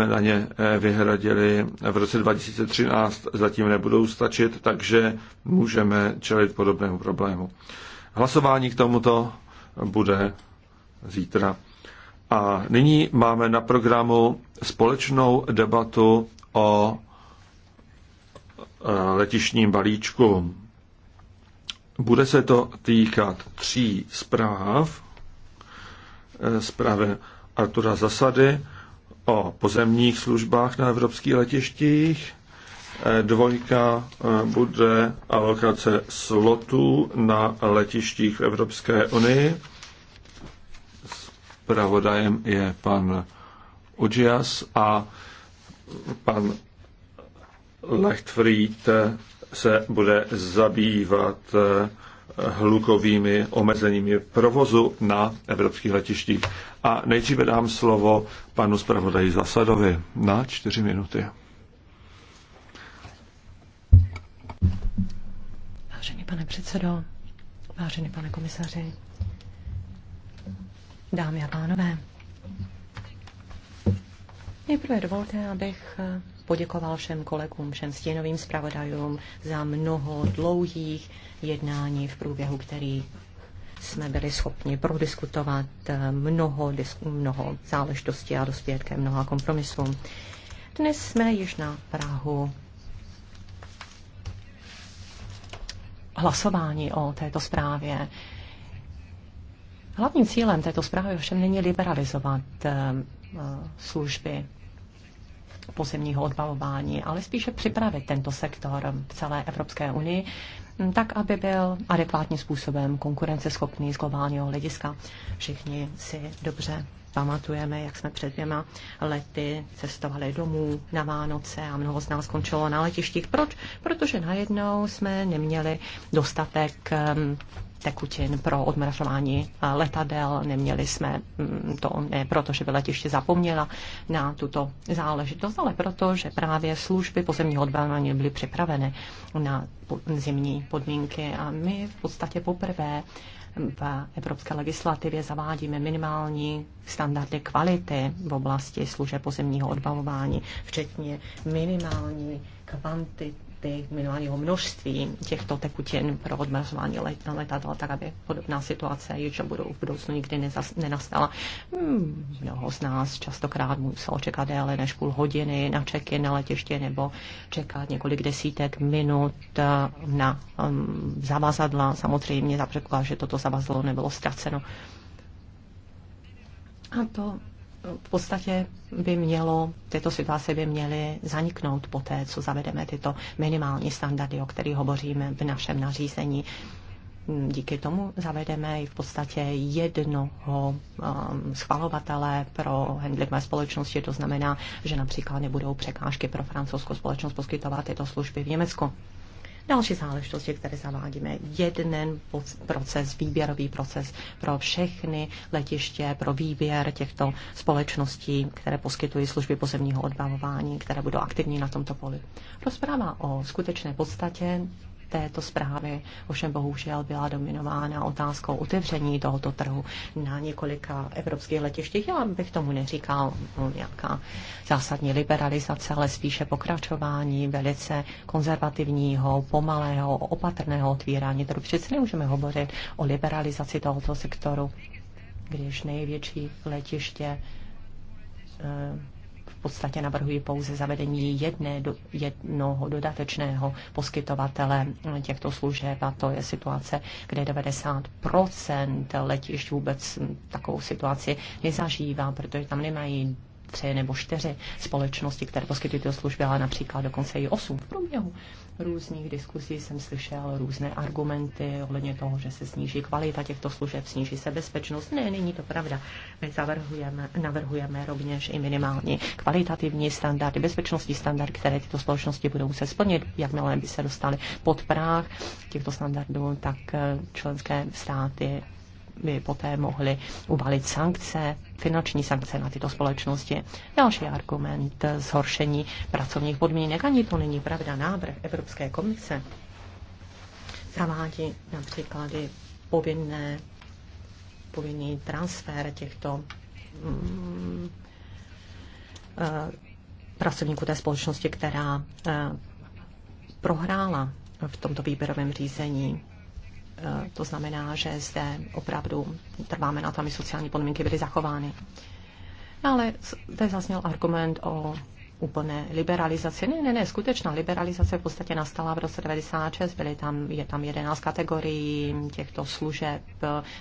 jsme na ně eh, vyhradili v roce 2013, zatím nebudou stačit, takže můžeme čelit podobnému problému. Hlasování k tomuto bude zítra. A nyní máme na programu společnou debatu o eh, letišním balíčku. Bude se to týkat tří zpráv. Eh, Zprávy Artura Zasady, o pozemních službách na evropských letištích. E, dvojka e, bude alokace slotů na letištích v Evropské unii. Pravodajem je pan Udžias a pan Lechtfried se bude zabývat e, hlukovými omezeními provozu na evropských letištích. A nejdříve dám slovo panu zpravodaji Zasadovi na čtyři minuty. Vážený pane předsedo, vážený pane komisaři, dámy a pánové, nejprve dovolte, abych poděkoval všem kolegům, všem stěnovým zpravodajům za mnoho dlouhých jednání v průběhu, který jsme byli schopni prodiskutovat eh, mnoho, mnoho záležitostí a dospět ke mnoha kompromisům. Dnes jsme již na Prahu hlasování o této zprávě. Hlavním cílem této zprávy ovšem není liberalizovat eh, eh, služby pozemního odbavování, ale spíše připravit tento sektor v celé Evropské unii, mm, tak, aby byl adekvátním způsobem konkurenceschopný z globálního hlediska. Všichni si dobře pamatujeme, jak jsme před dvěma lety cestovali domů na Vánoce a mnoho z nás skončilo na letištích. Proč? Protože najednou jsme neměli dostatek mm, tekutin pro odmrazování letadel. Neměli jsme mm, to ne proto, že by letiště zapomněla na tuto záležitost, ale proto, že právě služby pozemního odbavování byly připraveny na zimní podmínky a my v podstatě poprvé v evropské legislativě zavádíme minimální standardy kvality v oblasti služeb pozemního odbavování, včetně minimální kvantity ty minimálního množství těchto tekutin pro odmrazování letadla, tak aby podobná situace již budou v budoucnu nikdy nezas, nenastala. Hmm, mnoho z nás častokrát muselo čekat déle než půl hodiny na čeky na letiště nebo čekat několik desítek minut eh, na um, zavazadla. Samozřejmě zapřekla, že toto zavazadlo nebylo ztraceno. A to v podstatě by mělo, tyto situace by měly zaniknout poté, co zavedeme tyto minimální standardy, o kterých hovoříme v našem nařízení. Díky tomu zavedeme i v podstatě jednoho um, schvalovatele pro handlingové společnosti. To znamená, že například nebudou překážky pro francouzskou společnost poskytovat tyto služby v Německu. Další záležitosti, které zavádíme, jeden proces, výběrový proces pro všechny letiště, pro výběr těchto společností, které poskytují služby pozemního odbavování, které budou aktivní na tomto poli. Rozpráva o skutečné podstatě této zprávy ovšem bohužel byla dominována otázkou otevření tohoto trhu na několika evropských letištích. Já bych tomu neříkal no, nějaká zásadní liberalizace, ale spíše pokračování velice konzervativního, pomalého, opatrného otvírání trhu. Přece nemůžeme hovořit o liberalizaci tohoto sektoru, když největší letiště eh, podstatě navrhuji pouze zavedení jedné, jednoho dodatečného poskytovatele těchto služeb a to je situace, kde 90% letišť vůbec takovou situaci nezažívá, protože tam nemají tři nebo čtyři společnosti, které poskytují tyto služby, ale například dokonce i osm v průběhu různých diskusí jsem slyšel různé argumenty ohledně toho, že se sníží kvalita těchto služeb, sníží se bezpečnost. Ne, není to pravda. My zavrhujeme, navrhujeme rovněž i minimální kvalitativní standardy, bezpečnostní standard, které tyto společnosti budou muset splnit, jakmile by se dostaly pod práh těchto standardů, tak eh, členské státy by poté mohly uvalit sankce, finanční sankce na tyto společnosti. Další argument zhoršení pracovních podmínek. Ani to není pravda. Návrh Evropské komise zavádí například povinné, povinný transfer těchto mm, eh, pracovníků té společnosti, která eh, prohrála v tomto výběrovém řízení. Eh, to znamená, že zde opravdu trváme na tom, aby sociální podmínky byly zachovány. Ale zde zazněl argument o úplné liberalizaci. Ne, ne, ne, skutečná liberalizace v podstatě nastala v roce 96, byly tam, je tam 11 kategorií těchto služeb,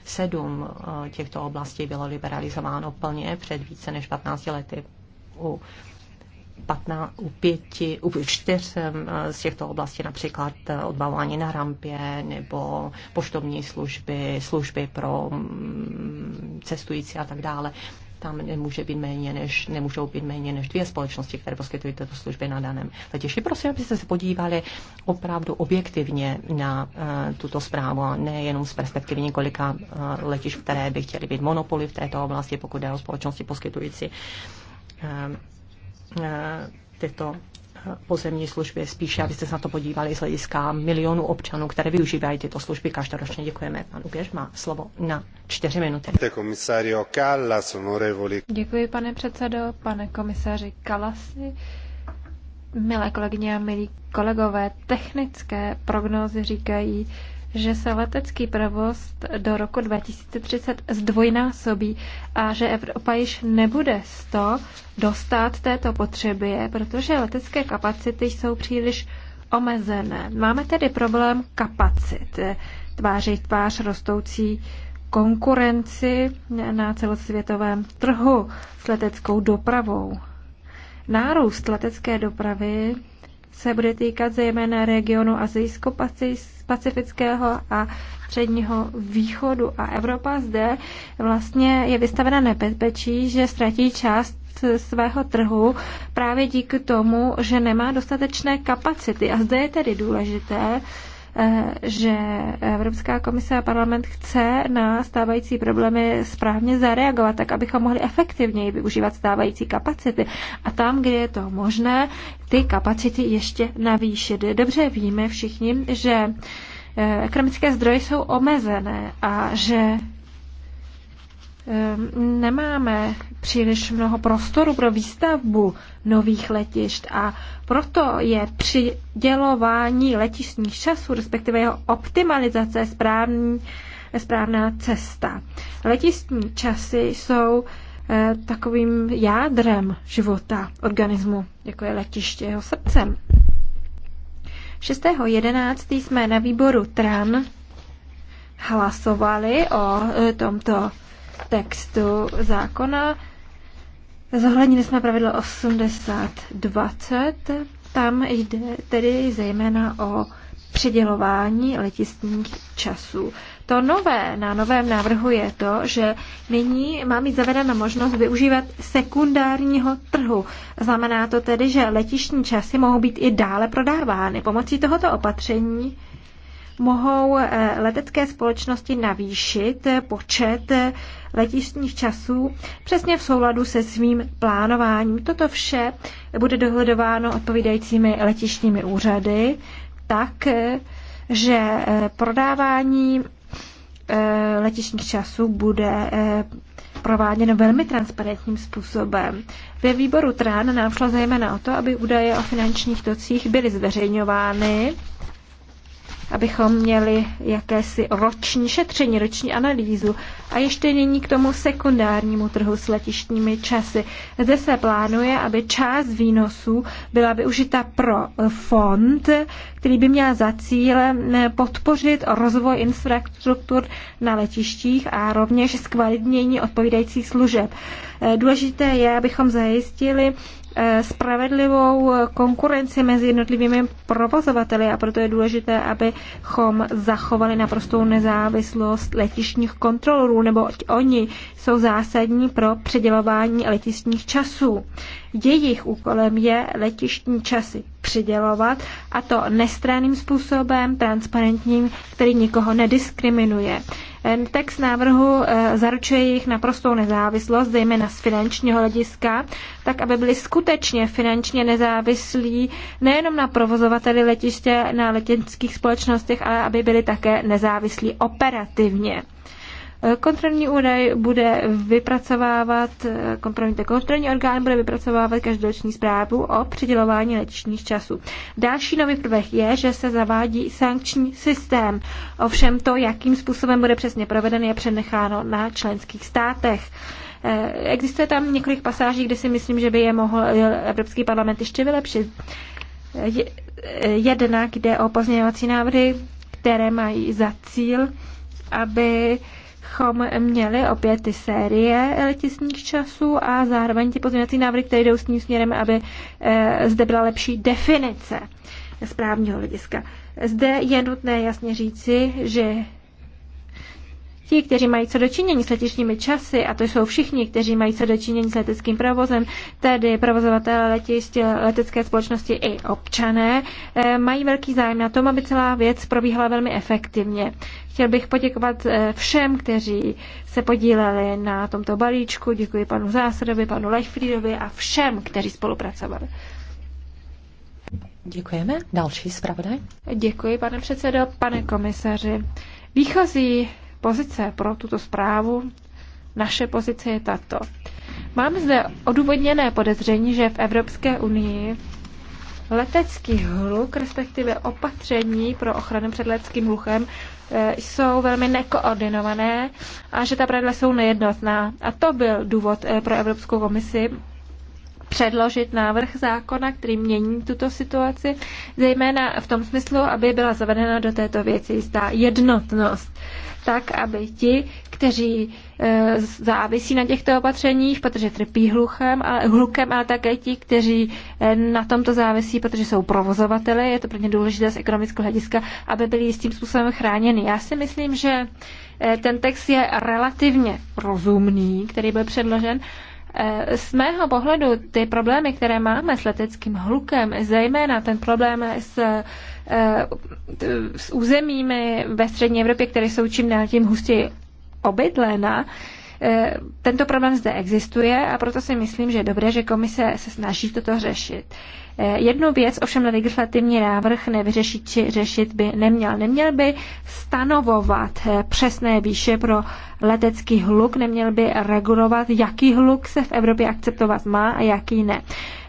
sedm eh, těchto oblastí bylo liberalizováno plně před více než 15 lety u patná, u pěti, u čtyř eh, z těchto oblastí, například eh, odbavování na rampě nebo poštovní služby, služby pro mm, cestující a tak dále. Tam nemůže být méně než, nemůžou být méně než dvě společnosti, které poskytují tyto služby na daném letišti. Prosím, abyste se podívali opravdu objektivně na uh, tuto zprávu a nejenom z perspektivy několika uh, letišť, které by chtěly být monopoly v této oblasti, pokud jde o společnosti poskytující uh, Eh, tyto eh, pozemní služby, spíše abyste se na to podívali z hlediska milionů občanů, které využívají tyto služby každoročně. Děkujeme. Pan Ugeř má slovo na čtyři minuty. Děkuji, pane předsedo, pane komisaři Kalasi. Milé kolegyně a milí kolegové, technické prognózy říkají, že se letecký provoz do roku 2030 zdvojnásobí a že Evropa již nebude to dostat této potřebě, protože letecké kapacity jsou příliš omezené. Máme tedy problém kapacit tváří tvář rostoucí konkurenci na celosvětovém trhu s leteckou dopravou. Nárůst letecké dopravy se bude týkat zejména regionu Azijsko-Pacifického pacifického a středního východu. A Evropa zde vlastně je vystavena nebezpečí, že ztratí část svého trhu právě díky tomu, že nemá dostatečné kapacity. A zde je tedy důležité, Eh, že Evropská komise a parlament chce na stávající problémy správně zareagovat, tak abychom mohli efektivněji využívat stávající kapacity. A tam, kde je to možné, ty kapacity ještě navýšit. Dobře víme všichni, že eh, ekonomické zdroje jsou omezené a že Ehm, nemáme příliš mnoho prostoru pro výstavbu nových letišť a proto je přidělování letištních časů, respektive jeho optimalizace, správný, správná cesta. Letištní časy jsou eh, takovým jádrem života organismu, jako je letiště jeho srdcem. 6.11. jsme na výboru TRAN hlasovali o eh, tomto textu zákona. Zohlednili jsme pravidlo 80-20. Tam jde tedy zejména o předělování letistních časů. To nové na novém návrhu je to, že nyní má být zavedena možnost využívat sekundárního trhu. Znamená to tedy, že letištní časy mohou být i dále prodávány. Pomocí tohoto opatření mohou eh, letecké společnosti navýšit počet eh, letištních časů přesně v souladu se svým plánováním. Toto vše bude dohledováno odpovídajícími letištními úřady, tak, eh, že prodávání letištních časů bude prováděno velmi transparentním způsobem. Ve výboru TRAN nám šlo zejména o to, aby údaje o finančních tocích byly zveřejňovány abychom měli jakési roční šetření, roční analýzu. A ještě nyní k tomu sekundárnímu trhu s letištními časy. Zde se plánuje, aby část výnosů byla využita pro fond, který by měl za cíl podpořit rozvoj infrastruktur na letištích a rovněž zkvalitnění odpovídajících služeb. E, důležité je, abychom zajistili Eh, spravedlivou konkurenci mezi jednotlivými provozovateli a proto je důležité, abychom zachovali naprostou nezávislost letišních kontrolorů, nebo oni jsou zásadní pro předělování letišních časů. Jejich úkolem je letištní časy přidělovat a to nestranným způsobem, transparentním, který nikoho nediskriminuje. Text návrhu e, zaručuje jejich naprostou nezávislost, zejména z finančního hlediska, tak aby byli skutečně finančně nezávislí nejenom na provozovateli letiště, na leteckých společnostech, ale aby byli také nezávislí operativně. Kontrolní údaj bude vypracovávat, kompromitte kontrolní orgán bude vypracovávat každoroční zprávu o přidělování lečních časů. Další nový prvek je, že se zavádí sankční systém. Ovšem to, jakým způsobem bude přesně proveden, je přenecháno na členských státech. Eh, existuje tam několik pasáží, kde si myslím, že by je mohl Evropský parlament ještě vylepšit. Eh, jednak jde o pozměňovací návrhy, které mají za cíl, aby bychom měli opět ty série letisních časů a zároveň ty pozměňovací návrhy, které jdou s tím směrem, aby eh, zde byla lepší definice správního hlediska. Zde je nutné jasně říci, že ti, kteří mají co dočinění s letišními časy, a to jsou všichni, kteří mají co dočinění s leteckým provozem, tedy provozovatelé letišť, letecké společnosti i občané, eh, mají velký zájem na tom, aby celá věc probíhala velmi efektivně. Chtěl bych poděkovat eh, všem, kteří se podíleli na tomto balíčku. Děkuji panu Zásadovi, panu Lechfriedovi a všem, kteří spolupracovali. Děkujeme. Další zpravodaj. Děkuji, pane předsedo, pane komisaři. Výchozí pozice pro tuto zprávu, naše pozice je tato. Mám zde odůvodněné podezření, že v Evropské unii letecký hluk, respektive opatření pro ochranu před leteckým hluchem, eh, jsou velmi nekoordinované a že ta pravidla jsou nejednotná. A to byl důvod eh, pro Evropskou komisi předložit návrh zákona, který mění tuto situaci, zejména v tom smyslu, aby byla zavedena do této věci jistá jednotnost tak, aby ti, kteří eh, závisí na těchto opatřeních, protože trpí hluchem, ale, hlukem, ale také ti, kteří eh, na tomto závisí, protože jsou provozovateli. Je to pro ně důležité z ekonomického hlediska, aby byli jistým způsobem chráněni. Já si myslím, že eh, ten text je relativně rozumný, který byl předložen Eh, z mého pohledu ty problémy, které máme s leteckým hlukem, zejména ten problém s, eh, s územími ve střední Evropě, které jsou čím dál tím hustěji obydlena, eh, tento problém zde existuje a proto si myslím, že je dobré, že komise se snaží toto řešit. Jednu věc ovšem legislativní návrh nevyřešit či řešit by neměl. Neměl by stanovovat eh, přesné výše pro letecký hluk, neměl by regulovat, jaký hluk se v Evropě akceptovat má a jaký ne.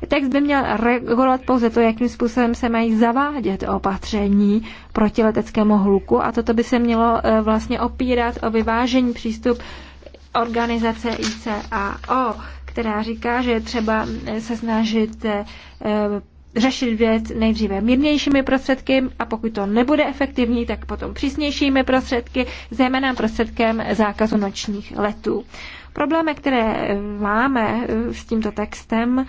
Text by měl regulovat pouze to, jakým způsobem se mají zavádět opatření proti leteckému hluku a toto by se mělo eh, vlastně opírat o vyvážení přístup organizace ICAO která říká, že je třeba eh, se snažit eh, eh, řešit věc nejdříve mírnějšími prostředky a pokud to nebude efektivní, tak potom přísnějšími prostředky, zejména prostředkem zákazu nočních letů. Problémy, které máme s tímto textem,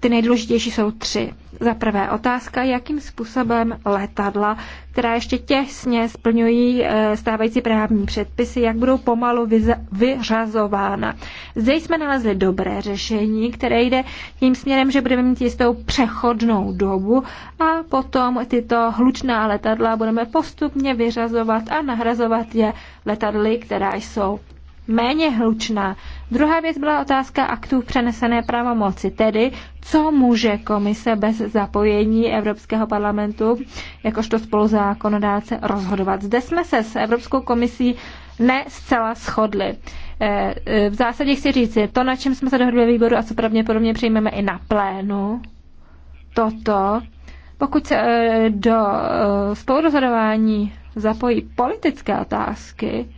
ty nejdůležitější jsou tři. Za prvé otázka, jakým způsobem letadla, která ještě těsně splňují eh, stávající právní předpisy, jak budou pomalu vyřazována. Zde jsme nalezli dobré řešení, které jde tím směrem, že budeme mít jistou přechodnou dobu a potom tyto hlučná letadla budeme postupně vyřazovat a nahrazovat je letadly, která jsou méně hlučná. Druhá věc byla otázka aktů přenesené pravomoci, tedy co může komise bez zapojení Evropského parlamentu jakožto spoluzákonodárce rozhodovat. Zde jsme se s Evropskou komisí ne zcela shodli. Eh, eh, v zásadě chci říct, to, na čem jsme se dohodli ve výboru a co pravděpodobně přijmeme i na plénu, toto, pokud se eh, do spolurozhodování zapojí politické otázky,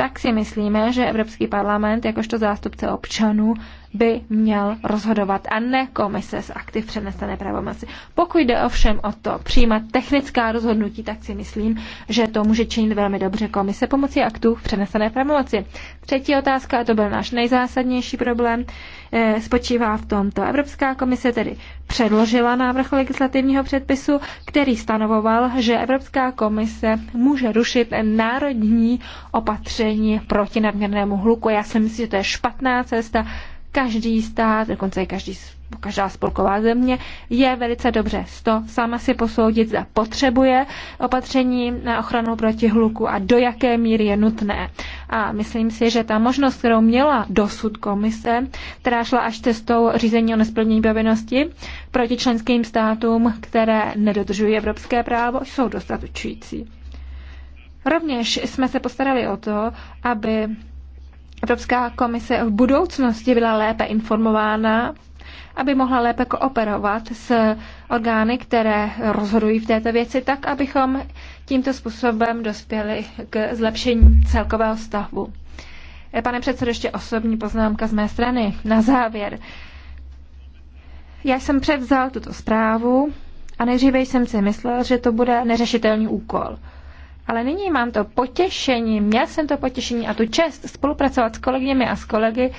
tak si myslíme, že Evropský parlament, jakožto zástupce občanů, by měl rozhodovat a ne komise z aktiv přenesené pravomoci. Pokud jde ovšem o to přijímat technická rozhodnutí, tak si myslím, že to může činit velmi dobře komise pomocí aktů v přenesené pravomoci. Třetí otázka, a to byl náš nejzásadnější problém, eh, spočívá v tomto. Evropská komise tedy předložila návrh legislativního předpisu, který stanovoval, že Evropská komise může rušit národní opatření proti nadměrnému hluku. Já si myslím, že to je špatná cesta, Každý stát, dokonce i každý, každá spolková země je velice dobře to sama si posoudit, zda potřebuje opatření na ochranu proti hluku a do jaké míry je nutné. A myslím si, že ta možnost, kterou měla dosud komise, která šla až cestou řízení o nesplnění povinnosti proti členským státům, které nedodržují evropské právo, jsou dostatečující. Rovněž jsme se postarali o to, aby Evropská komise v budoucnosti byla lépe informována, aby mohla lépe kooperovat s orgány, které rozhodují v této věci, tak abychom tímto způsobem dospěli k zlepšení celkového stavu. Pane předsedo, ještě osobní poznámka z mé strany. Na závěr. Já jsem převzal tuto zprávu a nejdříve jsem si myslel, že to bude neřešitelný úkol. Ale nyní mám to potěšení, měl jsem to potěšení a tu čest spolupracovat s kolegyněmi a s kolegy,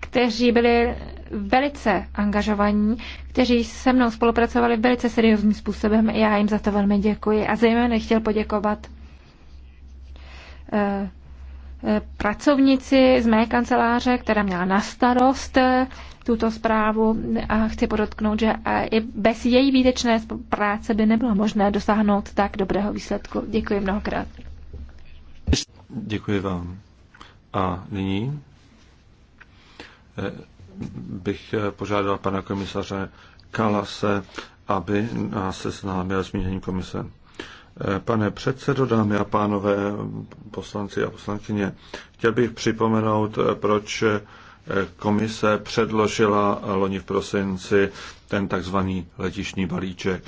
kteří byli velice angažovaní, kteří se mnou spolupracovali velice seriózním způsobem. Já jim za to velmi děkuji a zejména chtěl poděkovat eh, eh, pracovnici z mé kanceláře, která měla na starost eh, tuto zprávu a chci podotknout, že i bez její výtečné práce by nebylo možné dosáhnout tak dobrého výsledku. Děkuji mnohokrát. Děkuji vám. A nyní eh, bych eh, požádal pana komisaře Kalase, aby nás seznámil s míněním komise. Eh, pane předsedo, dámy a pánové, poslanci a poslankyně, chtěl bych připomenout, proč Komise předložila loni v prosinci ten takzvaný letišní balíček.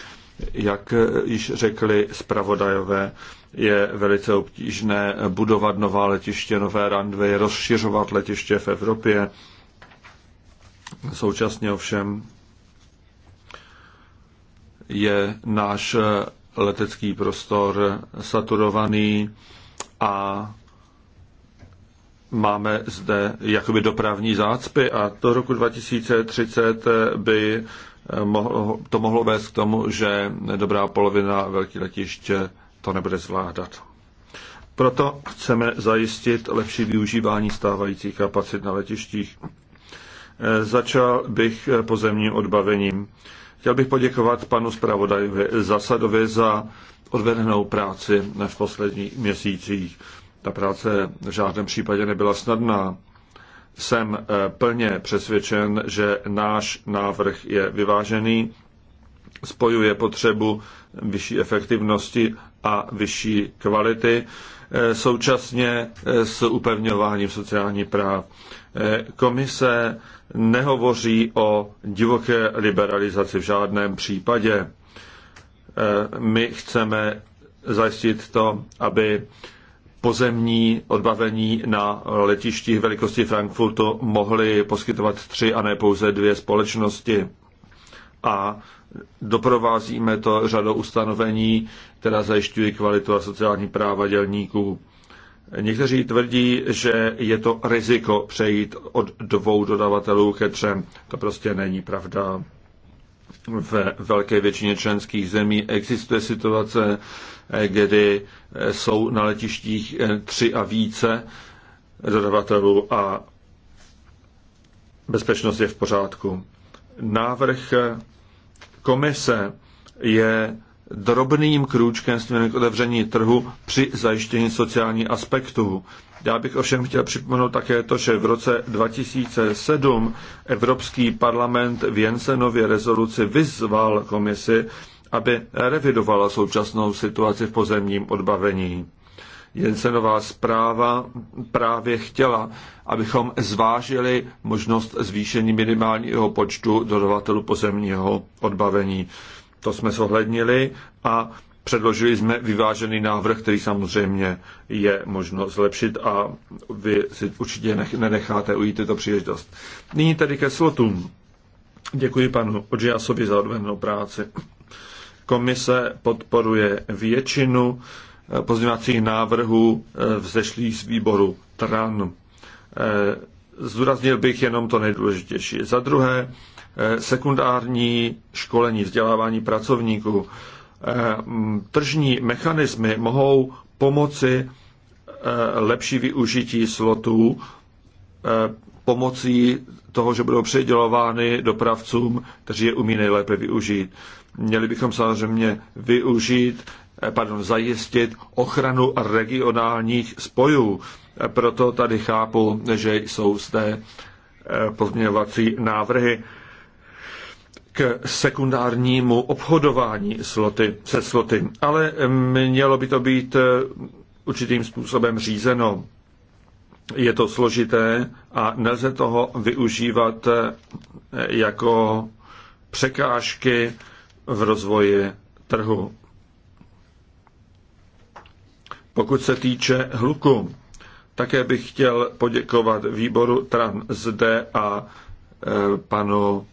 Jak již řekli zpravodajové, je velice obtížné budovat nová letiště, nové randvy, rozšiřovat letiště v Evropě. Současně ovšem je náš letecký prostor saturovaný a máme zde jakoby dopravní zácpy a do roku 2030 by eh, to mohlo vést k tomu, že dobrá polovina velkých letišť eh, to nebude zvládat. Proto chceme zajistit lepší využívání stávajících kapacit na letištích. Eh, začal bych pozemním odbavením. Chtěl bych poděkovat panu zpravodajovi Zasadovi za odvedenou práci v posledních měsících. Ta práce v žádném případě nebyla snadná. Jsem eh, plně přesvědčen, že náš návrh je vyvážený, spojuje potřebu vyšší efektivnosti a vyšší kvality, eh, současně eh, s upevňováním sociálních práv. Komise nehovoří o divoké liberalizaci v žádném případě. My chceme zajistit to, aby pozemní odbavení na letištích velikosti Frankfurtu mohly poskytovat tři a ne pouze dvě společnosti. A doprovázíme to řadou ustanovení, která zajišťují kvalitu a sociální práva dělníků. Někteří tvrdí, že je to riziko přejít od dvou dodavatelů ke třem. To prostě není pravda ve velké většině členských zemí existuje situace, eh, kdy eh, jsou na letištích eh, tři a více dodavatelů a bezpečnost je v pořádku. Návrh komise je drobným krůčkem směrem k otevření trhu při zajištění sociálních aspektů. Já bych ovšem chtěl připomenout také to, že v roce 2007 Evropský parlament v Jensenově rezoluci vyzval komisi, aby revidovala současnou situaci v pozemním odbavení. Jensenová zpráva právě chtěla, abychom zvážili možnost zvýšení minimálního počtu dodavatelů pozemního odbavení. To jsme zohlednili a Předložili jsme vyvážený návrh, který samozřejmě je možno zlepšit a vy si určitě nenecháte ujít tyto příležitost. Nyní tedy ke slotům. Děkuji panu Odžiasovi za odvedenou práci. Komise podporuje většinu pozměňovacích návrhů eh, vzešlých z výboru TRAN. Eh, zdůraznil bych jenom to nejdůležitější. Za druhé, eh, sekundární školení, vzdělávání pracovníků. Eh, tržní mechanismy mohou pomoci eh, lepší využití slotů eh, pomocí toho, že budou předělovány dopravcům, kteří je umí nejlépe využít. Měli bychom samozřejmě využít, pardon, zajistit ochranu regionálních spojů. Proto tady chápu, že jsou zde pozměňovací návrhy, k sekundárnímu obchodování sloty, se sloty, ale mělo by to být eh, určitým způsobem řízeno. Je to složité a nelze toho využívat eh, jako překážky v rozvoji trhu. Pokud se týče hluku, také bych chtěl poděkovat výboru TRAN zde a eh, panu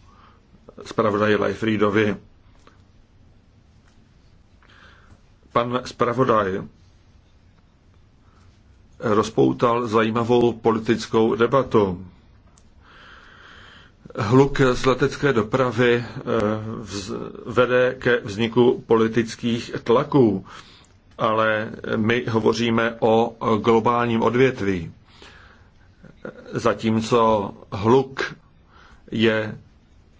zpravodaji Leifriedovi. Pan zpravodaj rozpoutal zajímavou politickou debatu. Hluk z letecké dopravy eh, vede ke vzniku politických tlaků, ale my hovoříme o globálním odvětví. Zatímco hluk je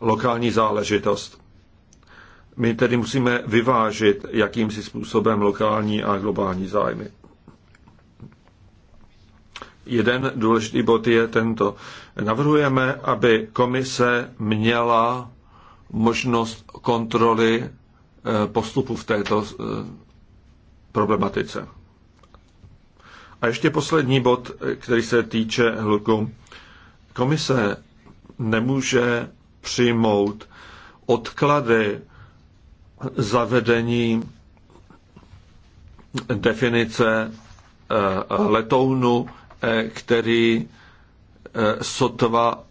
lokální záležitost. My tedy musíme vyvážit jakýmsi způsobem lokální a globální zájmy. Jeden důležitý bod je tento. Navrhujeme, aby komise měla možnost kontroly eh, postupu v této eh, problematice. A ještě poslední bod, eh, který se týče hluku. Komise nemůže přijmout odklady zavedení definice eh, letounu, eh, který eh, sotva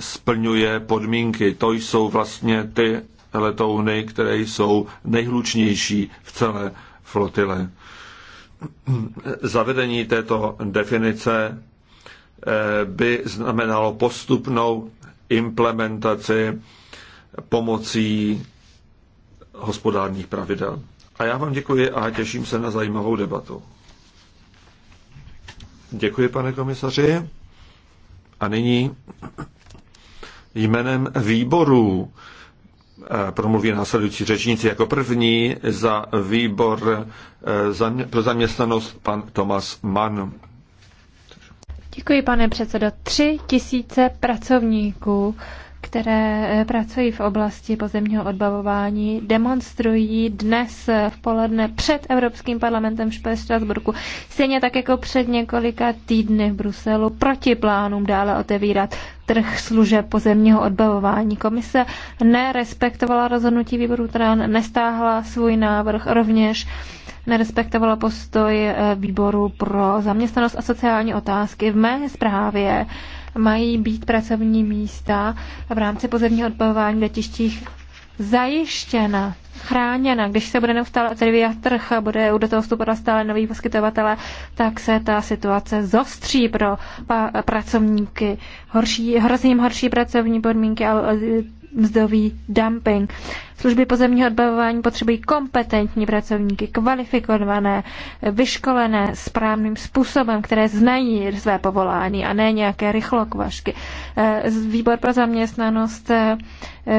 splňuje podmínky. To jsou vlastně ty letouny, které jsou nejhlučnější v celé flotile. Zavedení této definice by znamenalo postupnou implementaci pomocí hospodárních pravidel. A já vám děkuji a těším se na zajímavou debatu. Děkuji, pane komisaři. A nyní jménem výboru eh, promluví následující řečníci jako první za výbor eh, pro zaměstnanost pan Tomas Mann. Děkuji, pane předsedo. Tři tisíce pracovníků, které eh, pracují v oblasti pozemního odbavování, demonstrují dnes v poledne před Evropským parlamentem v Štrasburku, stejně tak jako před několika týdny v Bruselu, proti plánům dále otevírat trh služeb pozemního odbavování. Komise nerespektovala rozhodnutí výboru TRAN, nestáhla svůj návrh rovněž nerespektovala postoj eh, výboru pro zaměstnanost a sociální otázky. V mé zprávě mají být pracovní místa v rámci pozemního odbavování letištích zajištěna, chráněna. Když se bude neustále otevírat trh a bude do toho vstupovat stále nový poskytovatele, tak se ta situace zostří pro pracovníky. Horší, hrozí jim horší pracovní podmínky a mzdový dumping. Služby pozemního odbavování potřebují kompetentní pracovníky, kvalifikované, vyškolené správným způsobem, které znají své povolání a ne nějaké rychlokvašky. Eh, výbor pro zaměstnanost eh,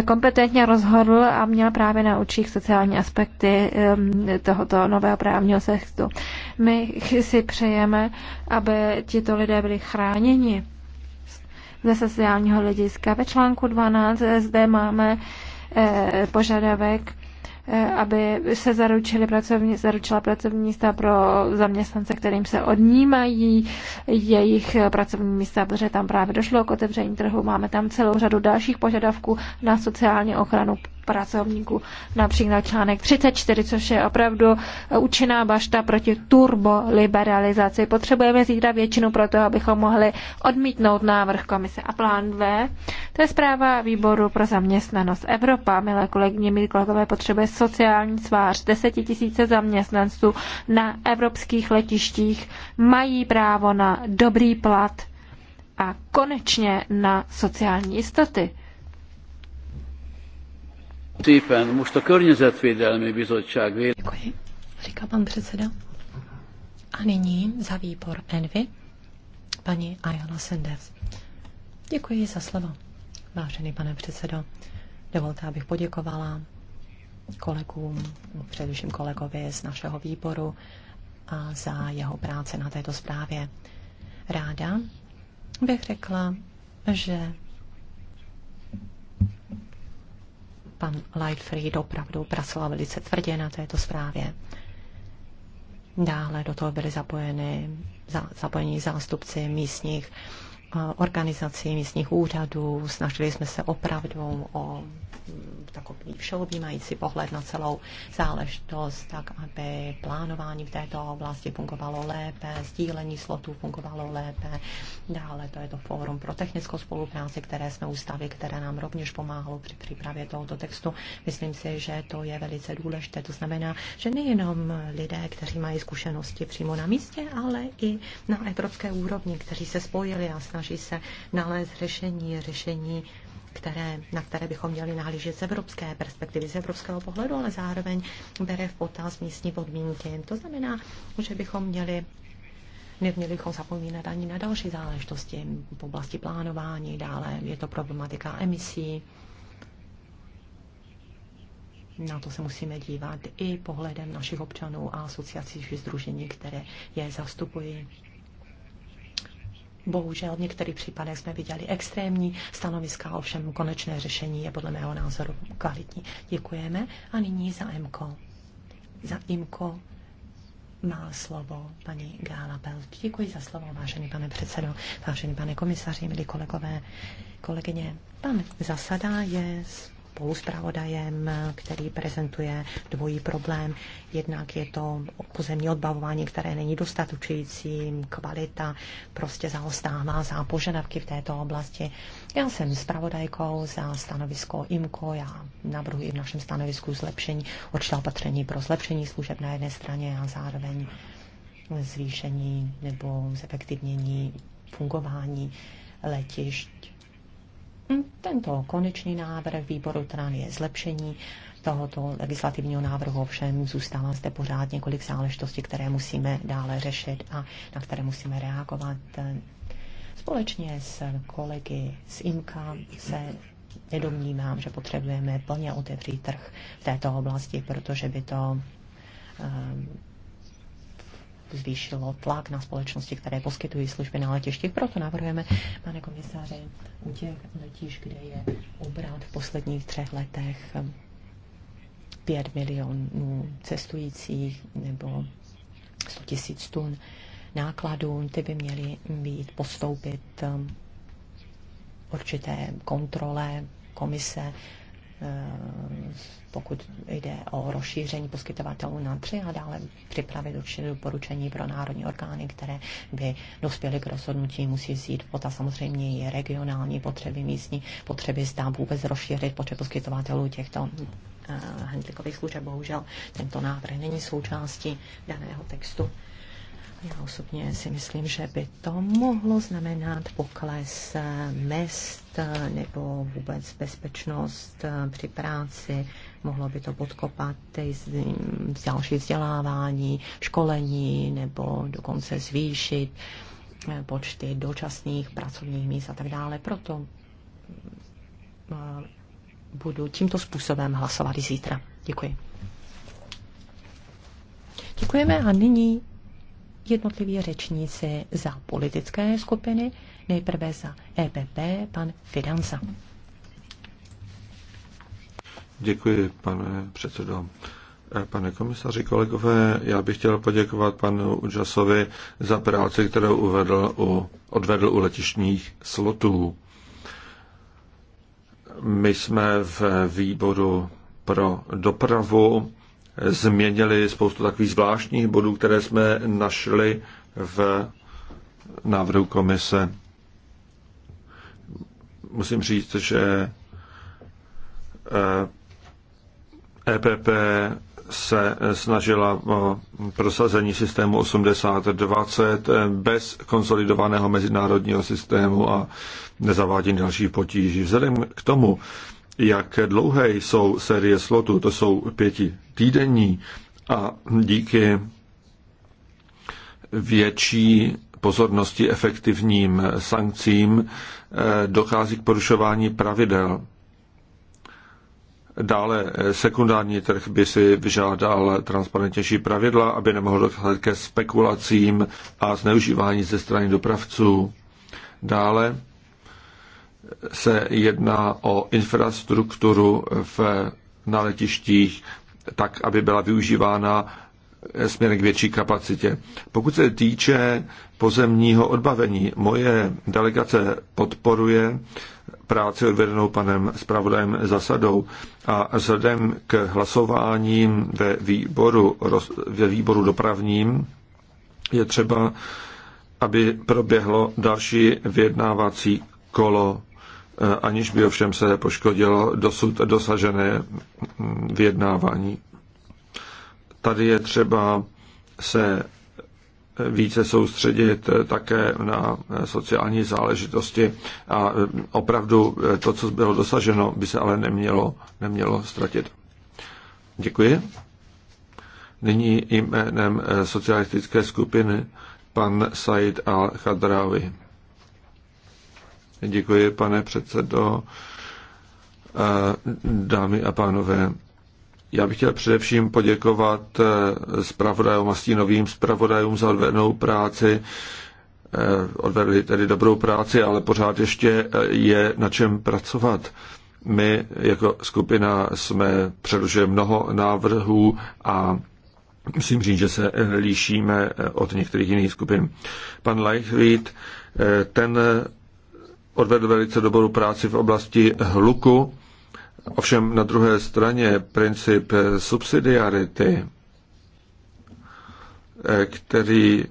kompetentně rozhodl a měl právě na očích sociální aspekty ehm, tohoto nového právního sextu. My si přejeme, aby tito lidé byli chráněni ze sociálního hlediska. Ve článku 12 zde máme eh, požadavek eh, aby se zaručili pracovní, zaručila pracovní místa pro zaměstnance, kterým se odnímají jejich pracovní místa, protože tam právě došlo k otevření trhu. Máme tam celou řadu dalších požadavků na sociální ochranu pracovníků. Například článek 34, což je opravdu účinná bašta proti turboliberalizaci. Potřebujeme zítra většinu pro to, abychom mohli odmítnout návrh komise. A plán V, to je zpráva výboru pro zaměstnanost Evropa. Milé kolegyně, milí kolegové, potřebuje sociální svář. Desetitisíce zaměstnanců na evropských letištích mají právo na dobrý plat a konečně na sociální jistoty. Szépen, most a Környezetvédelmi Bizottság véle... Děkuji, říká pan předseda. A nyní za výbor Envy paní Ayala Senders. Děkuji za slovo, vážený pane předsedo. Dovolte, abych poděkovala kolegům, především kolegovi z našeho výboru a za jeho práce na této zprávě. Ráda bych řekla, že Pan Lightfried opravdu pracoval velice tvrdě na této zprávě. Dále do toho byly zapojeny, za, zapojeni zástupci místních organizací místních úřadů, snažili jsme se opravdu o takový všeobjímající pohled na celou záležitost, tak aby plánování v této oblasti fungovalo lépe, sdílení slotů fungovalo lépe. Dále to je to fórum pro technickou spolupráci, které jsme ústavy, které nám rovněž pomáhalo při přípravě tohoto textu. Myslím si, že to je velice důležité. To znamená, že nejenom lidé, kteří mají zkušenosti přímo na místě, ale i na evropské úrovni, kteří se spojili a snažili snaží se nalézt řešení, řešení které, na které bychom měli nahlížet z evropské perspektivy, z evropského pohledu, ale zároveň bere v potaz místní podmínky. To znamená, že bychom měli Neměli bychom zapomínat ani na další záležitosti v oblasti plánování, dále je to problematika emisí. Na to se musíme dívat i pohledem našich občanů a asociací či združení, které je zastupují. Bohužel v některých případech jsme viděli extrémní stanoviska, ovšem konečné řešení je podle mého názoru kvalitní. Děkujeme a nyní za Emko. Za IMKO má slovo paní Gála Belč. Děkuji za slovo, vážený pane předsedo, vážený pane komisaři, milí kolegové, kolegyně. Pan Zasada je spoluspravodajem, který prezentuje dvojí problém. Jednak je to pozemní odbavování, které není dostatučující, kvalita prostě zaostává za požadavky v této oblasti. Já jsem zpravodajkou za stanovisko IMCO, já navrhuji v našem stanovisku zlepšení, určitá opatření pro zlepšení služeb na jedné straně a zároveň zvýšení nebo zefektivnění fungování letišť Hm, tento konečný návrh výboru TRAN je zlepšení tohoto legislativního návrhu, ovšem zůstává zde pořád několik záležitostí, které musíme dále řešit a na které musíme reagovat. Společně s kolegy z IMKA se nedomnívám, že potřebujeme plně otevřít trh v této oblasti, protože by to ehm, zvýšilo tlak na společnosti, které poskytují služby na letišti. Proto navrhujeme, pane komisáře, u těch letišť, kde je obrat v posledních třech letech 5 milionů cestujících nebo 100 tisíc tun nákladů, ty by měly být postoupit um, určité kontrole komise Eh, pokud jde o rozšíření poskytovatelů na tři a dále připravit určitě doporučení pro národní orgány, které by dospěly k rozhodnutí, musí zjít pota samozřejmě i regionální potřeby, místní potřeby, zda vůbec rozšířit počet poskytovatelů těchto eh, handlikových služeb. Bohužel tento návrh není součástí daného textu. Já osobně si myslím, že by to mohlo znamenat pokles eh, mest eh, nebo vůbec bezpečnost eh, při práci. Mohlo by to podkopat další vzdělávání, školení nebo dokonce zvýšit počty dočasných pracovních míst a tak dále. Proto budu tímto způsobem hlasovat i zítra. Děkuji. Děkujeme a nyní jednotliví řečníci za politické skupiny, nejprve za EPP, pan Fidanza. Děkuji, pane předsedo. Eh, pane komisaři, kolegové, já bych chtěl poděkovat panu Udžasovi za práci, kterou uvedl u, odvedl u letišních slotů. My jsme v výboru pro dopravu změnili spoustu takových zvláštních bodů, které jsme našli v návrhu komise. Musím říct, že EPP eh, e se snažila o prosazení systému 80-20 bez konsolidovaného mezinárodního systému a nezavádění dalších potíží. Vzhledem k tomu, jak dlouhé jsou série slotů, to jsou pěti týdenní a díky větší pozornosti efektivním sankcím eh, dochází k porušování pravidel. Dále eh, sekundární trh by si vyžádal transparentnější pravidla, aby nemohlo docházet ke spekulacím a zneužívání ze strany dopravců. Dále se jedná o infrastrukturu v, na letištích, tak, aby byla využívána eh, směrem k větší kapacitě. Pokud se týče pozemního odbavení, moje delegace podporuje práci odvedenou panem zpravodajem Zasadou a vzhledem k hlasováním ve výboru, ve výboru dopravním je třeba, aby proběhlo další vyjednávací kolo Eh, aniž by ovšem se poškodilo dosud dosažené vyjednávání. Tady je třeba se více soustředit také na sociální záležitosti a eh, opravdu eh, to, co bylo dosaženo, by se ale nemělo, nemělo ztratit. Děkuji. Nyní jménem socialistické skupiny pan Said al-Khadraoui. Děkuji, pane předsedo. Eh, dámy a pánové, já bych chtěl především poděkovat eh, zpravodajům a stínovým zpravodajům za odvednou práci. Eh, odvedli tedy dobrou práci, ale pořád ještě je na čem pracovat. My jako skupina jsme předložili mnoho návrhů a musím říct, že se lišíme od některých jiných skupin. Pan Leichfried, ten odvedl velice dobrou práci v oblasti hluku, ovšem na druhé straně princip subsidiarity, eh, který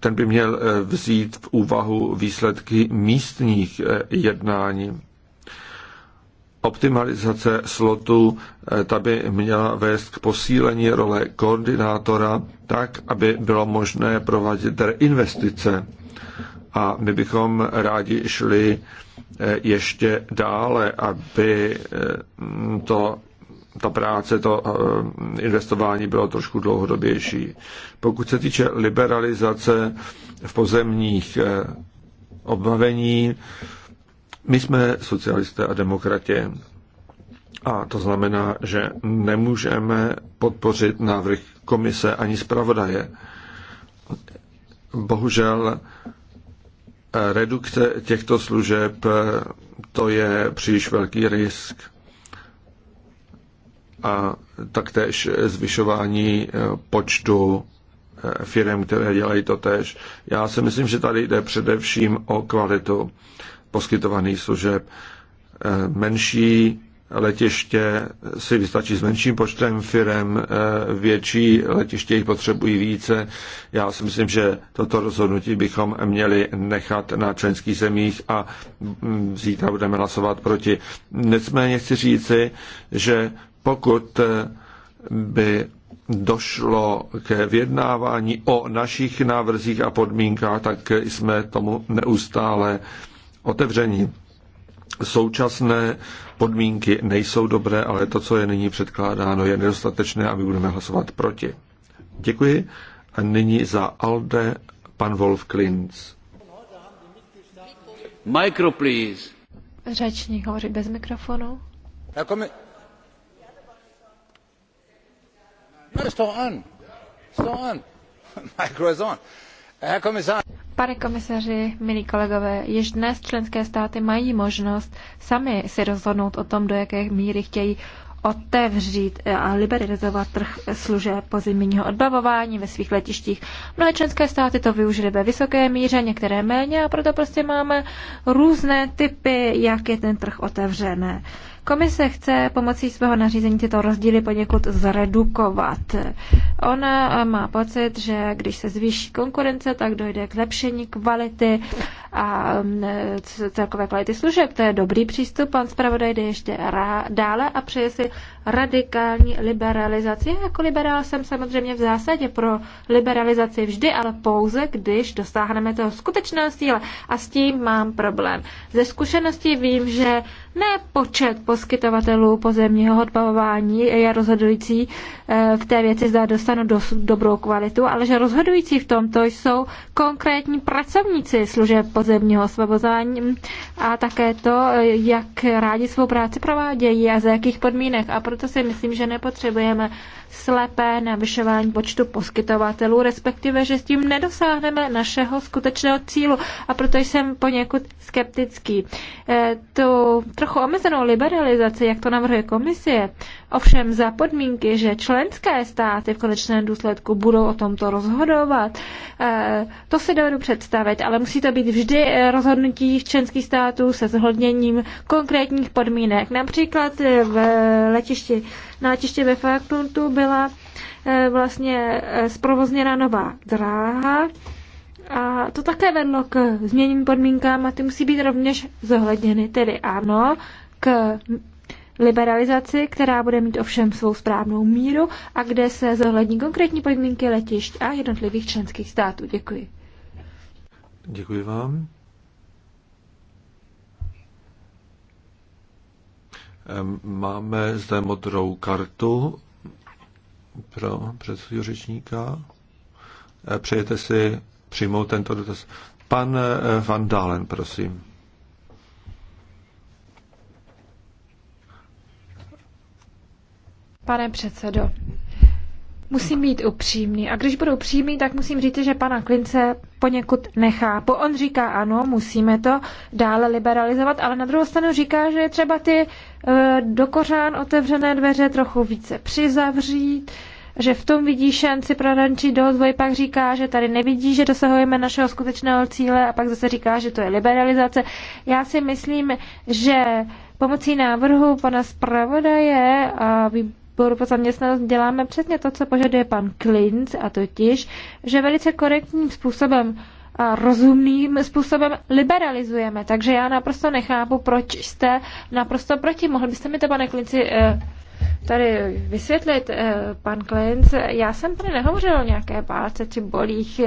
ten by měl eh, vzít v úvahu výsledky místních eh, jednání. Optimalizace slotu ta by měla vést k posílení role koordinátora tak, aby bylo možné provádět investice. A my bychom rádi šli eh, ještě dále, aby eh, to ta práce, to eh, investování bylo trošku dlouhodobější. Pokud se týče liberalizace v pozemních obavení, my jsme socialisté a demokratě. A to znamená, že nemůžeme podpořit návrh komise ani zpravodaje. Bohužel redukce těchto služeb to je příliš velký risk a taktéž zvyšování eh, počtu eh, firm, které dělají to tež. Já si myslím, že tady jde především o kvalitu poskytovaných služeb. Eh, menší letiště si vystačí s menším počtem firem, eh, větší letiště jich potřebují více. Já si myslím, že toto rozhodnutí bychom měli nechat na členských zemích a mm, zítra budeme hlasovat proti. Nicméně chci říci, že pokud eh, by došlo k vyjednávání o našich návrzích a podmínkách, tak jsme tomu neustále otevření. Současné podmínky nejsou dobré, ale to, co je nyní předkládáno, je nedostatečné a my budeme hlasovat proti. Děkuji. A nyní za ALDE pan Wolf Klinz. Micro, please. Řečník hovoří bez mikrofonu. No, on. on. on. Herr Kommissar. Pane komisaři, milí kolegové, již dnes členské státy mají možnost sami si rozhodnout o tom, do jaké míry chtějí otevřít a liberalizovat trh služeb pozemního odbavování ve svých letištích. Mnohé členské státy to využily ve vysoké míře, některé méně a proto prostě máme různé typy, jak je ten trh otevřené. Komise chce pomocí svého nařízení tyto rozdíly poněkud zredukovat. Ona má pocit, že když se zvýší konkurence, tak dojde k zlepšení kvality a mm, celkové kvality služeb. To je dobrý přístup. Pan zpravodaj jde ještě dále a přeje si radikální liberalizaci. Já jako liberál jsem samozřejmě v zásadě pro liberalizaci vždy, ale pouze, když dosáhneme toho skutečného síle. A s tím mám problém. Ze zkušenosti vím, že ne počet poskytovatelů pozemního odbavování je rozhodující eh, v té věci, zda dostanu dost dobrou kvalitu, ale že rozhodující v tomto jsou konkrétní pracovníci služeb pozemního osvobozování a také to, eh, jak rádi svou práci provádějí a za jakých podmínek. A proto si myslím, že nepotřebujeme slepé navyšování počtu poskytovatelů, respektive, že s tím nedosáhneme našeho skutečného cílu. A proto jsem poněkud skeptický. E, tu trochu omezenou liberalizaci, jak to navrhuje komisie, ovšem za podmínky, že členské státy v konečném důsledku budou o tomto rozhodovat, e, to si dovedu představit, ale musí to být vždy rozhodnutí členských států se zhodněním konkrétních podmínek. Například v letišti na letiště ve Frankfurtu byla eh, vlastně eh, zprovozněna nová dráha, a to také vedlo k změním podmínkám a ty musí být rovněž zohledněny. Tedy ano, k liberalizaci, která bude mít ovšem svou správnou míru a kde se zohlední konkrétní podmínky letišť a jednotlivých členských států. Děkuji. Děkuji vám. Máme zde modrou kartu pro předchozího řečníka. E, přejete si přijmout tento dotaz? Pan e, Van Dalen, prosím. Pane předsedo, musím být upřímný. A když budu upřímný, tak musím říct, že pana Klince poněkud nechápu. On říká, ano, musíme to dále liberalizovat, ale na druhou stranu říká, že je třeba ty e, do kořán otevřené dveře trochu více přizavřít, že v tom vidí šanci pro rančí dozvoj, pak říká, že tady nevidí, že dosahujeme našeho skutečného cíle a pak zase říká, že to je liberalizace. Já si myslím, že pomocí návrhu pana zpravodaje a vy výboru pro zaměstnanost děláme přesně to, co požaduje pan Klinc, a totiž, že velice korektním způsobem a rozumným způsobem liberalizujeme. Takže já naprosto nechápu, proč jste naprosto proti. Mohl byste mi to, pane Klinci, eh, tady vysvětlit, eh, pan Klinc. Já jsem tady nehovořil o nějaké válce či bolích.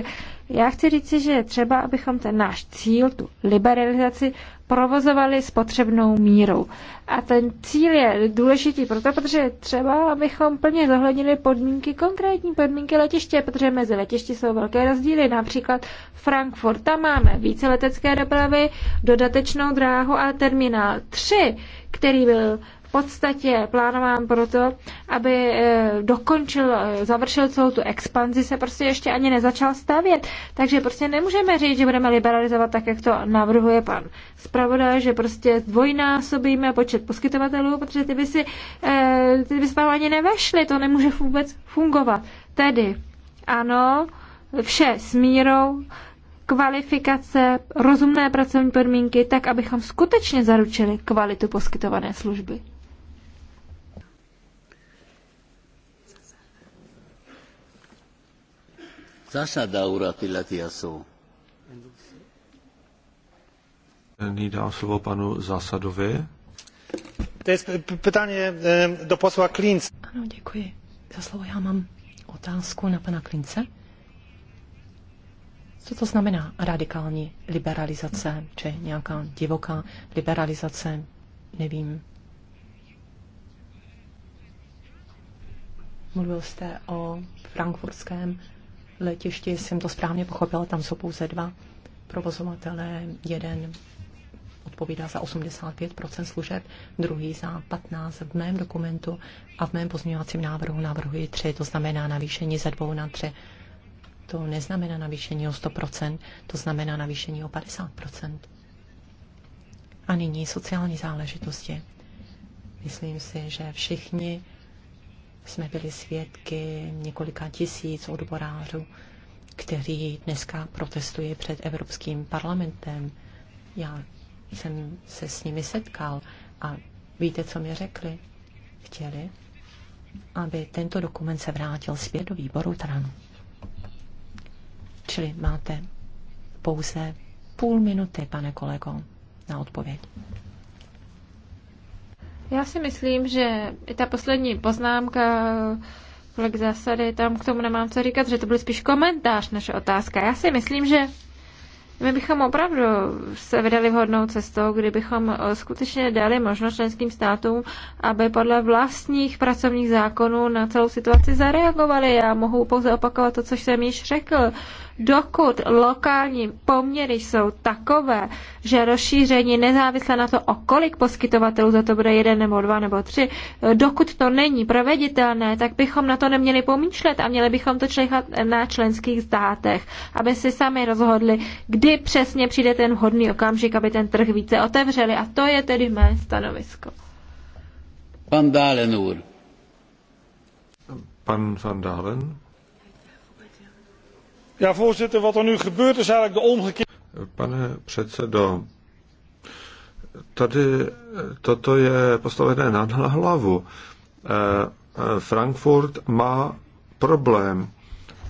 Já chci říci, že třeba, abychom ten náš cíl, tu liberalizaci, provozovali s potřebnou mírou. A ten cíl je důležitý proto, protože je třeba, abychom plně zohlednili podmínky, konkrétní podmínky letiště, protože mezi letišti jsou velké rozdíly. Například Frankfurt, tam máme více letecké dopravy, dodatečnou dráhu a terminál 3, který byl podstatě plánován proto, aby eh, dokončil, eh, završil celou tu expanzi, se prostě ještě ani nezačal stavět. Takže prostě nemůžeme říct, že budeme liberalizovat tak, jak to navrhuje pan zpravodaj, že prostě dvojnásobíme počet poskytovatelů, protože ty by si, eh, ty by tam ani nevešly, to nemůže vůbec fungovat. Tedy, ano, vše s mírou, kvalifikace, rozumné pracovní podmínky, tak abychom skutečně zaručili kvalitu poskytované služby. Zasada uratila jsou. Nyní dám slovo panu Zasadovi. To je pytanie do posla Klince. Ano, děkuji za slovo. Já mám otázku na pana Klince. Co to znamená radikální liberalizace, či nějaká divoká liberalizace, nevím. Mluvil jste o frankfurtském letišti, jsem to správně pochopila, tam jsou pouze dva provozovatelé, jeden odpovídá za 85% služeb, druhý za 15 v mém dokumentu a v mém pozměňovacím návrhu navrhuji 3, to znamená navýšení ze dvou na 3. To neznamená navýšení o 100%, to znamená navýšení o 50%. A nyní sociální záležitosti. Myslím si, že všichni jsme byli svědky několika tisíc odborářů, kteří dneska protestují před Evropským parlamentem. Já jsem se s nimi setkal a víte, co mi řekli? Chtěli, aby tento dokument se vrátil zpět do výboru TRAN. Čili máte pouze půl minuty, pane kolego, na odpověď. Já si myslím, že i ta poslední poznámka kolik zásady, tam k tomu nemám co říkat, že to byl spíš komentář než otázka. Já si myslím, že my bychom opravdu se vydali vhodnou cestou, kdybychom eh, skutečně dali možnost členským státům, aby podle vlastních pracovních zákonů na celou situaci zareagovali. Já mohu pouze opakovat to, co jsem již řekl. Dokud lokální poměry jsou takové, že rozšíření nezávisle na to, o kolik poskytovatelů, za to bude jeden nebo dva nebo tři, dokud to není proveditelné, tak bychom na to neměli pomýšlet a měli bychom to čekat na členských státech, aby si sami rozhodli, kdy přesně přijde ten vhodný okamžik, aby ten trh více otevřeli. A to je tedy mé stanovisko. Pan Dálenur. Pan Van Dalen voorzitter, wat er nu gebeurt is eigenlijk de omgekeerde... Pane předsedo, tady toto je postavené na hlavu. Eh, eh, Frankfurt má problém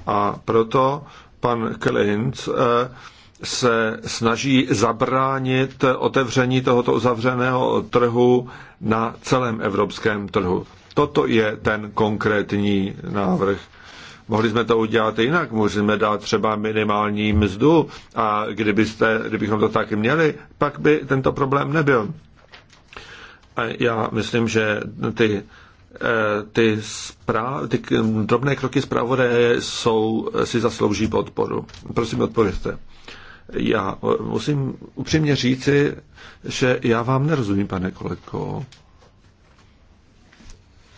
a proto pan Klinc eh, se snaží zabránit otevření tohoto uzavřeného trhu na celém evropském trhu. Toto je ten konkrétní návrh. Mohli jsme to udělat jinak, Můžeme dát třeba minimální mzdu a kdybyste, kdybychom to taky měli, pak by tento problém nebyl. A já myslím, že ty eh, ty, zpráv, ty drobné kroky zpravodaje jsou, si zaslouží podporu. Prosím, odpovězte. Já musím upřímně říci, že já vám nerozumím, pane kolego.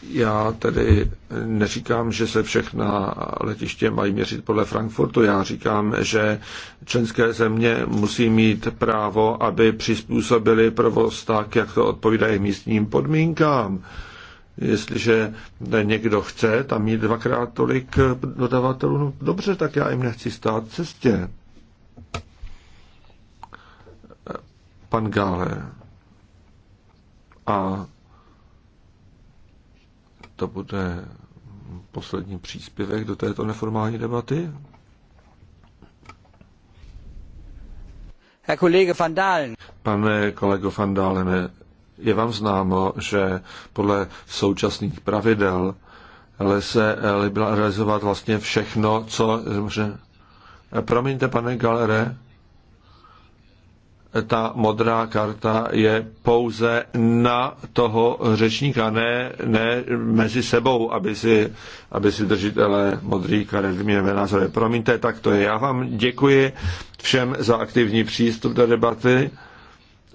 Já tedy neříkám, že se všechna letiště mají měřit podle Frankfurtu. Já říkám, že členské země musí mít právo, aby přizpůsobili provoz tak, jak to odpovídá místním podmínkám. Jestliže někdo chce tam mít dvakrát tolik dodavatelů, no dobře, tak já jim nechci stát v cestě. Pan Gále. A to bude poslední příspěvek do této neformální debaty. Herr Kollege van Dalen. Pane kolego van Dalen, je vám známo, že podle současných pravidel lze realizovat vlastně všechno, co... Promiňte, pane Galere, ta modrá karta je pouze na toho řečníka, ne, ne mezi sebou, aby si, aby si držitele modrý karet vyměnili názory. Promiňte, tak to je. Já vám děkuji všem za aktivní přístup do debaty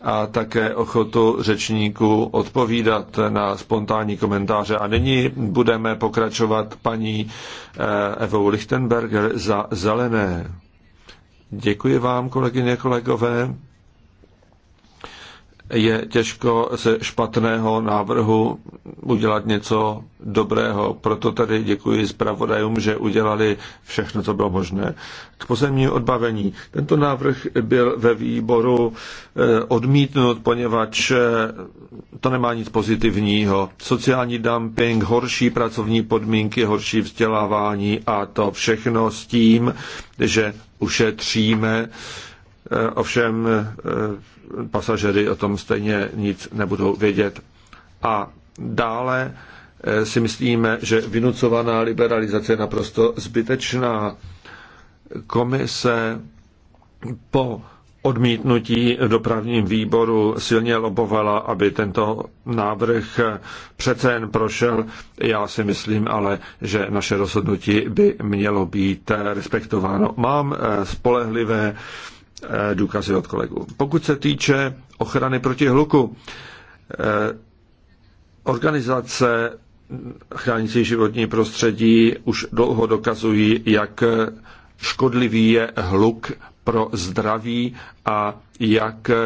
a také ochotu řečníků odpovídat na spontánní komentáře. A nyní budeme pokračovat paní eh, Evou Lichtenberger za zelené. Děkuji vám, kolegyně, kolegové je těžko ze špatného návrhu udělat něco dobrého. Proto tady děkuji zpravodajům, že udělali všechno, co bylo možné. K pozemní odbavení. Tento návrh byl ve výboru eh, odmítnut, poněvadž eh, to nemá nic pozitivního. Sociální dumping, horší pracovní podmínky, horší vzdělávání a to všechno s tím, že ušetříme eh, Ovšem pasažery o tom stejně nic nebudou vědět. A dále eh, si myslíme, že vynucovaná liberalizace je naprosto zbytečná. Komise po odmítnutí dopravním výboru silně lobovala, aby tento návrh přece jen prošel. Já si myslím ale, že naše rozhodnutí by mělo být respektováno. Mám eh, spolehlivé Eh, důkazy od kolegů. Pokud se týče ochrany proti hluku, eh, organizace chránící životní prostředí už dlouho dokazují, jak škodlivý je hluk pro zdraví a jak eh,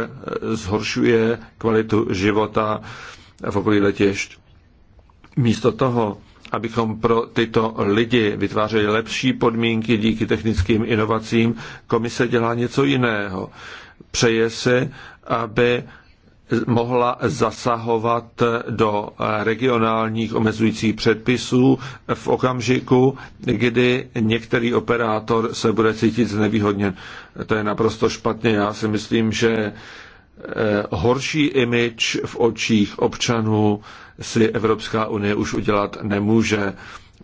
zhoršuje kvalitu života v okolí letišť. Místo toho, abychom pro tyto lidi vytvářeli lepší podmínky díky technickým inovacím, komise dělá něco jiného. Přeje si, aby mohla zasahovat do regionálních omezujících předpisů v okamžiku, kdy některý operátor se bude cítit znevýhodněn. To je naprosto špatně. Já si myslím, že Eh, horší imič v očích občanů si Evropská unie už udělat nemůže.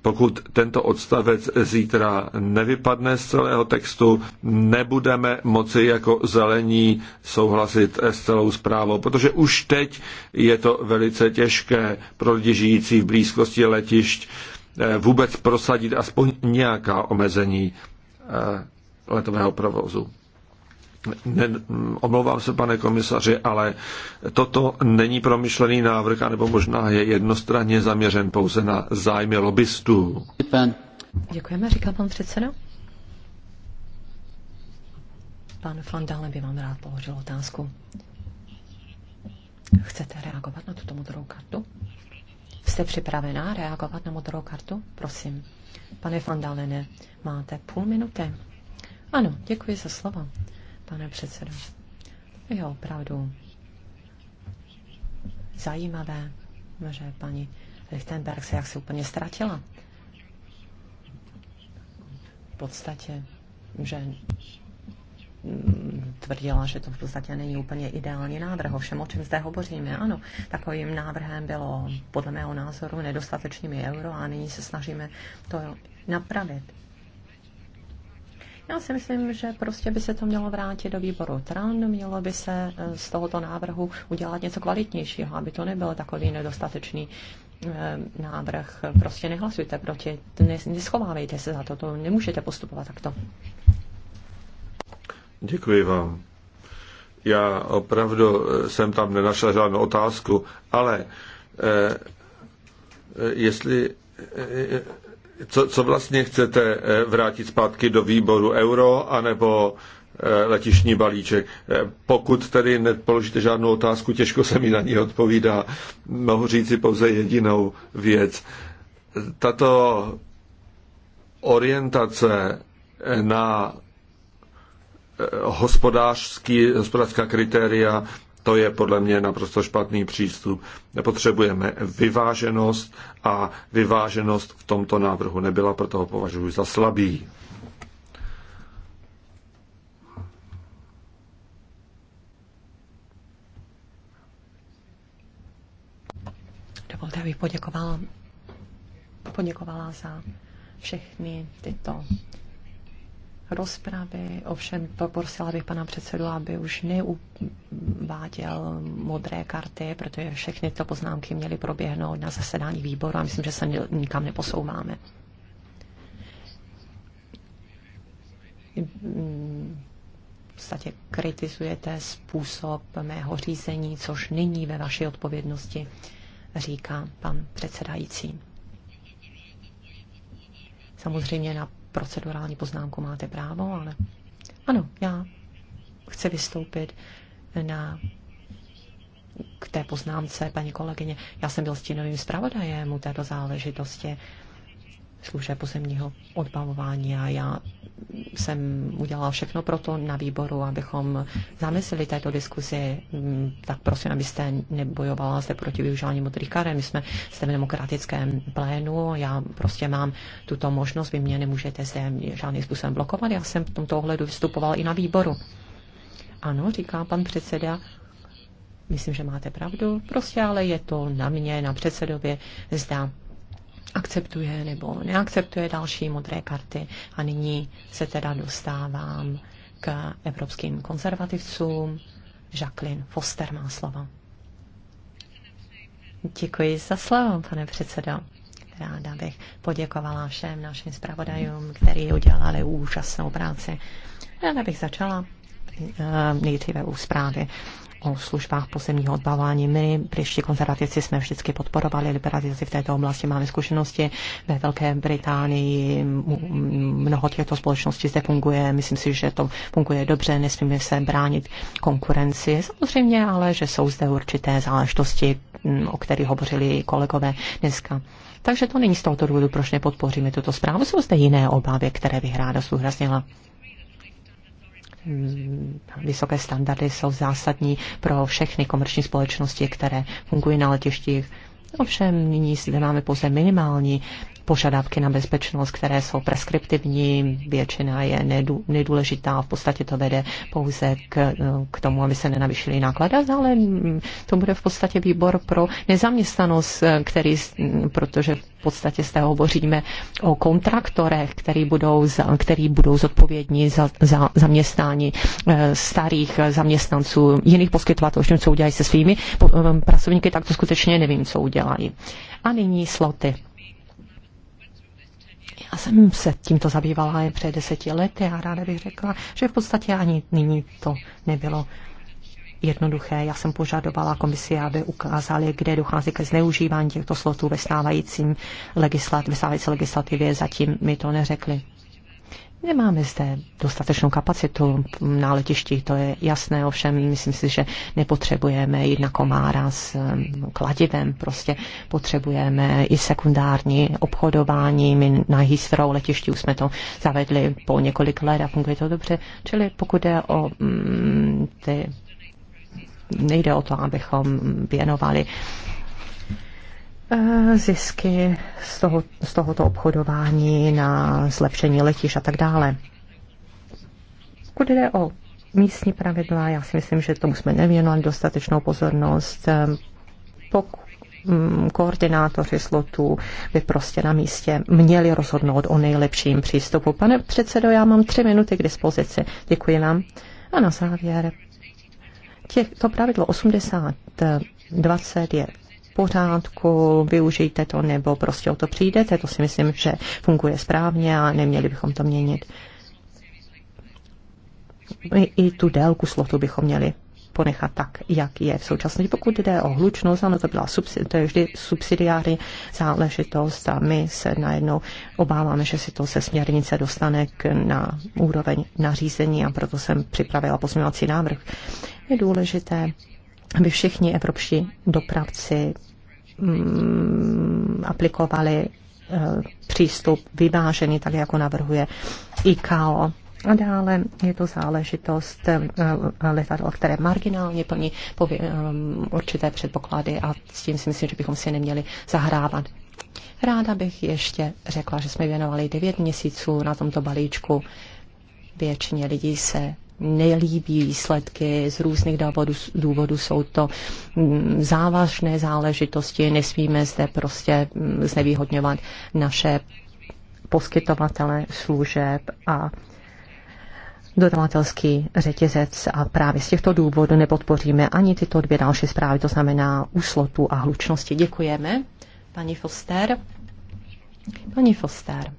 Pokud tento odstavec zítra nevypadne z celého textu, nebudeme moci jako zelení souhlasit s celou zprávou, protože už teď je to velice těžké pro lidi žijící v blízkosti letišť eh, vůbec prosadit aspoň nějaká omezení eh, letového provozu ne, omlouvám se, pane komisaři, ale toto není promyšlený návrh, anebo možná je jednostranně zaměřen pouze na zájmy lobbystů. Děkujeme, říká pan předseda. Pan Van Dalen by vám rád položil otázku. Chcete reagovat na tuto modrou kartu? Jste připravená reagovat na modrou kartu? Prosím. Pane Van ne, máte půl minuty. Ano, děkuji za slovo pane předsedo. Jo, opravdu zajímavé, že paní Lichtenberg se jaksi úplně ztratila. V podstatě, že mm, tvrdila, že to v podstatě není úplně ideální návrh. Ovšem, o čem zde hovoříme, ano, takovým návrhem bylo podle mého názoru nedostatečnými euro a nyní se snažíme to napravit. Já si myslím, že prostě by se to mělo vrátit do výboru TRAN, mělo by se eh, z tohoto návrhu udělat něco kvalitnějšího, aby to nebyl takový nedostatečný eh, návrh. Prostě nehlasujte proti, neschovávejte se za to, to nemůžete postupovat takto. Děkuji vám. Já opravdu eh, jsem tam nenašel žádnou otázku, ale eh, jestli co, co vlastně chcete eh, vrátit zpátky do výboru euro, anebo eh, letišní balíček. Eh, pokud tedy nepoložíte žádnou otázku, těžko se mi na ní odpovídá. Mohu říci pouze jedinou věc. Tato orientace na hospodářský, hospodářská kritéria to je podle mě naprosto špatný přístup. Potřebujeme vyváženost a vyváženost v tomto návrhu nebyla, proto ho považuji za slabý. Dovolte, abych poděkovala, poděkovala za všechny tyto rozpravy, ovšem poprosila bych pana předsedu, aby už neuváděl modré karty, protože všechny tyto poznámky měly proběhnout na zasedání výboru a myslím, že se nikam neposouváme. V podstatě kritizujete způsob mého řízení, což není ve vaší odpovědnosti, říká pan předsedající. Samozřejmě na procedurální poznámku máte právo, ale ano, já chci vystoupit na k té poznámce paní kolegyně. Já jsem byl stínovým zpravodajem u této záležitosti služeb pozemního odbavování a já jsem udělala všechno pro to na výboru, abychom zamyslili této diskuzi, mm, tak prosím, abyste nebojovala se proti využívání modrých karet. My jsme v demokratickém plénu, já prostě mám tuto možnost, vy mě nemůžete se žádným způsobem blokovat. Já jsem v tomto ohledu vystupovala i na výboru. Ano, říká pan předseda, myslím, že máte pravdu, prostě ale je to na mě, na předsedově, zda akceptuje nebo neakceptuje další modré karty. A nyní se teda dostávám k evropským konzervativcům. Jacqueline Foster má slovo. Děkuji za slovo, pane předsedo. Ráda bych poděkovala všem našim zpravodajům, kteří udělali úžasnou práci. Ráda bych začala eh, nejdříve u zprávy o službách pozemního odbavání. My, příští konzervativci, jsme vždycky podporovali liberalizaci v této oblasti. Máme zkušenosti ve Velké Británii. Mnoho těchto společností zde funguje. Myslím si, že to funguje dobře. Nesmíme se bránit konkurenci. Samozřejmě, ale že jsou zde určité záležitosti, o kterých hovořili kolegové dneska. Takže to není z toho důvodu, proč nepodpoříme tuto zprávu. Jsou zde jiné obavy, které bych ráda zdůraznila. Mm, vysoké standardy jsou zásadní pro všechny komerční společnosti, které fungují na letištích. Ovšem nyní zde máme pouze minimální požadavky na bezpečnost, které jsou preskriptivní, většina je nedůležitá, v podstatě to vede pouze k, k tomu, aby se nenavyšily náklady, ale to bude v podstatě výbor pro nezaměstnanost, který, protože v podstatě z hovoříme o kontraktorech, který budou, za, který budou zodpovědní za, za zaměstnání eh, starých zaměstnanců, jiných poskytovatelů, co udělají se svými eh, pracovníky, tak to skutečně nevím, co udělají. A nyní sloty. Já jsem se tímto zabývala je před deseti lety a ráda bych řekla, že v podstatě ani nyní to nebylo jednoduché. Já jsem požadovala komisi, aby ukázali, kde dochází ke zneužívání těchto slotů ve stávající legislativě. Zatím mi to neřekli. Nemáme zde dostatečnou kapacitu na letišti, to je jasné, ovšem myslím si, že nepotřebujeme jít na komára s mm, kladivem, prostě potřebujeme i sekundární obchodování. My na Heathrow letišti už jsme to zavedli po několik let a funguje to dobře. Čili pokud jde o mm, ty nejde o to, abychom věnovali Eh, zisky z, toho, z tohoto obchodování na zlepšení letiš a tak dále. Pokud jde o místní pravidla, já si myslím, že tomu jsme nevěnovali dostatečnou pozornost. Eh, pok- mm, koordinátoři slotu by prostě na místě měli rozhodnout o nejlepším přístupu. Pane předsedo, já mám tři minuty k dispozici. Děkuji vám. A na závěr. Těch, to pravidlo 80 20 eh, je pořádku, využijte to nebo prostě o to přijdete. To si myslím, že funguje správně a neměli bychom to měnit. I, i tu délku slotu bychom měli ponechat tak, jak je v současnosti. Pokud jde o hlučnost, ano, to, byla subsidi- to je vždy subsidiární záležitost a my se najednou obáváme, že si to se směrnice dostane k, na úroveň nařízení a proto jsem připravila pozměňovací návrh. Je důležité aby všichni evropští dopravci mm, aplikovali eh, přístup vyvážený, tak jako navrhuje ICAO. A dále je to záležitost eh, eh, letadla, které marginálně plní určité předpoklady a s tím si myslím, že bychom si neměli zahrávat. Ráda bych ještě řekla, že jsme věnovali devět měsíců na tomto balíčku. Většině lidí se nelíbí výsledky z různých důvodů, důvodů jsou to mm, závažné záležitosti, nesmíme zde prostě mm, znevýhodňovat naše poskytovatele služeb a dodavatelský řetězec a právě z těchto důvodů nepodpoříme ani tyto dvě další zprávy, to znamená úslotu a hlučnosti. Děkujeme. Paní Foster. Paní Foster.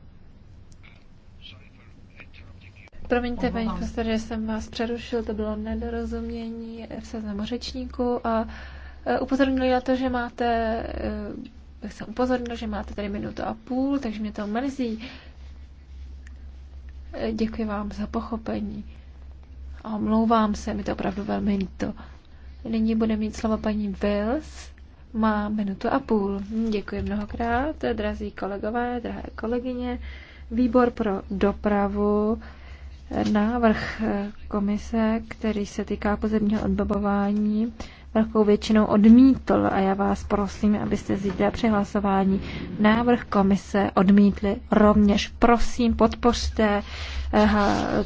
Promiňte, paní profesor, že jsem vás přerušil, to bylo nedorozumění v seznamu řečníku a e, upozornili na to, že máte, bych e, jsem upozornil, že máte tady minutu a půl, takže mě to mrzí. E, děkuji vám za pochopení a omlouvám se, mi to opravdu velmi líto. Nyní bude mít slovo paní Wills. Má minutu a půl. Hm, děkuji mnohokrát, drazí kolegové, drahé kolegyně. Výbor pro dopravu Návrh komise, který se týká pozemního odbavování, velkou většinou odmítl a já vás prosím, abyste zítra při hlasování návrh komise odmítli rovněž. Prosím, podpořte eh,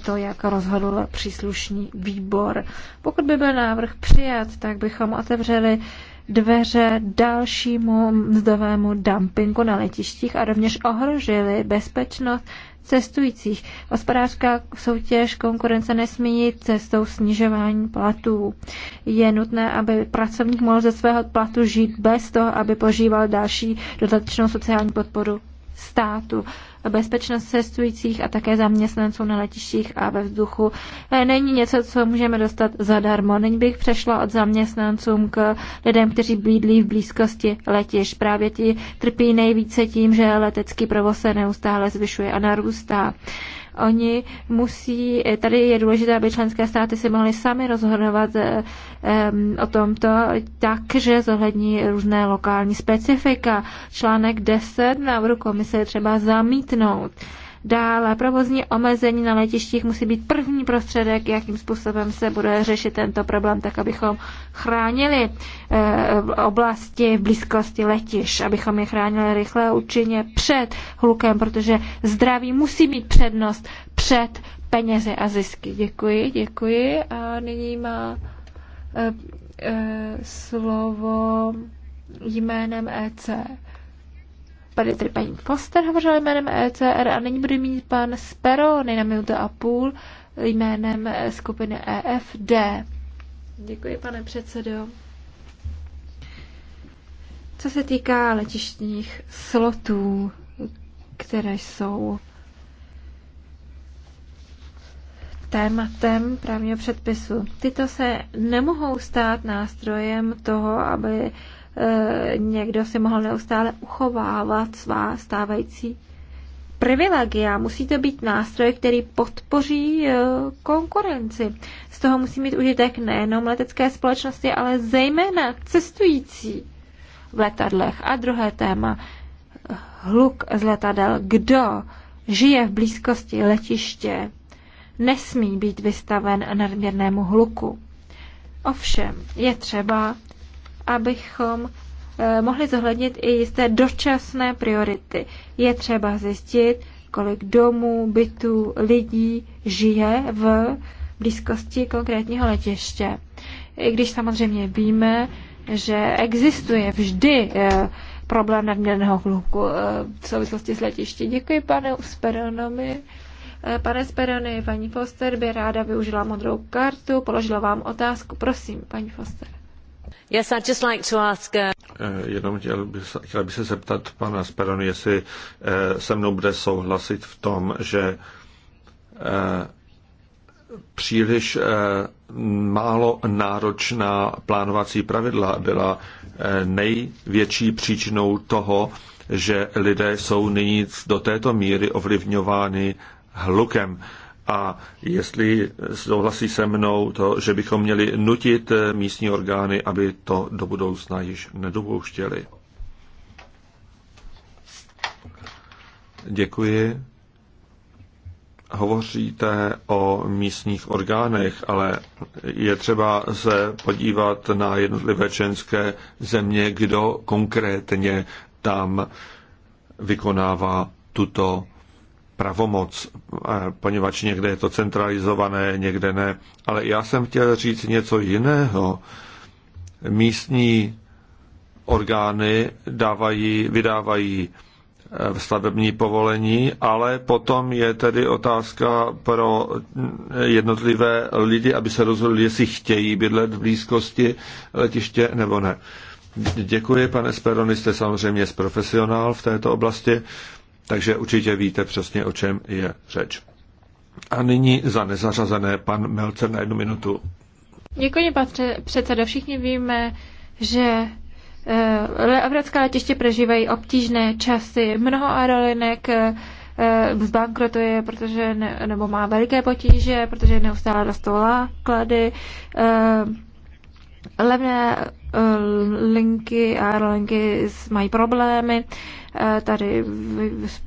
to, jak rozhodl příslušný výbor. Pokud by byl návrh přijat, tak bychom otevřeli dveře dalšímu mzdovému dumpingu na letištích a rovněž ohrožili bezpečnost cestujících. Hospodářská soutěž konkurence nesmí jít cestou snižování platů. Je nutné, aby pracovník mohl ze svého platu žít bez toho, aby požíval další dodatečnou sociální podporu státu bezpečnost cestujících a také zaměstnanců na letištích a ve vzduchu eh, není něco, co můžeme dostat zadarmo. Nyní bych přešla od zaměstnancům k lidem, kteří bydlí v blízkosti letiš. Právě ti trpí nejvíce tím, že letecký provoz se neustále zvyšuje a narůstá. Oni musí, tady je důležité, aby členské státy si mohly sami rozhodovat eh, o tomto, takže zohlední různé lokální specifika. Článek 10 návrhu komise je třeba zamítnout. Dále provozní omezení na letištích musí být první prostředek, jakým způsobem se bude řešit tento problém, tak abychom chránili eh, oblasti v blízkosti letiš, abychom je chránili rychle a účinně před hlukem, protože zdraví musí mít přednost před penězi a zisky. Děkuji, děkuji. A nyní má eh, eh, slovo jménem EC. Tady tedy paní Foster hovořila jménem ECR a nyní bude mít pan Speroni na minutu a půl jménem skupiny EFD. Děkuji, pane předsedo. Co se týká letištních slotů, které jsou tématem právního předpisu. Tyto se nemohou stát nástrojem toho, aby Eh, někdo si mohl neustále uchovávat svá stávající privilegia. Musí to být nástroj, který podpoří eh, konkurenci. Z toho musí mít užitek nejenom letecké společnosti, ale zejména cestující v letadlech. A druhé téma, hluk z letadel. Kdo žije v blízkosti letiště, nesmí být vystaven nadměrnému hluku. Ovšem, je třeba abychom eh, mohli zohlednit i jisté dočasné priority. Je třeba zjistit, kolik domů, bytů, lidí žije v blízkosti konkrétního letiště. I když samozřejmě víme, že existuje vždy eh, problém nadměrného hluku eh, v souvislosti s letiště. Děkuji pane Speronomi. Pane Sperony, paní Foster by ráda využila modrou kartu, položila vám otázku. Prosím, paní Foster. Uh, eh, jenom chtěl bych, chtěl bych se zeptat pana Speroni, jestli eh, se mnou bude souhlasit v tom, že eh, příliš málo náročná plánovací pravidla byla největší příčinou toho, že lidé jsou nyní do této míry ovlivňováni hlukem. A jestli souhlasí se mnou to, že bychom měli nutit místní orgány, aby to do budoucna již nedopouštěli. Děkuji. Hovoříte o místních orgánech, ale je třeba se podívat na jednotlivé členské země, kdo konkrétně tam vykonává tuto pravomoc, poněvadž někde je to centralizované, někde ne. Ale já jsem chtěl říct něco jiného. Místní orgány dávají, vydávají eh, stavební povolení, ale potom je tedy otázka pro eh, jednotlivé lidi, aby se rozhodli, jestli chtějí bydlet v blízkosti letiště nebo ne. Děkuji, pane Speroni, jste samozřejmě profesionál v této oblasti. Takže určitě víte přesně, o čem je řeč. A nyní za nezařazené pan Melcer na jednu minutu. Děkuji, pane předsedo. Všichni víme, že eh, Evropská letiště prežívají obtížné časy. Mnoho aerolinek eh, zbankrotuje, protože ne, nebo má veliké potíže, protože neustále rostou náklady. Eh, levné linky a aerolinky mají problémy. Eh, tady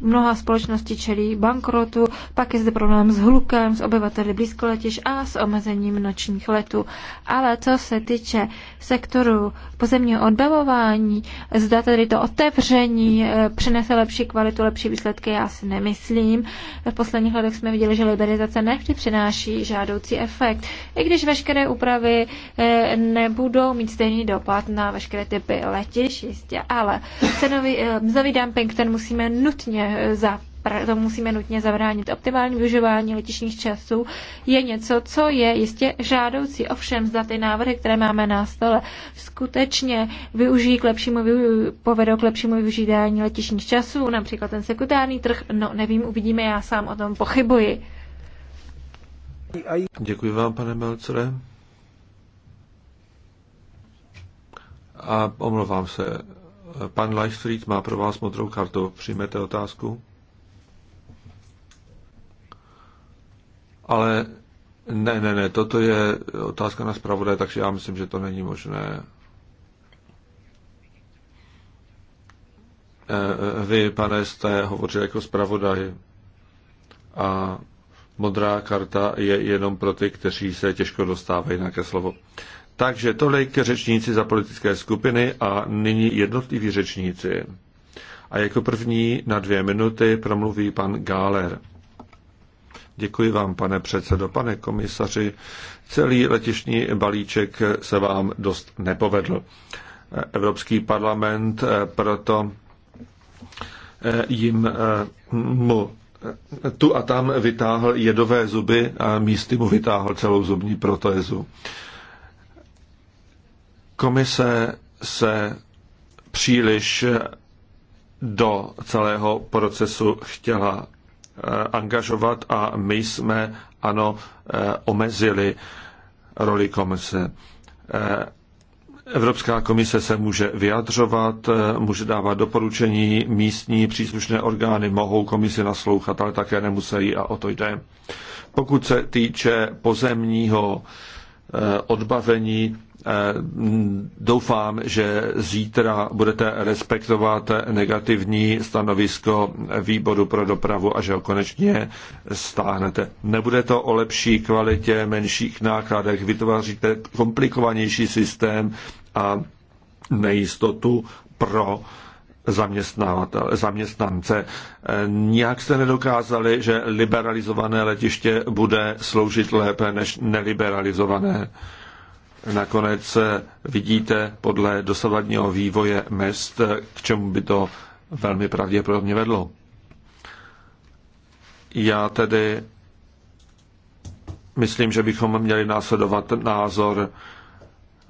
mnoha společnosti čelí bankrotu, pak je zde problém s hlukem, s obyvateli blízko letiš a s omezením nočních letů. Ale co se týče sektoru pozemního odbavování, zda tady to otevření eh, přinese lepší kvalitu, lepší výsledky, já si nemyslím. V posledních letech jsme viděli, že liberalizace nevždy přináší žádoucí efekt, i když veškeré úpravy eh, nebudou mít stejný dopad na veškeré typy letiš, jistě, ale cenový, mzdový dumping, ten musíme nutně eh, za to musíme nutně zabránit. Optimální využívání letišních časů je něco, co je jistě žádoucí. Ovšem, zda ty návrhy, které máme na stole, skutečně využijí k lepšímu, povedou k lepšímu využívání letišních časů, například ten sekundární trh, no nevím, uvidíme, já sám o tom pochybuji. Děkuji vám, pane Melcere. A omlouvám se, Pan Leichfried má pro vás modrou kartu. Přijmete otázku? Ale ne, ne, ne, toto je otázka na zpravodaj, takže já myslím, že to není možné. Eh, vy, pane, jste hovořil jako zpravodaj a modrá karta je jenom pro ty, kteří se těžko dostávají na ke slovo. Takže tolik řečníci za politické skupiny a nyní jednotliví řečníci. A jako první na dvě minuty promluví pan Gáler. Děkuji vám, pane předsedo, pane komisaři. Celý letišní balíček se vám dost nepovedl. Evropský parlament eh, proto eh, jim eh, mu tu a tam vytáhl jedové zuby a místy mu vytáhl celou zubní protézu. Komise se příliš do celého procesu chtěla eh, angažovat a my jsme, ano, eh, omezili roli komise. Eh, Evropská komise se může vyjadřovat, může dávat doporučení, místní příslušné orgány mohou komisi naslouchat, ale také nemusí a o to jde. Pokud se týče pozemního odbavení, Eh, doufám, že zítra budete respektovat negativní stanovisko výboru pro dopravu a že ho konečně stáhnete. Nebude to o lepší kvalitě, menších nákladech, vytváříte komplikovanější systém a nejistotu pro zaměstnavatel, zaměstnance. Eh, Nijak jste nedokázali, že liberalizované letiště bude sloužit lépe než neliberalizované nakonec vidíte podle dosavadního vývoje mest, k čemu by to velmi pravděpodobně vedlo. Já tedy myslím, že bychom měli následovat názor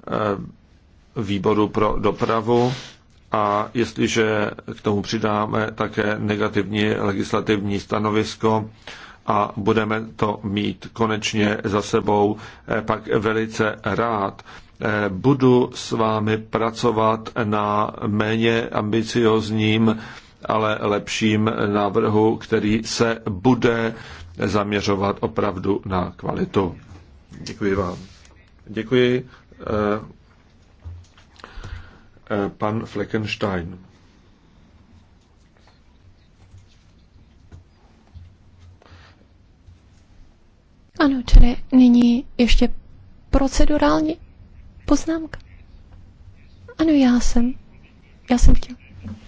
eh, výboru pro dopravu a jestliže k tomu přidáme také negativní legislativní stanovisko, a budeme to mít konečně za sebou eh, pak velice rád. Eh, budu s vámi pracovat na méně ambiciozním, ale lepším návrhu, který se bude zaměřovat opravdu na kvalitu. Děkuji vám. Děkuji. Eh, pan Fleckenstein. Ano, čili nyní ještě procedurální poznámka. Ano, já jsem. Já jsem chtěl.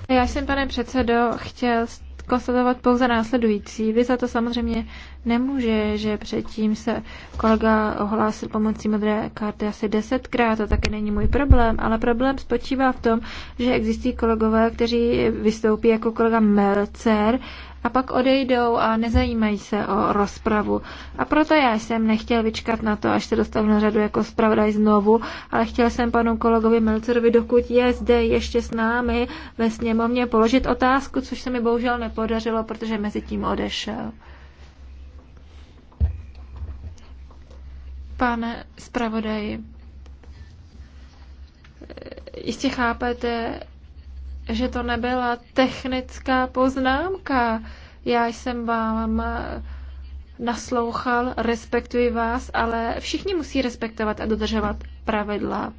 Já jsem, pane předsedo, chtěl konstatovat pouze následující. Vy za to samozřejmě nemůže, že předtím se kolega ohlásil pomocí modré karty asi desetkrát, to taky není můj problém, ale problém spočívá v tom, že existují kolegové, kteří vystoupí jako kolega Melcer a pak odejdou a nezajímají se o rozpravu. A proto já jsem nechtěl vyčkat na to, až se dostanu na řadu jako zpravodaj znovu, ale chtěl jsem panu kolegovi Melcerovi, dokud je zde ještě s námi ve sněmovně, položit otázku, což se mi bohužel nepodařilo, protože mezi tím odešel. Pane zpravodaji, jistě chápete, že to nebyla technická poznámka. Já jsem vám eh, naslouchal, respektuji vás, ale všichni musí respektovat a dodržovat pravidla.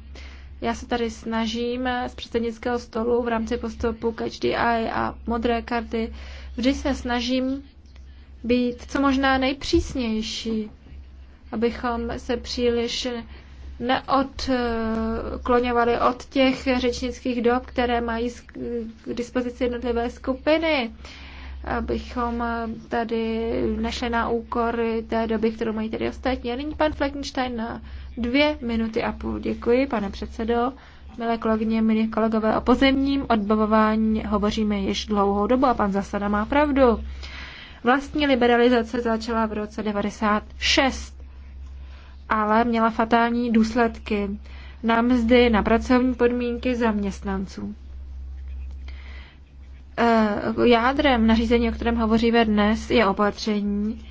Já se tady snažím eh, z předsednického stolu v rámci postupu KHDI a modré karty vždy se snažím být co možná nejpřísnější, abychom se příliš Neodkloněvali od těch řečnických dob, které mají k dispozici jednotlivé skupiny, abychom tady nešli na úkor té doby, kterou mají tady ostatní. A nyní pan Fleckenstein na dvě minuty a půl. Děkuji, pane předsedo. Milé kolegyně, milí kolegové, o pozemním odbavování hovoříme již dlouhou dobu a pan Zasada má pravdu. Vlastní liberalizace začala v roce 96 ale měla fatální důsledky na mzdy, na pracovní podmínky zaměstnanců. Eh, jádrem nařízení, o kterém hovoříme dnes, je opatření,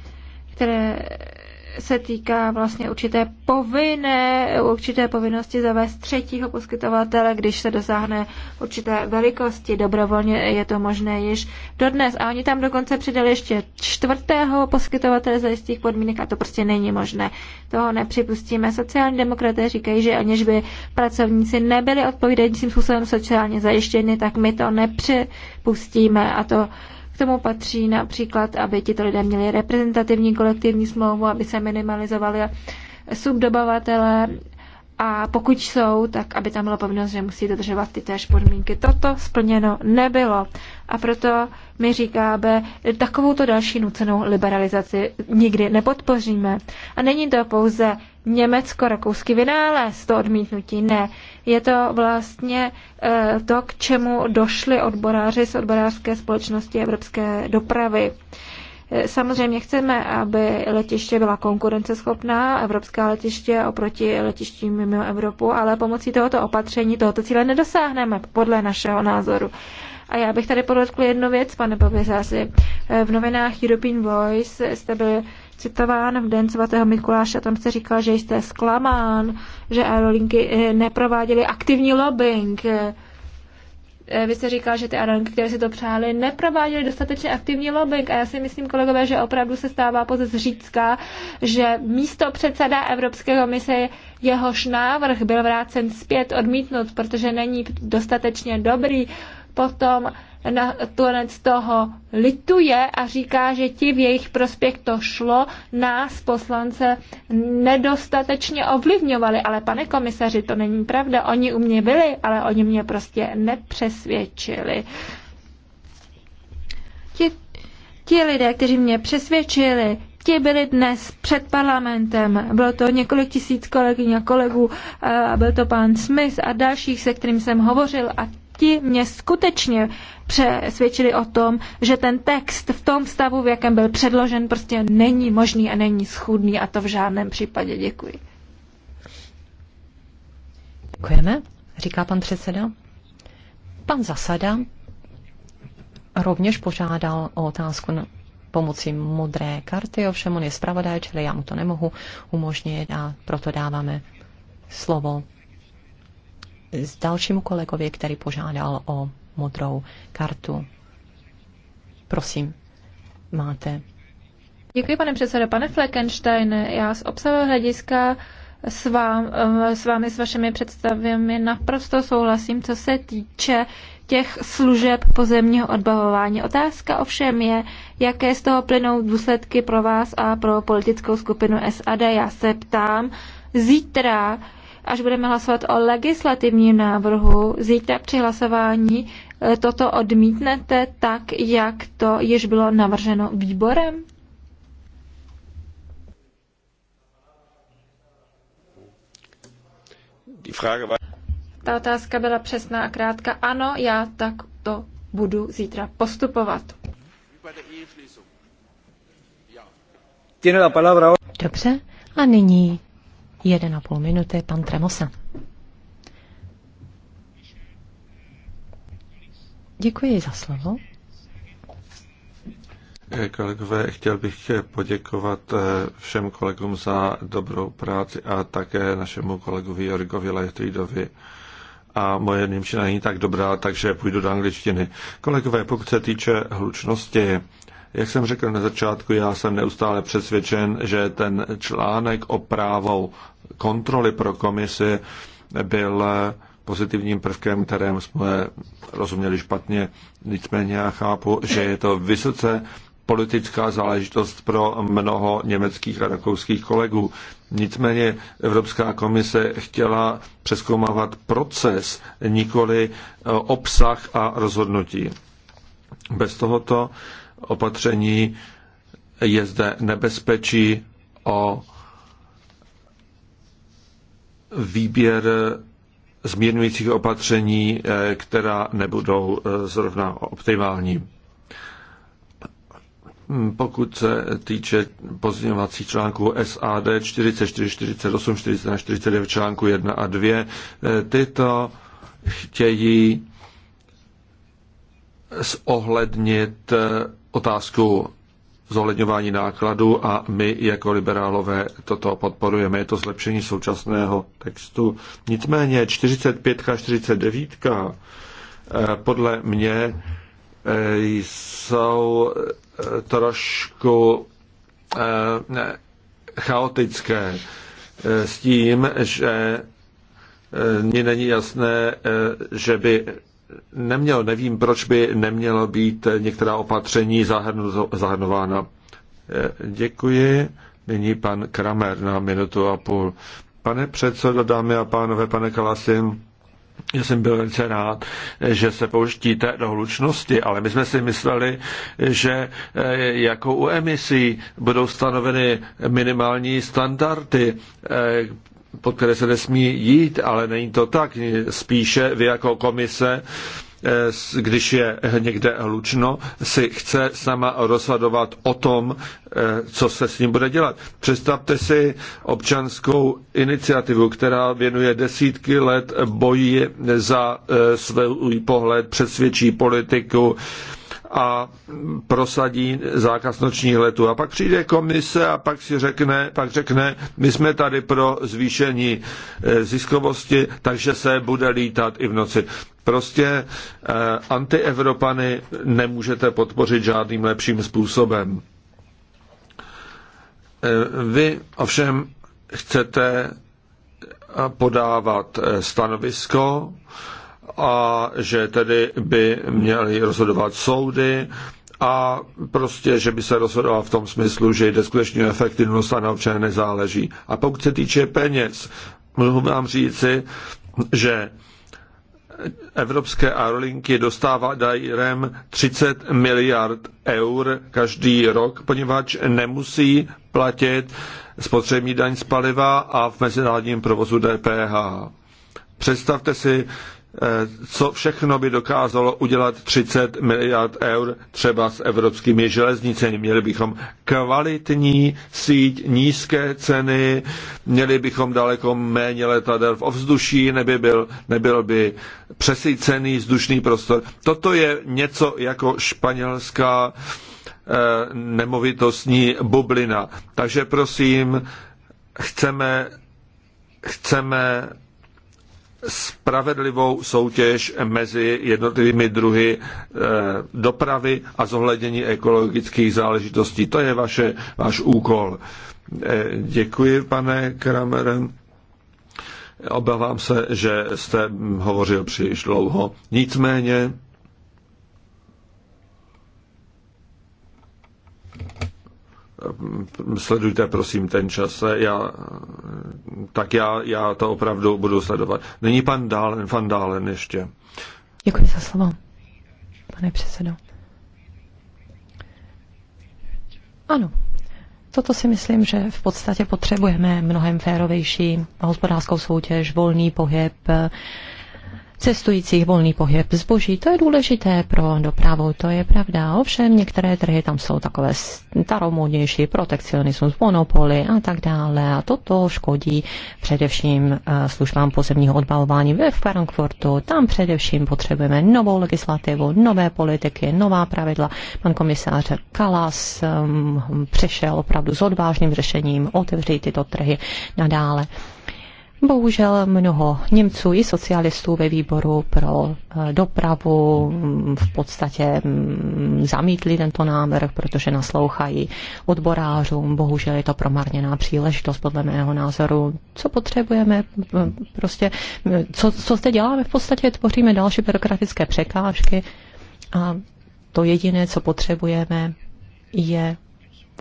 které se týká vlastně určité povinné, určité povinnosti zavést třetího poskytovatele, když se dosáhne určité velikosti. Dobrovolně je to možné již dodnes. A oni tam dokonce přidali ještě čtvrtého poskytovatele za jistých podmínek a to prostě není možné. Toho nepřipustíme. Sociální demokraté říkají, že aniž by pracovníci nebyli odpovídajícím způsobem sociálně zajištěni, tak my to nepřipustíme a to k tomu patří například, aby tito lidé měli reprezentativní kolektivní smlouvu, aby se minimalizovali subdobavatele, a pokud jsou, tak aby tam byla povinnost, že musí dodržovat ty též podmínky. Toto splněno nebylo. A proto my říkáme, takovouto další nucenou liberalizaci nikdy nepodpoříme. A není to pouze německo-rakouský vynález, to odmítnutí, ne. Je to vlastně eh, to, k čemu došli odboráři z odborářské společnosti Evropské dopravy. Samozřejmě chceme, aby letiště byla konkurenceschopná, evropská letiště oproti letištím mimo Evropu, ale pomocí tohoto opatření tohoto cíle nedosáhneme, podle našeho názoru. A já bych tady podotkl jednu věc, pane Povězási. V novinách European Voice jste byl citován v den svatého Mikuláše, tam jste říkal, že jste zklamán, že aerolinky eh, neprováděly aktivní lobbying Eh, vy jste říkal, že ty aranky, které si to přáli, neprováděly dostatečně aktivní lobbying a já si myslím, kolegové, že opravdu se stává pozic zřídka, že místo předseda Evropské komise jehož návrh byl vrácen zpět, odmítnut, protože není dostatečně dobrý, potom na Turenec toho lituje a říká, že ti v jejich prospěch to šlo, nás poslance nedostatečně ovlivňovali. Ale pane komisaři, to není pravda. Oni u mě byli, ale oni mě prostě nepřesvědčili. Ti, ti lidé, kteří mě přesvědčili, ti byli dnes před parlamentem. Bylo to několik tisíc kolegyň a kolegů, a byl to pán Smith a dalších, se kterým jsem hovořil a ti mě skutečně přesvědčili o tom, že ten text v tom stavu, v jakém byl předložen, prostě není možný a není schůdný a to v žádném případě. Děkuji. Děkujeme, říká pan předseda. Pan Zasada rovněž požádal o otázku na pomocí modré karty, ovšem on je zpravodaj, čili já mu to nemohu umožnit a proto dáváme slovo s dalšímu kolegovi, který požádal o modrou kartu. Prosím, máte. Děkuji, pane předsedo. Pane Fleckenstein, já z obsahového hlediska s, vám, s vámi, s vašimi představami naprosto souhlasím, co se týče těch služeb pozemního odbavování. Otázka ovšem je, jaké z toho plynou důsledky pro vás a pro politickou skupinu SAD. Já se ptám, zítra až budeme hlasovat o legislativním návrhu, zítra při hlasování e, toto odmítnete tak, jak to již bylo navrženo výborem? Ta otázka byla přesná a krátká. Ano, já tak to budu zítra postupovat. Dobře, a nyní 1,5 minuty, pan Tremosa. Děkuji za slovo. Kolegové, chtěl bych poděkovat eh, všem kolegům za dobrou práci a také našemu kolegovi Jorgovi Lechtridovi. A moje Němčina není tak dobrá, takže půjdu do angličtiny. Kolegové, pokud se týče hlučnosti, jak jsem řekl na začátku, já jsem neustále přesvědčen, že ten článek o právou kontroly pro komisi byl pozitivním prvkem, kterém jsme rozuměli špatně. Nicméně já chápu, že je to vysoce politická záležitost pro mnoho německých a rakouských kolegů. Nicméně Evropská komise chtěla přeskoumávat proces, nikoli eh, obsah a rozhodnutí. Bez tohoto opatření je zde nebezpečí o výběr eh, zmírňujících opatření, eh, která nebudou eh, zrovna optimální. Hmm, pokud se týče pozměňovací článků SAD 44, 48, 41, 49 článku 1 a 2, tyto chtějí zohlednit otázku zohledňování nákladu a my jako liberálové toto podporujeme. Je to zlepšení současného textu. Nicméně 45 a 49 podle mě eh, jsou eh, trošku eh, chaotické s tím, že mně není jasné, že by nemělo, nevím, proč by nemělo být některá opatření zahrnována. Eh, děkuji. Nyní pan Kramer na minutu a půl. Pane předsedo, dámy a pánové, pane Kalasin, já jsem byl velice rád, že se pouštíte do hlučnosti, ale my jsme si mysleli, že eh, jako u emisí budou stanoveny minimální standardy eh, pod které se nesmí jít, ale není to tak. Spíše vy jako komise eh, když je někde hlučno, si chce sama rozhodovat o tom, eh, co se s ním bude dělat. Představte si občanskou iniciativu, která věnuje desítky let boji za eh, svůj pohled, přesvědčí politiku, a prosadí zákaz nočních letů. A pak přijde komise a pak si řekne, pak řekne, my jsme tady pro zvýšení eh, ziskovosti, takže se bude lítat i v noci. Prostě eh, antievropany nemůžete podpořit žádným lepším způsobem. Eh, vy ovšem chcete eh, podávat stanovisko, a že tedy by měly rozhodovat soudy a prostě, že by se rozhodoval v tom smyslu, že jde skutečně o efektivnost a na občané nezáleží. A pokud se týče peněz, mohu vám říci, že evropské aerolinky dostává dajrem 30 miliard eur každý rok, poněvadž nemusí platit spotřební daň z paliva a v mezinárodním provozu DPH. Představte si, Eh, co všechno by dokázalo udělat 30 miliard eur třeba s evropskými železnicemi. Měli bychom kvalitní síť, nízké ceny, měli bychom daleko méně letadel v ovzduší, neby byl, nebyl by přesycený vzdušný prostor. Toto je něco jako španělská eh, nemovitostní bublina. Takže prosím, chceme, chceme spravedlivou soutěž mezi jednotlivými druhy eh, dopravy a zohlednění ekologických záležitostí. To je vaše, váš úkol. Eh, děkuji, pane Kramere. Obávám se, že jste hovořil příliš dlouho. Nicméně sledujte prosím ten čas, já, tak já, já to opravdu budu sledovat. Není pan Dálen, pan Dálen ještě. Děkuji za slovo, pane předsedo. Ano, toto si myslím, že v podstatě potřebujeme mnohem férovější hospodářskou soutěž, volný pohyb, cestujících, volný pohyb zboží. To je důležité pro dopravu, to je pravda. Ovšem některé trhy tam jsou takové staromodnější, protekcionismus, monopoly a tak dále. A toto škodí především eh, službám pozemního odbalování ve Frankfurtu. Tam především potřebujeme novou legislativu, nové politiky, nová pravidla. Pan komisář Kalas um, ehm, přišel opravdu s odvážným řešením otevřít tyto trhy nadále. Bohužel mnoho Němců i socialistů ve výboru pro eh, dopravu mm, v podstatě mm, zamítli tento návrh, protože naslouchají odborářům. Bohužel je to promarněná příležitost, podle mého názoru. Co potřebujeme, eh, prostě, eh, co, co zde děláme, v podstatě tvoříme další byrokratické překážky a to jediné, co potřebujeme, je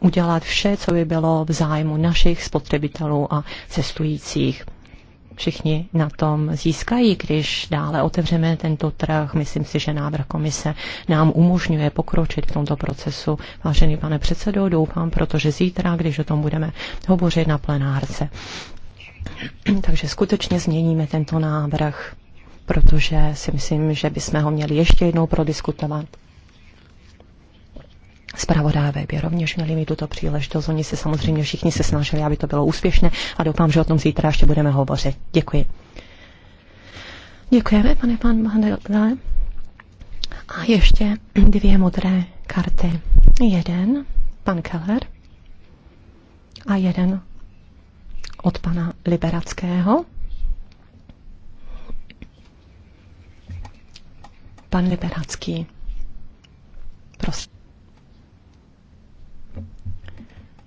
udělat vše, co by bylo v zájmu našich spotřebitelů a cestujících všichni na tom získají, když dále otevřeme tento trh. Myslím si, že návrh komise nám umožňuje pokročit v tomto procesu. Vážený pane předsedo, doufám, protože zítra, když o tom budeme hovořit na plenárce. Takže skutečně změníme tento návrh, protože si myslím, že bychom ho měli ještě jednou prodiskutovat zpravodávé by rovněž měli mít tuto příležitost. Oni se samozřejmě všichni se snažili, aby to bylo úspěšné a doufám, že o tom zítra ještě budeme hovořit. Děkuji. Děkujeme, pane pan Mandele. A ještě dvě modré karty. Jeden, pan Keller, a jeden od pana Liberackého. Pan Liberacký, prosím.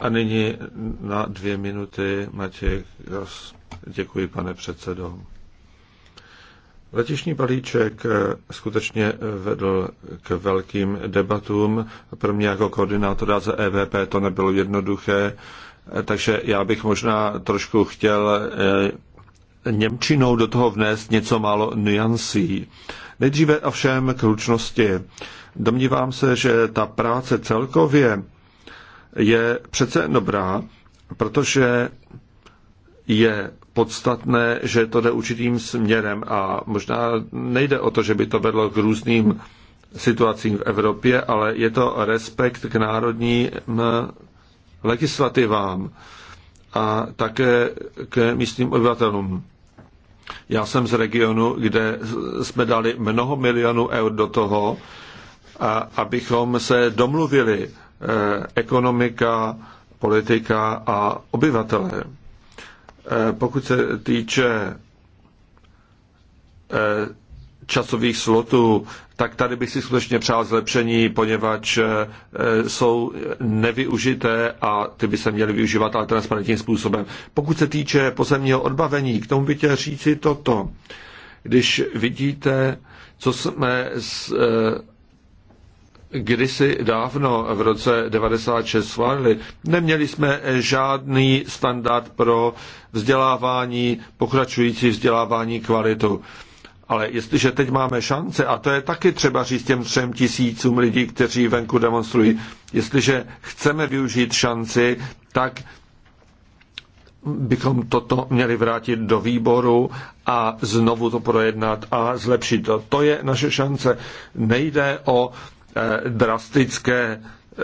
A nyní na dvě minuty Matěj Děkuji, pane předsedo. Letišní balíček eh, skutečně eh, vedl k velkým debatům. Pro mě jako koordinátora za EVP to nebylo jednoduché, eh, takže já bych možná trošku chtěl Němčinou do toho vnést něco málo nuancí. Nejdříve ovšem k ručnosti. Domnívám se, že ta práce celkově je přece dobrá, protože je podstatné, že to jde určitým směrem a možná nejde o to, že by to vedlo k různým situacím v Evropě, ale je to respekt k národním eh, legislativám a také k místním obyvatelům. Já jsem z regionu, kde jsme dali mnoho milionů eur do toho, a abychom se domluvili Eh, ekonomika, politika a obyvatelé. Eh, pokud se týče eh, časových slotů, tak tady bych si skutečně přál zlepšení, poněvadž jsou nevyužité a ty by se měly využívat ale transparentním způsobem. Pokud se týče pozemního odbavení, k tomu bych chtěl říci toto. Když vidíte, co jsme kdysi dávno v roce 96 schválili. Neměli jsme žádný standard pro vzdělávání, pokračující vzdělávání kvalitu. Ale jestliže teď máme šance, a to je taky třeba říct těm třem tisícům lidí, kteří venku demonstrují, jestliže chceme využít šanci, tak bychom toto měli vrátit do výboru a znovu to projednat a zlepšit to. To je naše šance. Nejde o Eh, drastické eh,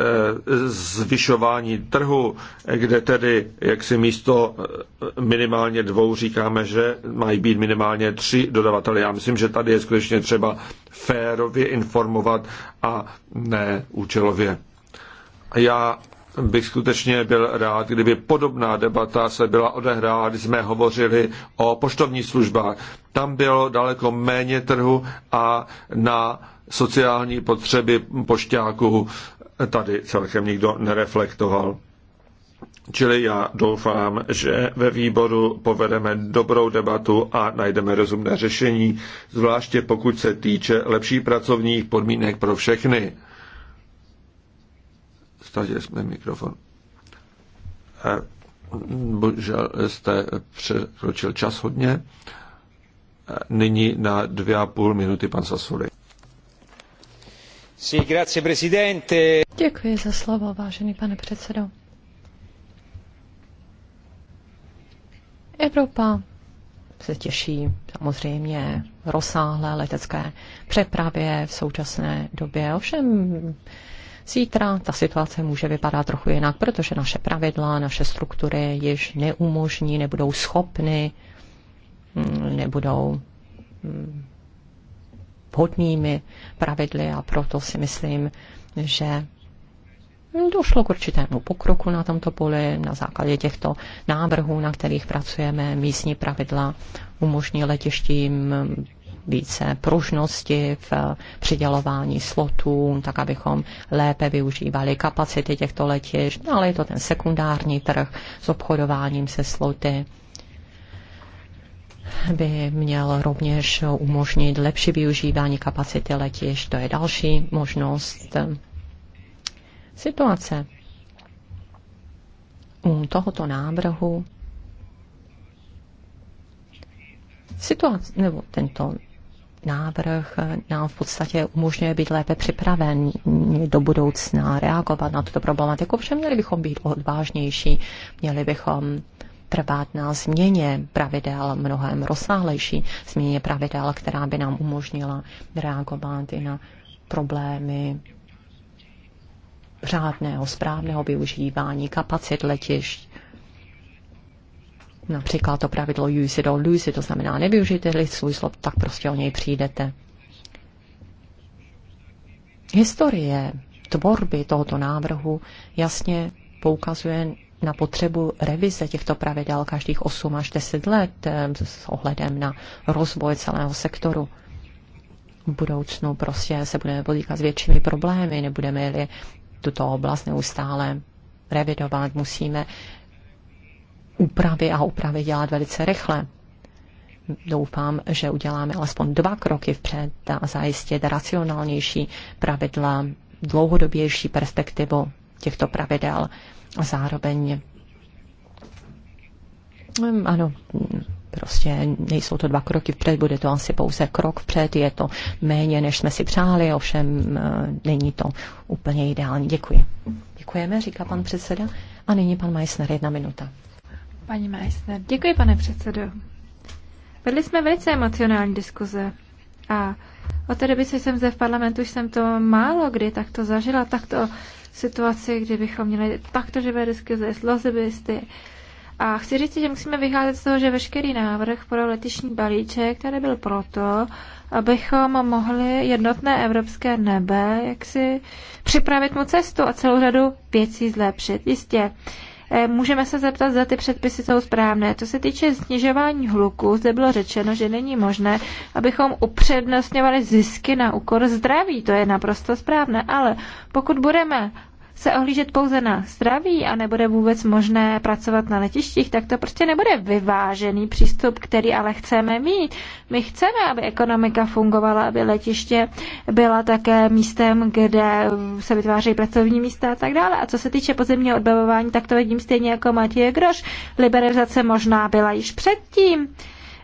zvyšování trhu, kde tedy jak si místo eh, minimálně dvou říkáme, že mají být minimálně tři dodavatele. Já myslím, že tady je skutečně třeba férově informovat a ne účelově. Já bych skutečně byl rád, kdyby podobná debata se byla odehrála, když jsme hovořili o poštovních službách. Tam bylo daleko méně trhu a na sociální potřeby pošťáků tady celkem nikdo nereflektoval. Čili já doufám, že ve výboru povedeme dobrou debatu a najdeme rozumné řešení, zvláště pokud se týče lepší pracovních podmínek pro všechny. Stažili jsme mikrofon. Eh, bohužel jste překročil čas hodně. Eh, nyní na dvě a půl minuty pan Sasuli. Děkuji za slovo, vážený pane předsedo. Evropa se těší samozřejmě rozsáhlé letecké přepravě v současné době. Ovšem zítra ta situace může vypadat trochu jinak, protože naše pravidla, naše struktury již neumožní, nebudou schopny, mm, nebudou mm, vhodnými pravidly a proto si myslím, že došlo k určitému pokroku na tomto poli na základě těchto návrhů, na kterých pracujeme. Místní pravidla umožní letištím více pružnosti v přidělování slotů, tak abychom lépe využívali kapacity těchto letišť, ale je to ten sekundární trh s obchodováním se sloty by měl rovněž umožnit lepší využívání kapacity letiš. To je další možnost situace. U tohoto návrhu situace, nebo tento návrh nám v podstatě umožňuje být lépe připraven do budoucna reagovat na tuto problematiku, Ovšem měli bychom být odvážnější, měli bychom trvat na změně pravidel, mnohem rozsáhlejší změně pravidel, která by nám umožnila reagovat i na problémy řádného, správného využívání kapacit letišť, Například to pravidlo use it or lose it, to znamená nevyužijte-li svůj slov, tak prostě o něj přijdete. Historie tvorby tohoto návrhu jasně poukazuje na potřebu revize těchto pravidel každých 8 až 10 let eh, s ohledem na rozvoj celého sektoru. V budoucnu prostě se budeme potýkat s většími problémy, nebudeme-li tuto oblast neustále revidovat, musíme úpravy a úpravy dělat velice rychle. Doufám, že uděláme alespoň dva kroky vpřed a zajistit racionálnější pravidla, dlouhodobější perspektivu těchto pravidel zároveň hm, ano, prostě nejsou to dva kroky vpřed, bude to asi pouze krok vpřed, je to méně, než jsme si přáli, ovšem eh, není to úplně ideální. Děkuji. Děkujeme, říká pan předseda. A nyní pan Meissner, jedna minuta. Paní Meissner, děkuji, pane předsedo. Vedli jsme velice emocionální diskuze a od té doby, co jsem zde v parlamentu, jsem to málo kdy takto zažila, takto situaci, kdy bychom měli takto živé diskuze s lazibisty. A chci říct, že musíme vycházet z toho, že veškerý návrh pro letišní balíček který byl proto, abychom mohli jednotné evropské nebe jak si připravit mu cestu a celou řadu věcí zlepšit. Jistě, Eh, můžeme se zeptat, zda ty předpisy jsou správné. Co se týče snižování hluku, zde bylo řečeno, že není možné, abychom upřednostňovali zisky na úkor zdraví. To je naprosto správné, ale pokud budeme se ohlížet pouze na zdraví a nebude vůbec možné pracovat na letištích, tak to prostě nebude vyvážený přístup, který ale chceme mít. My chceme, aby ekonomika fungovala, aby letiště byla také místem, kde se vytvářejí pracovní místa a tak dále. A co se týče pozemního odbavování, tak to vidím stejně jako Matěj Groš. Liberalizace možná byla již předtím.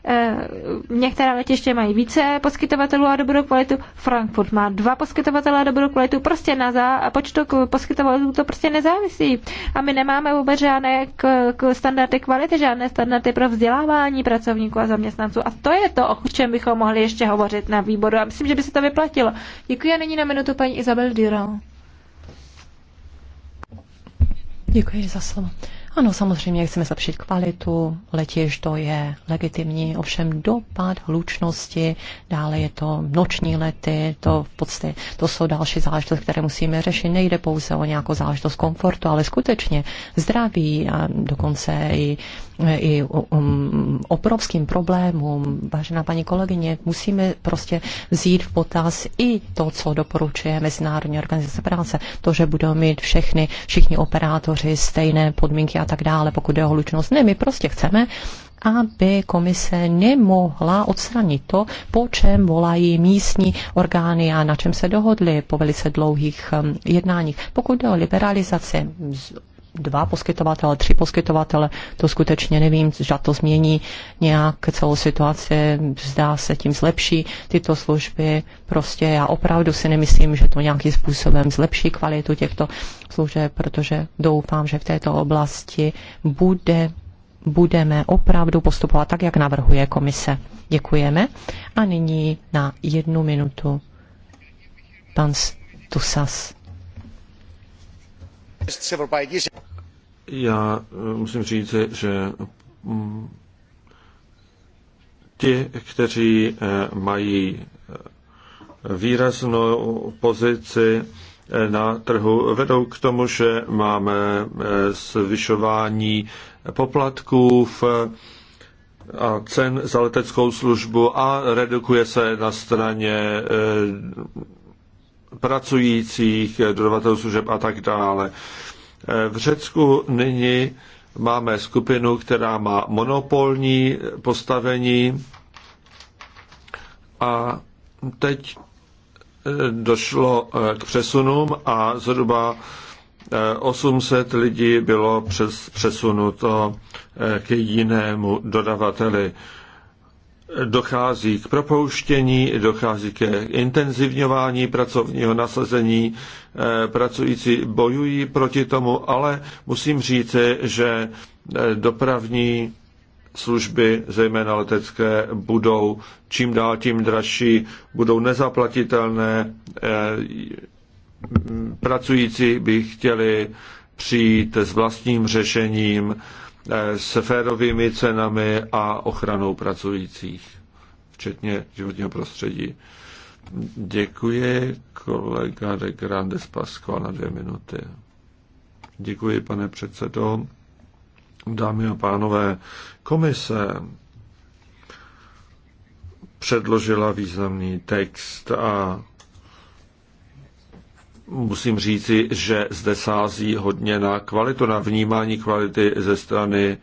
Eh, některá letiště mají více poskytovatelů a dobrou kvalitu. Frankfurt má dva poskytovatele a dobrou kvalitu. Prostě na zá, počtu poskytovatelů to prostě nezávisí. A my nemáme vůbec žádné k, k standardy kvality, žádné standardy pro vzdělávání pracovníků a zaměstnanců. A to je to, o čem bychom mohli ještě hovořit na výboru. A myslím, že by se to vyplatilo. Děkuji a nyní na minutu paní Isabel Diro. Děkuji za slovo. Ano, samozřejmě chceme zlepšit kvalitu, letiž to je legitimní, ovšem dopad hlučnosti, dále je to noční lety, to v podstatě, to jsou další záležitosti, které musíme řešit. Nejde pouze o nějakou záležitost komfortu, ale skutečně zdraví a dokonce i, i um, obrovským problémům. Vážená paní kolegyně, musíme prostě vzít v potaz i to, co doporučuje Mezinárodní organizace práce, to, že budou mít všechny, všichni operátoři stejné podmínky a tak dále, pokud jde o hlučnost. Ne, my prostě chceme, aby komise nemohla odstranit to, po čem volají místní orgány a na čem se dohodli po velice dlouhých um, jednáních. Pokud jde o liberalizaci dva poskytovatele, tři poskytovatele, to skutečně nevím, zda to změní nějak celou situaci, zdá se tím zlepší tyto služby. Prostě já opravdu si nemyslím, že to nějakým způsobem zlepší kvalitu těchto služeb, protože doufám, že v této oblasti bude budeme opravdu postupovat tak, jak navrhuje komise. Děkujeme. A nyní na jednu minutu pan Tusas. Já eh, musím říct, že mm, ti, kteří eh, mají eh, výraznou pozici na trhu, vedou k tomu, že máme zvyšování poplatků a cen za leteckou službu a redukuje se na straně pracujících, eh, dodavatelů služeb a tak dále. Eh, v Řecku nyní máme skupinu, která má monopolní postavení a teď eh, došlo k přesunům a zhruba 800 lidí bylo přes, přesunuto k jinému dodavateli dochází k propouštění, dochází ke intenzivňování pracovního nasazení, eh, pracující bojují proti tomu, ale musím říci, že eh, dopravní služby, zejména letecké, budou čím dál tím dražší, budou nezaplatitelné, eh, pracující by chtěli přijít s vlastním řešením, Eh, s férovými cenami a ochranou pracujících, včetně životního prostředí. Děkuji kolega de Grandes Pascual na dvě minuty. Děkuji, pane předsedo. Dámy a pánové, komise předložila významný text a musím říci, že zde sází hodně na kvalitu, na vnímání kvality ze strany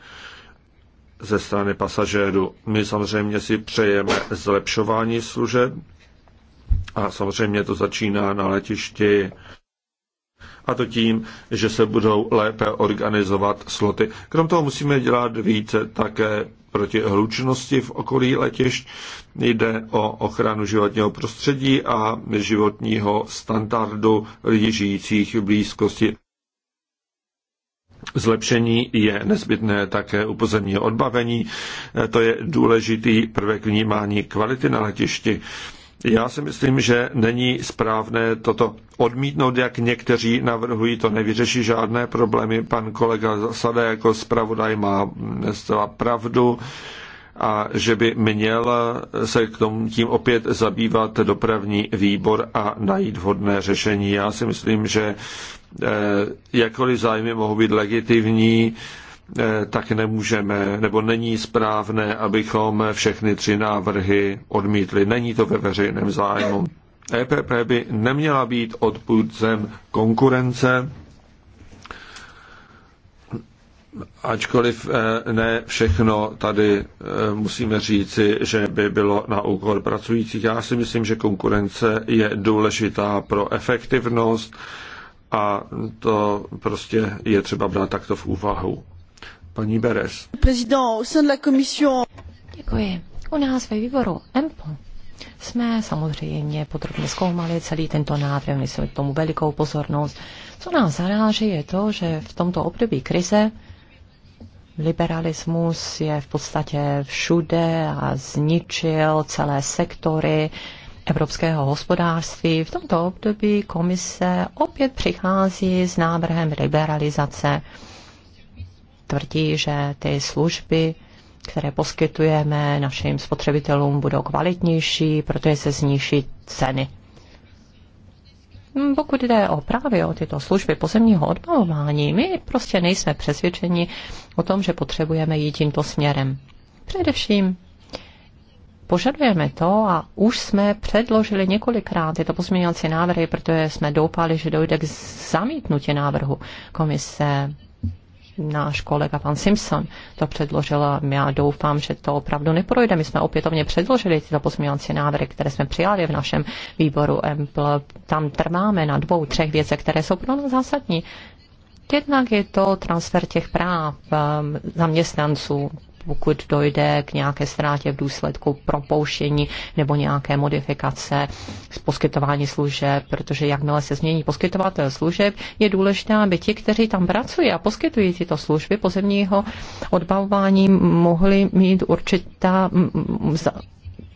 ze strany pasažérů. My samozřejmě si přejeme zlepšování služeb a samozřejmě to začíná na letišti a to tím, že se budou lépe organizovat sloty. Krom toho musíme dělat více také proti hlučnosti v okolí letišť, jde o ochranu životního prostředí a životního standardu lidí žijících v blízkosti. Zlepšení je nezbytné také u pozemního odbavení. To je důležitý prvek vnímání kvality na letišti. Já si myslím, že není správné toto odmítnout, jak někteří navrhují, to nevyřeší žádné problémy. Pan kolega Sada jako zpravodaj má zcela pravdu a že by měl se k tomu tím opět zabývat dopravní výbor a najít vhodné řešení. Já si myslím, že eh, jakkoliv zájmy mohou být legitimní, Eh, tak nemůžeme, nebo není správné, abychom všechny tři návrhy odmítli. Není to ve veřejném zájmu. EPP by neměla být odpůrcem konkurence, ačkoliv eh, ne všechno tady eh, musíme říci, že by bylo na úkor pracujících. Já si myslím, že konkurence je důležitá pro efektivnost a to prostě je třeba brát takto v úvahu paní Beres. Děkuji. U nás ve výboru EMPL jsme samozřejmě podrobně zkoumali celý tento návrh, my jsme tomu velikou pozornost. Co nás zaráží je to, že v tomto období krize liberalismus je v podstatě všude a zničil celé sektory evropského hospodářství. V tomto období komise opět přichází s návrhem liberalizace tvrdí, že ty služby, které poskytujeme našim spotřebitelům, budou kvalitnější, protože se zníší ceny. Pokud jde o právě o tyto služby pozemního odbavování, my prostě nejsme přesvědčeni o tom, že potřebujeme jít tímto směrem. Především požadujeme to a už jsme předložili několikrát tyto pozměňovací návrhy, protože jsme doufali, že dojde k zamítnutí návrhu komise náš kolega pan Simpson to předložil a já doufám, že to opravdu neprojde. My jsme opětovně předložili tyto pozměňovací návrhy, které jsme přijali v našem výboru EMPL. Tam trváme na dvou, třech věcech, které jsou pro nás zásadní. Jednak je to transfer těch práv zaměstnanců pokud dojde k nějaké ztrátě v důsledku propouštění nebo nějaké modifikace z poskytování služeb, protože jakmile se změní poskytovatel služeb, je důležité, aby ti, kteří tam pracují a poskytují tyto služby pozemního odbavování, mohli mít určitá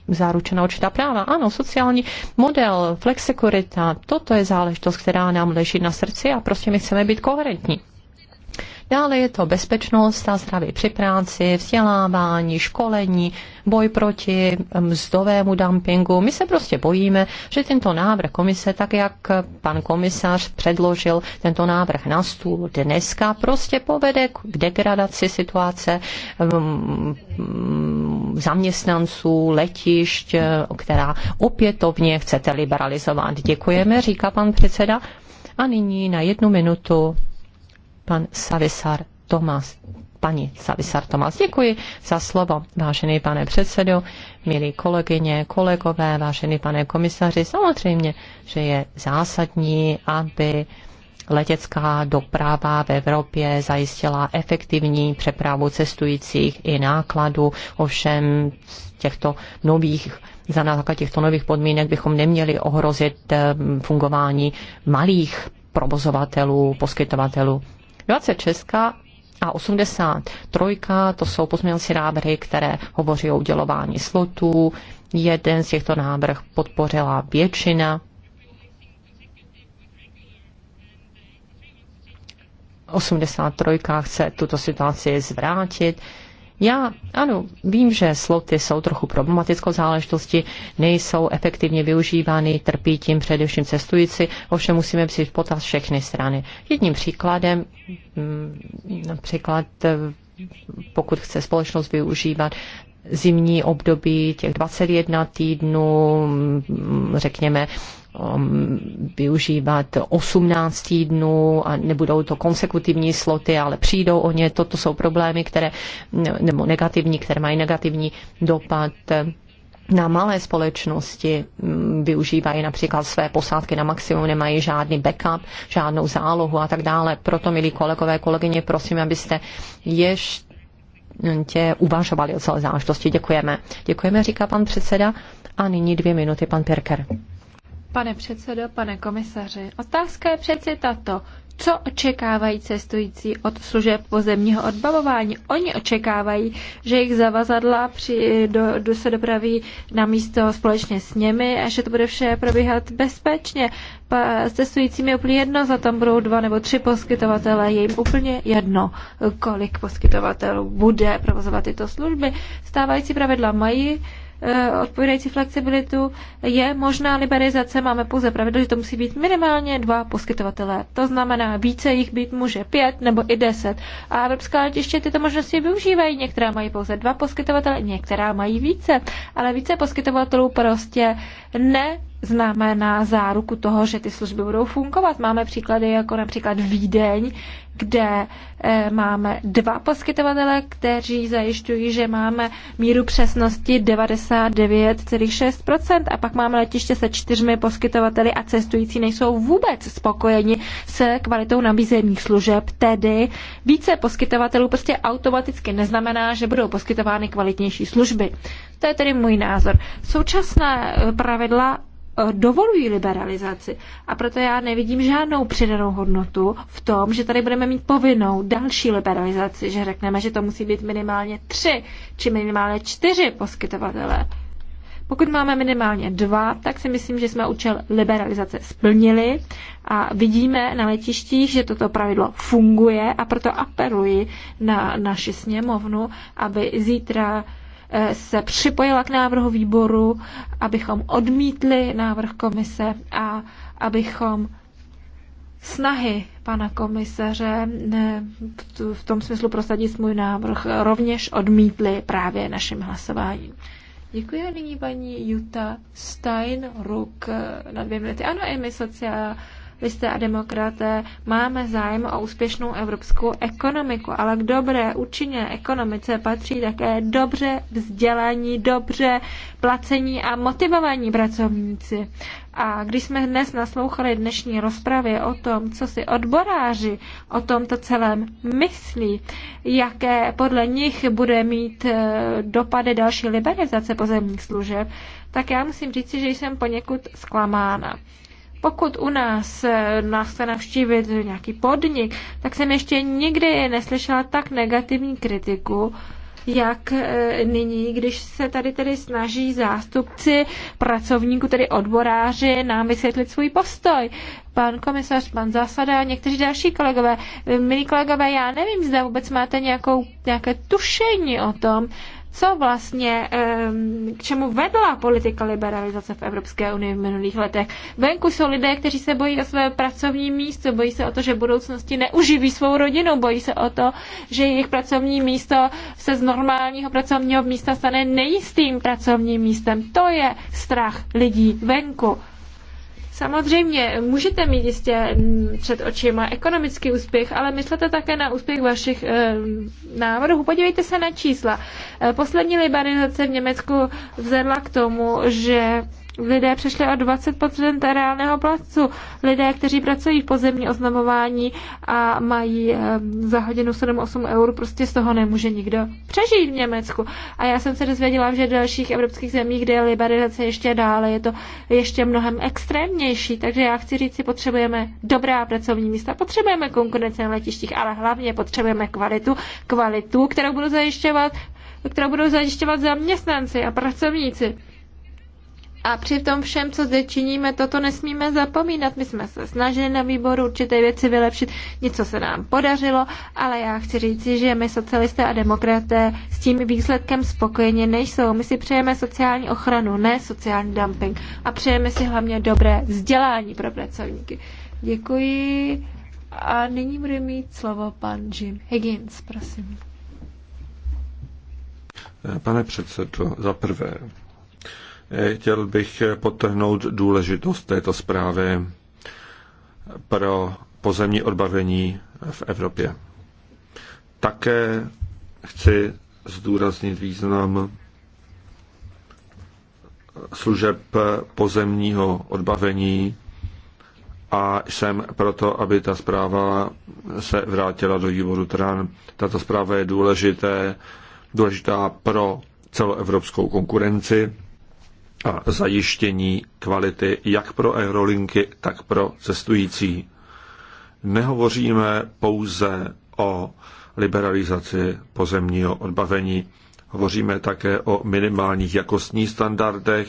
záručena určitá práva. Ano, sociální model, flexikurita, toto je záležitost, která nám leží na srdci a prostě my chceme být koherentní. Dále je to bezpečnost a zdraví při práci, vzdělávání, školení, boj proti mzdovému dumpingu. My se prostě bojíme, že tento návrh komise, tak jak pan komisař předložil tento návrh na stůl dneska, prostě povede k degradaci situace zaměstnanců, letišť, e, která opětovně chcete liberalizovat. Děkujeme, říká pan předseda. A nyní na jednu minutu pan Savisar Tomas. Paní Savisar Tomas, děkuji za slovo. Vážený pane předsedo, milí kolegyně, kolegové, vážený pane komisaři, samozřejmě, že je zásadní, aby letecká doprava v Evropě zajistila efektivní přepravu cestujících i nákladu. Ovšem z těchto nových za základě těchto nových podmínek bychom neměli ohrozit eh, fungování malých provozovatelů, poskytovatelů 26 a 83 to jsou pozměňovací návrhy, které hovoří o udělování slotů. Jeden z těchto návrh podpořila většina. Osmdesát trojka chce tuto situaci zvrátit já, ano, vím, že sloty jsou trochu problematickou záležitostí, nejsou efektivně využívány, trpí tím především cestující, ovšem musíme přijít potaz všechny strany. Jedním příkladem, mm, například pokud chce společnost využívat zimní období těch 21 týdnů, mm, řekněme, Um, využívat 18 dnů a nebudou to konsekutivní sloty, ale přijdou o ně. Toto jsou problémy, které, nebo negativní, které mají negativní dopad na malé společnosti využívají například své posádky na maximum, nemají žádný backup, žádnou zálohu a tak dále. Proto, milí kolegové, kolegyně, prosím, abyste ještě uvažovali o celé záležitosti. Děkujeme. Děkujeme, říká pan předseda. A nyní dvě minuty, pan Perker. Pane předsedo, pane komisaři, otázka je přeci tato. Co očekávají cestující od služeb pozemního odbavování? Oni očekávají, že jich zavazadla při, do, do, se dopraví na místo společně s nimi a že to bude vše probíhat bezpečně. Pa, s cestujícími je úplně jedno, za tam budou dva nebo tři poskytovatele, je jim úplně jedno, kolik poskytovatelů bude provozovat tyto služby. Stávající pravidla mají Eh, odpovídající flexibilitu, je možná liberalizace. Máme pouze pravidlo, že to musí být minimálně dva poskytovatelé. To znamená, více jich být může pět nebo i deset. A evropská letiště tyto možnosti využívají. Některá mají pouze dva poskytovatele, některá mají více. Ale více poskytovatelů prostě ne znamená záruku toho, že ty služby budou fungovat. Máme příklady jako například Vídeň, kde eh, máme dva poskytovatele, kteří zajišťují, že máme míru přesnosti 99,6% a pak máme letiště se čtyřmi poskytovateli a cestující nejsou vůbec spokojeni se kvalitou nabízených služeb, tedy více poskytovatelů prostě automaticky neznamená, že budou poskytovány kvalitnější služby. To je tedy můj názor. Současné eh, pravidla Eh, dovolují liberalizaci. A proto já nevidím žádnou přidanou hodnotu v tom, že tady budeme mít povinnou další liberalizaci, že řekneme, že to musí být minimálně tři či minimálně čtyři poskytovatele. Pokud máme minimálně dva, tak si myslím, že jsme účel liberalizace splnili a vidíme na letištích, že toto pravidlo funguje a proto apeluji na naši sněmovnu, aby zítra se připojila k návrhu výboru, abychom odmítli návrh komise a abychom snahy pana komisaře v tom smyslu prosadit můj návrh rovněž odmítli právě našim hlasováním. Děkuji nyní paní Juta Stein, ruk eh, na dvě minuty. Ano, i my sociální jste a demokraté máme zájem o úspěšnou evropskou ekonomiku, ale k dobré účinné ekonomice patří také dobře vzdělání, dobře placení a motivovaní pracovníci. A když jsme dnes naslouchali dnešní rozpravě o tom, co si odboráři o tomto celém myslí, jaké podle nich bude mít e, dopady další liberalizace pozemních služeb, tak já musím říct, že jsem poněkud zklamána. Pokud u nás eh, nás chce navštívit nějaký podnik, tak jsem ještě nikdy neslyšela tak negativní kritiku, jak eh, nyní, když se tady tedy snaží zástupci pracovníků, tedy odboráři, nám vysvětlit svůj postoj. Pan komisař, pan zásada, a někteří další kolegové. Eh, Milí kolegové, já nevím, zda vůbec máte nějakou, nějaké tušení o tom, co vlastně, k čemu vedla politika liberalizace v Evropské unii v minulých letech. Venku jsou lidé, kteří se bojí o své pracovní místo, bojí se o to, že v budoucnosti neuživí svou rodinu, bojí se o to, že jejich pracovní místo se z normálního pracovního místa stane nejistým pracovním místem. To je strach lidí venku. Samozřejmě, můžete mít jistě mm, před očima ekonomický úspěch, ale myslete také na úspěch vašich e, eh, návrhů. Podívejte se na čísla. E, poslední liberalizace v Německu vzedla k tomu, že lidé přešli o 20% reálného placu. Lidé, kteří pracují v pozemní oznamování a mají eh, za hodinu 7-8 eur, prostě z toho nemůže nikdo přežít v Německu. A já jsem se dozvěděla, že v dalších evropských zemích, kde je liberalizace ještě dále, je to ještě mnohem extrémnější. Takže já chci říct, si potřebujeme dobrá pracovní místa, potřebujeme konkurence na letištích, ale hlavně potřebujeme kvalitu, kvalitu, kterou budou zajišťovat kterou budou zajišťovat zaměstnanci a pracovníci. A při tom všem, co zde činíme, toto nesmíme zapomínat. My jsme se snažili na výboru určité věci vylepšit, něco se nám podařilo, ale já chci říci, že my socialisté a demokraté s tím výsledkem spokojeně nejsou. My si přejeme sociální ochranu, ne sociální dumping. A přejeme si hlavně dobré vzdělání pro pracovníky. Děkuji. A nyní bude mít slovo pan Jim Higgins, prosím. Pane předsedo, za prvé, chtěl bych podtrhnout důležitost této zprávy pro pozemní odbavení v Evropě. Také chci zdůraznit význam služeb pozemního odbavení a jsem proto, aby ta zpráva se vrátila do výboru TRAN. Tato zpráva je důležité, důležitá pro celoevropskou konkurenci a zajištění kvality jak pro aerolinky, tak pro cestující. Nehovoříme pouze o liberalizaci pozemního odbavení. Hovoříme také o minimálních jakostních standardech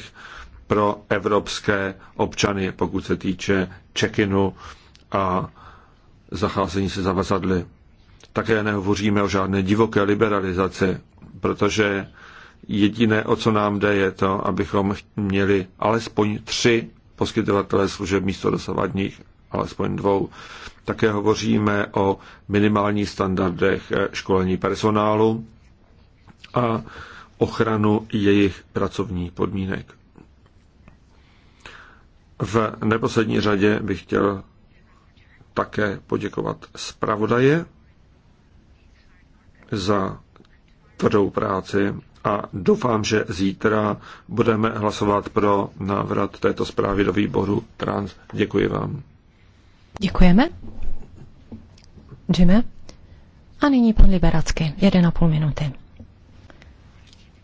pro evropské občany, pokud se týče check-inu a zacházení se zavazadly. Také nehovoříme o žádné divoké liberalizaci, protože Jediné, o co nám jde, je to, abychom měli alespoň tři poskytovatele služeb místo dosavadních, alespoň dvou. Také hovoříme o minimálních standardech školení personálu a ochranu jejich pracovních podmínek. V neposlední řadě bych chtěl také poděkovat zpravodaje za tvrdou práci a doufám, že zítra budeme hlasovat pro návrat této zprávy do výboru trans. Děkuji vám. Děkujeme. Jimmy? A nyní pan Liberacky, 1,5 minuty.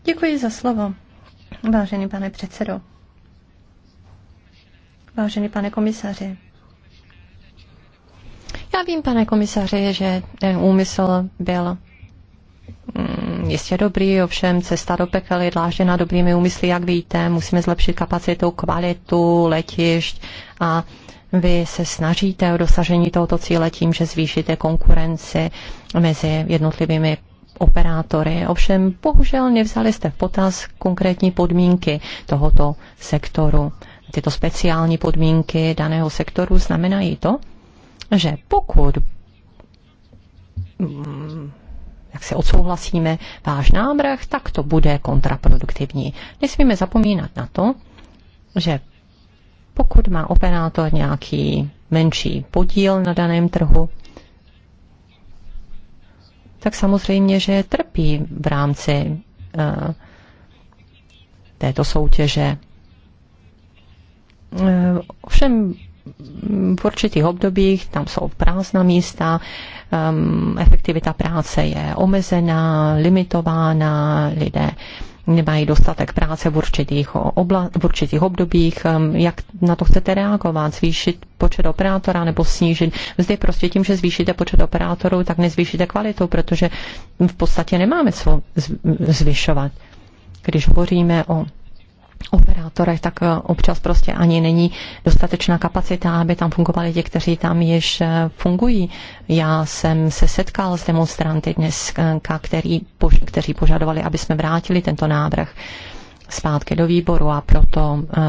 Děkuji za slovo, vážený pane předsedo. Vážený pane komisaři, já vím, pane komisaři, že ten úmysl byl mm, jistě dobrý, ovšem cesta do pekel je dlážděna dobrými úmysly, jak víte. Musíme zlepšit kapacitu, kvalitu letišť a vy se snažíte o dosažení tohoto cíle tím, že zvýšíte konkurenci mezi jednotlivými operátory. Ovšem bohužel nevzali jste v potaz konkrétní podmínky tohoto sektoru. Tyto speciální podmínky daného sektoru znamenají to, že pokud jak se odsouhlasíme váš návrh, tak to bude kontraproduktivní. Nesmíme zapomínat na to, že pokud má operátor nějaký menší podíl na daném trhu, tak samozřejmě, že trpí v rámci uh, této soutěže. Uh, ovšem v určitých obdobích tam jsou prázdná místa, um, efektivita práce je omezená, limitována, lidé nemají dostatek práce v určitých, obla, v určitých obdobích, um, jak na to chcete reagovat, zvýšit počet operátora nebo snížit. Zde prostě tím, že zvýšíte počet operátorů, tak nezvýšíte kvalitu, protože v podstatě nemáme co zvyšovat. Když hovoříme o operátorech, tak eh, občas prostě ani není dostatečná kapacita, aby tam fungovali ti, kteří tam již eh, fungují. Já jsem se setkal s demonstranty dneska, který, kteří požadovali, aby jsme vrátili tento návrh zpátky do výboru a proto eh,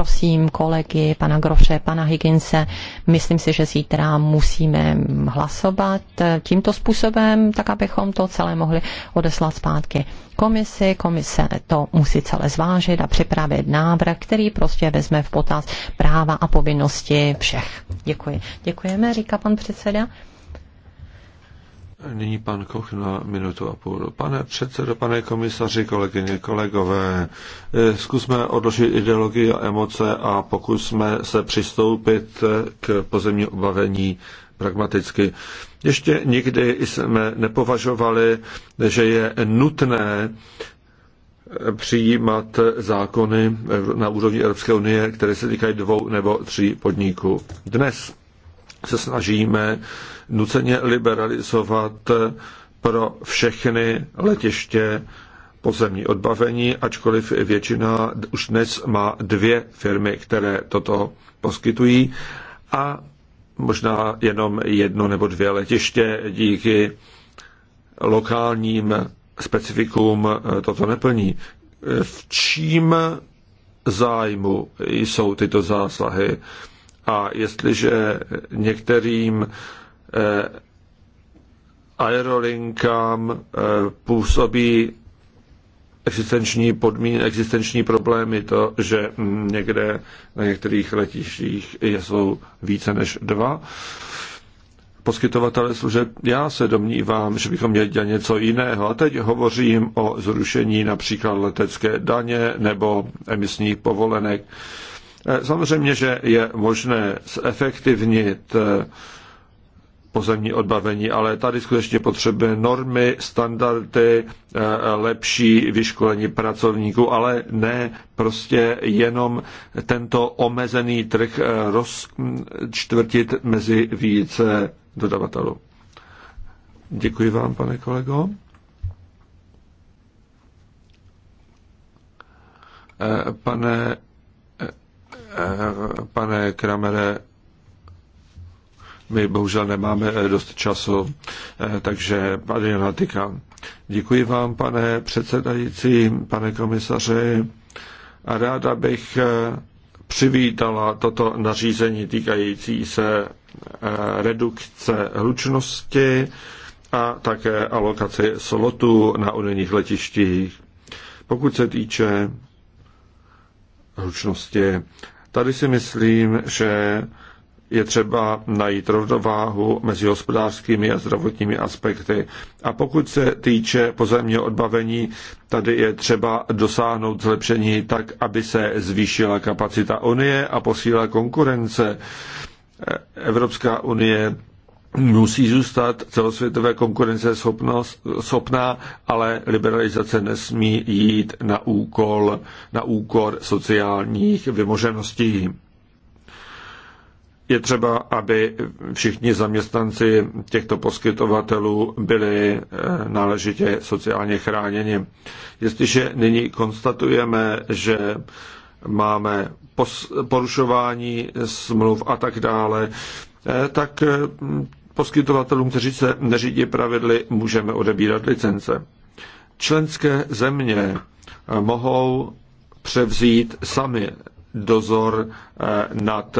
prosím kolegy, pana Groše, pana Higginse, myslím si, že zítra musíme hlasovat tímto způsobem, tak abychom to celé mohli odeslat zpátky komisi. Komise to musí celé zvážit a připravit návrh, který prostě vezme v potaz práva a povinnosti všech. Děkuji. Děkujeme, říká pan předseda. Nyní pan Koch na minutu a půl. Pane předsedo, pane komisaři, kolegyně, kolegové, eh, zkusme odložit ideologii a emoce a pokusme se přistoupit k pozemní obavení pragmaticky. Ještě nikdy jsme nepovažovali, že je nutné přijímat zákony na úrovni Evropské unie, které se týkají dvou nebo tří podniků. Dnes se snažíme nuceně liberalizovat pro všechny letiště pozemní odbavení, ačkoliv většina už dnes má dvě firmy, které toto poskytují a možná jenom jedno nebo dvě letiště díky lokálním specifikům toto neplní. V čím zájmu jsou tyto zásahy? A jestliže některým Eh, aerolinkám eh, působí existenční podmín, existenční problémy to, že někde na některých letištích jsou více než dva poskytovatele služeb. Já se domnívám, že bychom měli dělat něco jiného. A teď hovořím o zrušení například letecké daně nebo emisních povolenek. Eh, samozřejmě, že je možné zefektivnit pozemní odbavení, ale tady skutečně potřebujeme normy, standardy, eh, lepší vyškolení pracovníků, ale ne prostě jenom tento omezený trh eh, rozčtvrtit mezi více dodavatelů. Děkuji vám, pane kolego. Eh, pane, pane Kramere, my bohužel nemáme eh, dost času, eh, takže paní Natika. Děkuji vám, pane předsedající, pane komisaři. A ráda bych eh, přivítala toto nařízení týkající se redukce hlučnosti a také alokaci slotů na unijních letištích. Pokud se týče hlučnosti, tady si myslím, že je třeba najít rovnováhu mezi hospodářskými a zdravotními aspekty. A pokud se týče pozemního odbavení, tady je třeba dosáhnout zlepšení tak, aby se zvýšila kapacita Unie a posílila konkurence. Evropská unie musí zůstat celosvětové konkurence schopná, ale liberalizace nesmí jít na, úkol, na úkor sociálních vymožeností. Je třeba, aby všichni zaměstnanci těchto poskytovatelů byli eh, náležitě sociálně chráněni. Jestliže nyní konstatujeme, že máme porušování smluv a tak dále, eh, tak eh, poskytovatelům, kteří se neřídí pravidly, můžeme odebírat licence. Členské země mohou převzít sami dozor eh, nad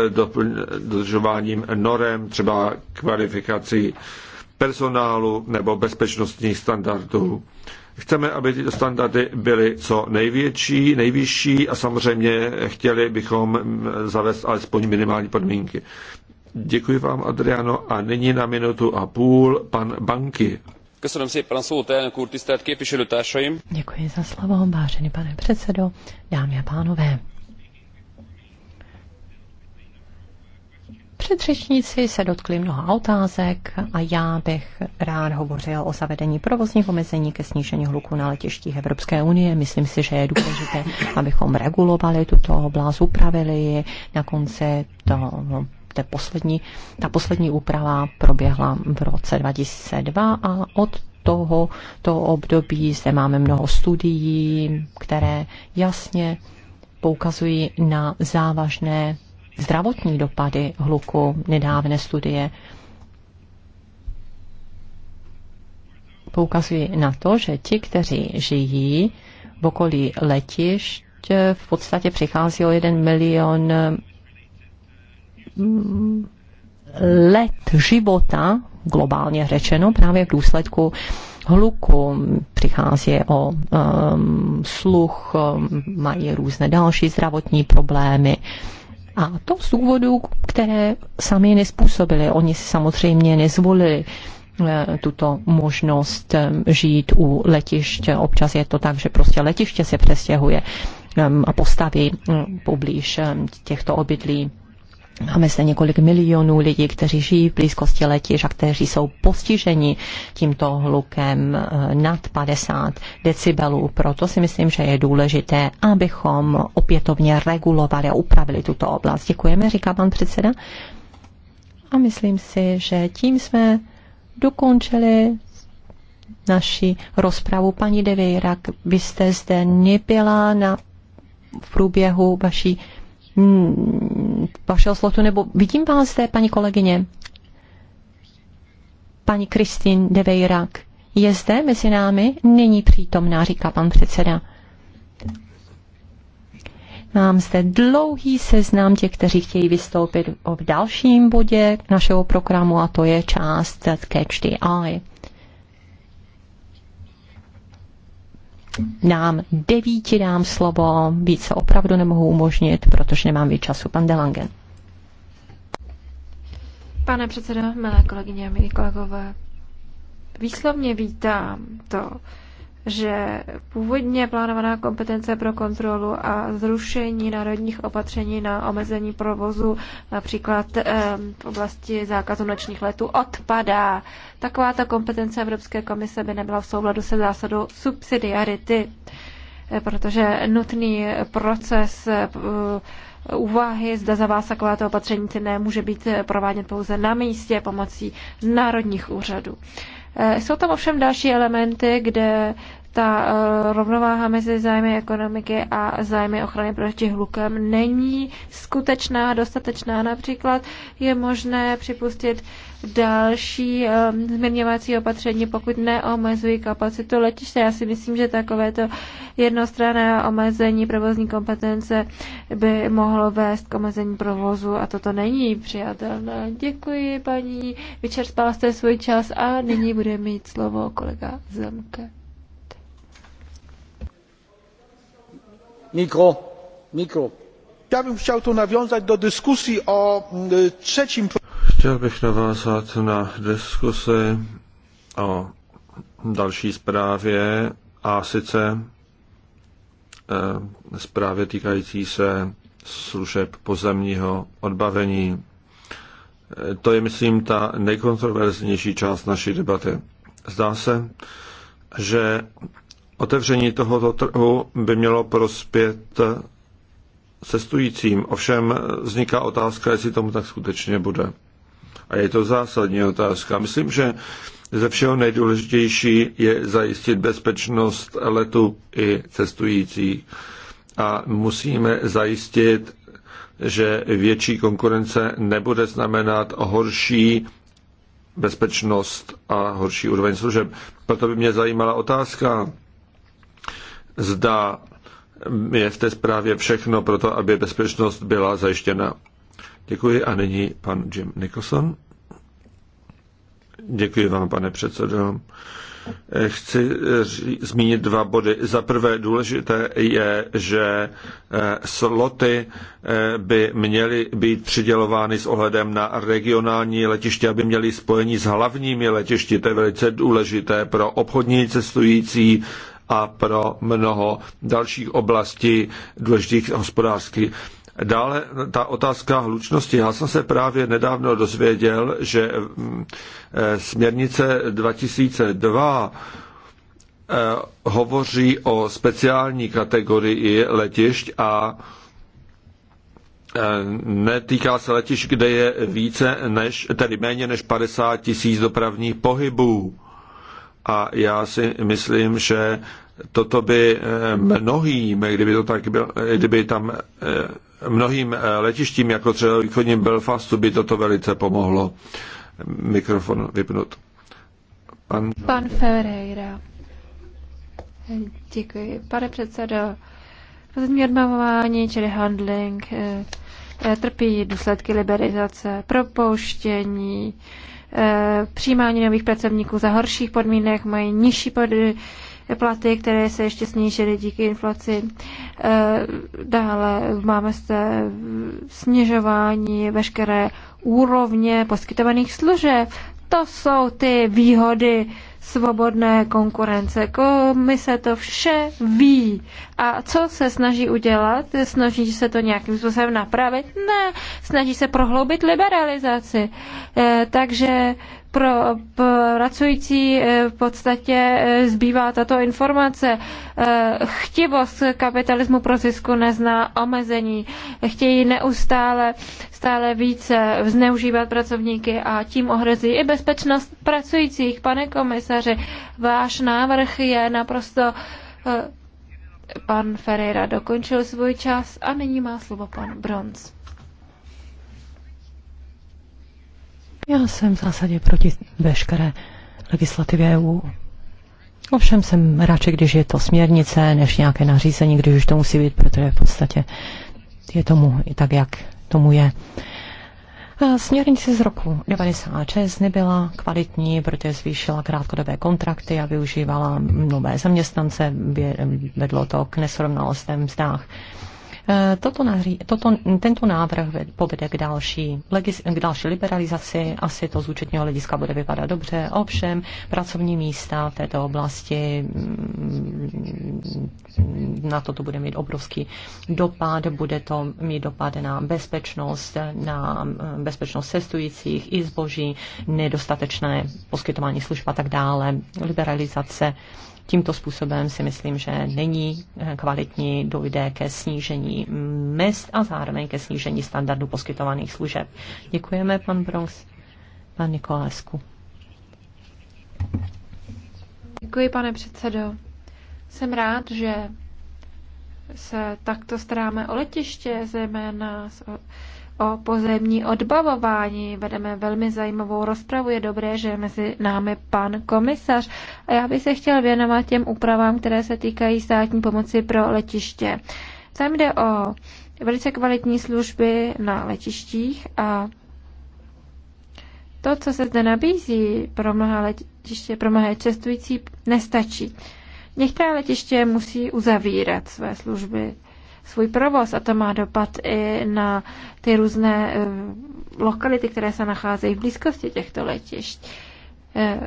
dodržováním norem, třeba kvalifikací personálu nebo bezpečnostních standardů. Chceme, aby tyto standardy byly co největší, nejvyšší a samozřejmě chtěli bychom mm, zavést alespoň minimální podmínky. Děkuji vám, Adriano, a nyní na minutu a půl pan Banky. Děkuji za slovo, vážený pane předsedo, dámy a pánové. Předřečníci se dotkli mnoha otázek a já bych rád hovořil o zavedení provozních omezení ke snížení hluku na letištích Evropské unie. Myslím si, že je důležité, abychom regulovali tuto oblast, upravili ji na konci toho no, té poslední, ta poslední úprava proběhla v roce 2002 a od toho, to období zde máme mnoho studií, které jasně poukazují na závažné zdravotní dopady hluku nedávné studie poukazují na to, že ti, kteří žijí v okolí letišť, v podstatě přichází o jeden milion mm, let života, globálně řečeno, právě v důsledku hluku, přichází o um, sluch, um, mají různé další zdravotní problémy. Um, a to z důvodů, které sami nespůsobili. Oni si samozřejmě nezvolili e, tuto možnost e, žít u letiště. Občas je to tak, že prostě letiště se přestěhuje e, a postaví poblíž těchto obydlí. Máme zde několik milionů lidí, kteří žijí v blízkosti letiš a kteří jsou postiženi tímto hlukem eh, nad 50 decibelů. Proto si myslím, že je důležité, abychom opětovně regulovali a upravili tuto oblast. Děkujeme, říká pan předseda. A myslím si, že tím jsme dokončili naši rozpravu. Paní Devejrak, vy jste zde nebyla na, v průběhu vaší vašeho slotu, nebo vidím vás zde, paní kolegyně? Paní Kristin de Vejrak je zde mezi námi? Není přítomná, říká pan předseda. Mám zde dlouhý seznam těch, kteří chtějí vystoupit v dalším bodě našeho programu a to je část Catch the Eye. nám devíti dám slovo, více opravdu nemohu umožnit, protože nemám víc času. Pan Delangen. Pane předsedo, milé kolegyně a milí kolegové, výslovně vítám to, že původně plánovaná kompetence pro kontrolu a zrušení národních opatření na omezení provozu, například v oblasti zákazu nočních letů, odpadá. Taková ta kompetence Evropské komise by nebyla v souladu se zásadou subsidiarity, eh, protože nutný proces eh, úvahy, zda za vás to opatření nemůže být prováděn pouze na místě pomocí národních úřadů. Eh, jsou tam ovšem další elementy, kde ta eh, rovnováha mezi zájmy ekonomiky a zájmy ochrany proti hlukem není skutečná, dostatečná. Například je možné připustit další eh, změňovací opatření, pokud neomezují kapacitu letiště. Já si myslím, že takovéto jednostranné omezení provozní kompetence by mohlo vést k omezení provozu a toto není přijatelné. Děkuji, paní. Vyčerpala jste svůj čas a nyní bude mít slovo kolega Zemke. já bych chciał tu nawiązać do dyskusji o mm, trzecim Chtěl bych navázat na diskusi o další zprávě a sice eh, zprávě týkající se služeb pozemního odbavení. Eh, to je, myslím, ta nejkontroverznější část naší debaty. Zdá se, že Otevření tohoto trhu by mělo prospět cestujícím, ovšem vzniká otázka, jestli tomu tak skutečně bude. A je to zásadní otázka. Myslím, že ze všeho nejdůležitější je zajistit bezpečnost letu i cestující. A musíme zajistit, že větší konkurence nebude znamenat horší bezpečnost a horší úroveň služeb. Proto by mě zajímala otázka, zda je v té zprávě všechno pro to, aby bezpečnost byla zajištěna. Děkuji a nyní pan Jim Nicholson. Děkuji vám, pane předsedo. Chci zmínit dva body. Za prvé důležité je, že eh, sloty eh, by měly být přidělovány s ohledem na regionální letiště, aby měly spojení s hlavními letišti. To je velice důležité pro obchodní cestující, a pro mnoho dalších oblastí důležitých hospodářských. Dále ta otázka hlučnosti. Já jsem se právě nedávno dozvěděl, že mm, e, směrnice 2002 e, hovoří o speciální kategorii letišť a e, netýká se letišť, kde je více než, tedy méně než 50 tisíc dopravních pohybů. A já si myslím, že toto by eh, mnohým, kdyby, to tak bylo, eh, kdyby tam eh, mnohým letištím, jako třeba východním Belfastu, by toto velice pomohlo. Mikrofon vypnout. Pan, Pan Ferreira. Děkuji. Pane předsedo, rozumí odmávání, čili handling, trpí důsledky liberalizace, propouštění, Eh, přijímání nových pracovníků za horších podmínek, mají nižší pod, eh, platy, které se ještě snížily díky inflaci. Eh, dále máme se snižování veškeré úrovně poskytovaných služeb. To jsou ty výhody svobodné konkurence. Komise to vše ví. A co se snaží udělat? Snaží se to nějakým způsobem napravit? Ne, snaží se prohloubit liberalizaci. Eh, takže pro pracující eh, v podstatě eh, zbývá tato informace. Eh, chtivost kapitalismu pro zisku nezná omezení. Chtějí neustále stále více zneužívat pracovníky a tím ohrozí i bezpečnost pracujících. Pane komisaři, váš návrh je naprosto Pan Ferreira dokončil svůj čas a nyní má slovo pan Bronz. Já jsem v zásadě proti veškeré legislativě EU. Ovšem jsem radši, když je to směrnice, než nějaké nařízení, když už to musí být, protože v podstatě je tomu i tak, jak tomu je. A směrnice z roku 96 nebyla kvalitní, protože zvýšila krátkodobé kontrakty a využívala nové zaměstnance, vedlo to k nesrovnalostem vzdách. Eh, toto nahří, toto, tento návrh povede k další, k další liberalizaci, asi to z účetního hlediska bude vypadat dobře, ovšem pracovní místa v této oblasti, mm, na to to bude mít obrovský dopad, bude to mít dopad na bezpečnost, na eh, bezpečnost cestujících i zboží, nedostatečné poskytování služb a tak dále, liberalizace tímto způsobem si myslím, že není eh, kvalitní, dojde ke snížení mest a zároveň ke snížení standardu poskytovaných služeb. Děkujeme, pan Bronx, pan Nikolásku. Děkuji, pane předsedo. Jsem rád, že se takto staráme o letiště, zejména s o pozemní odbavování. Vedeme velmi zajímavou rozpravu. Je dobré, že je mezi námi pan komisař. A já bych se chtěl věnovat těm úpravám, které se týkají státní pomoci pro letiště. Tam jde o velice kvalitní služby na letištích a to, co se zde nabízí pro mnoha letiště, pro mnohé cestující, nestačí. Některá letiště musí uzavírat své služby svůj provoz a to má dopad i na ty různé eh, lokality, které se nacházejí v blízkosti těchto letišť. Eh,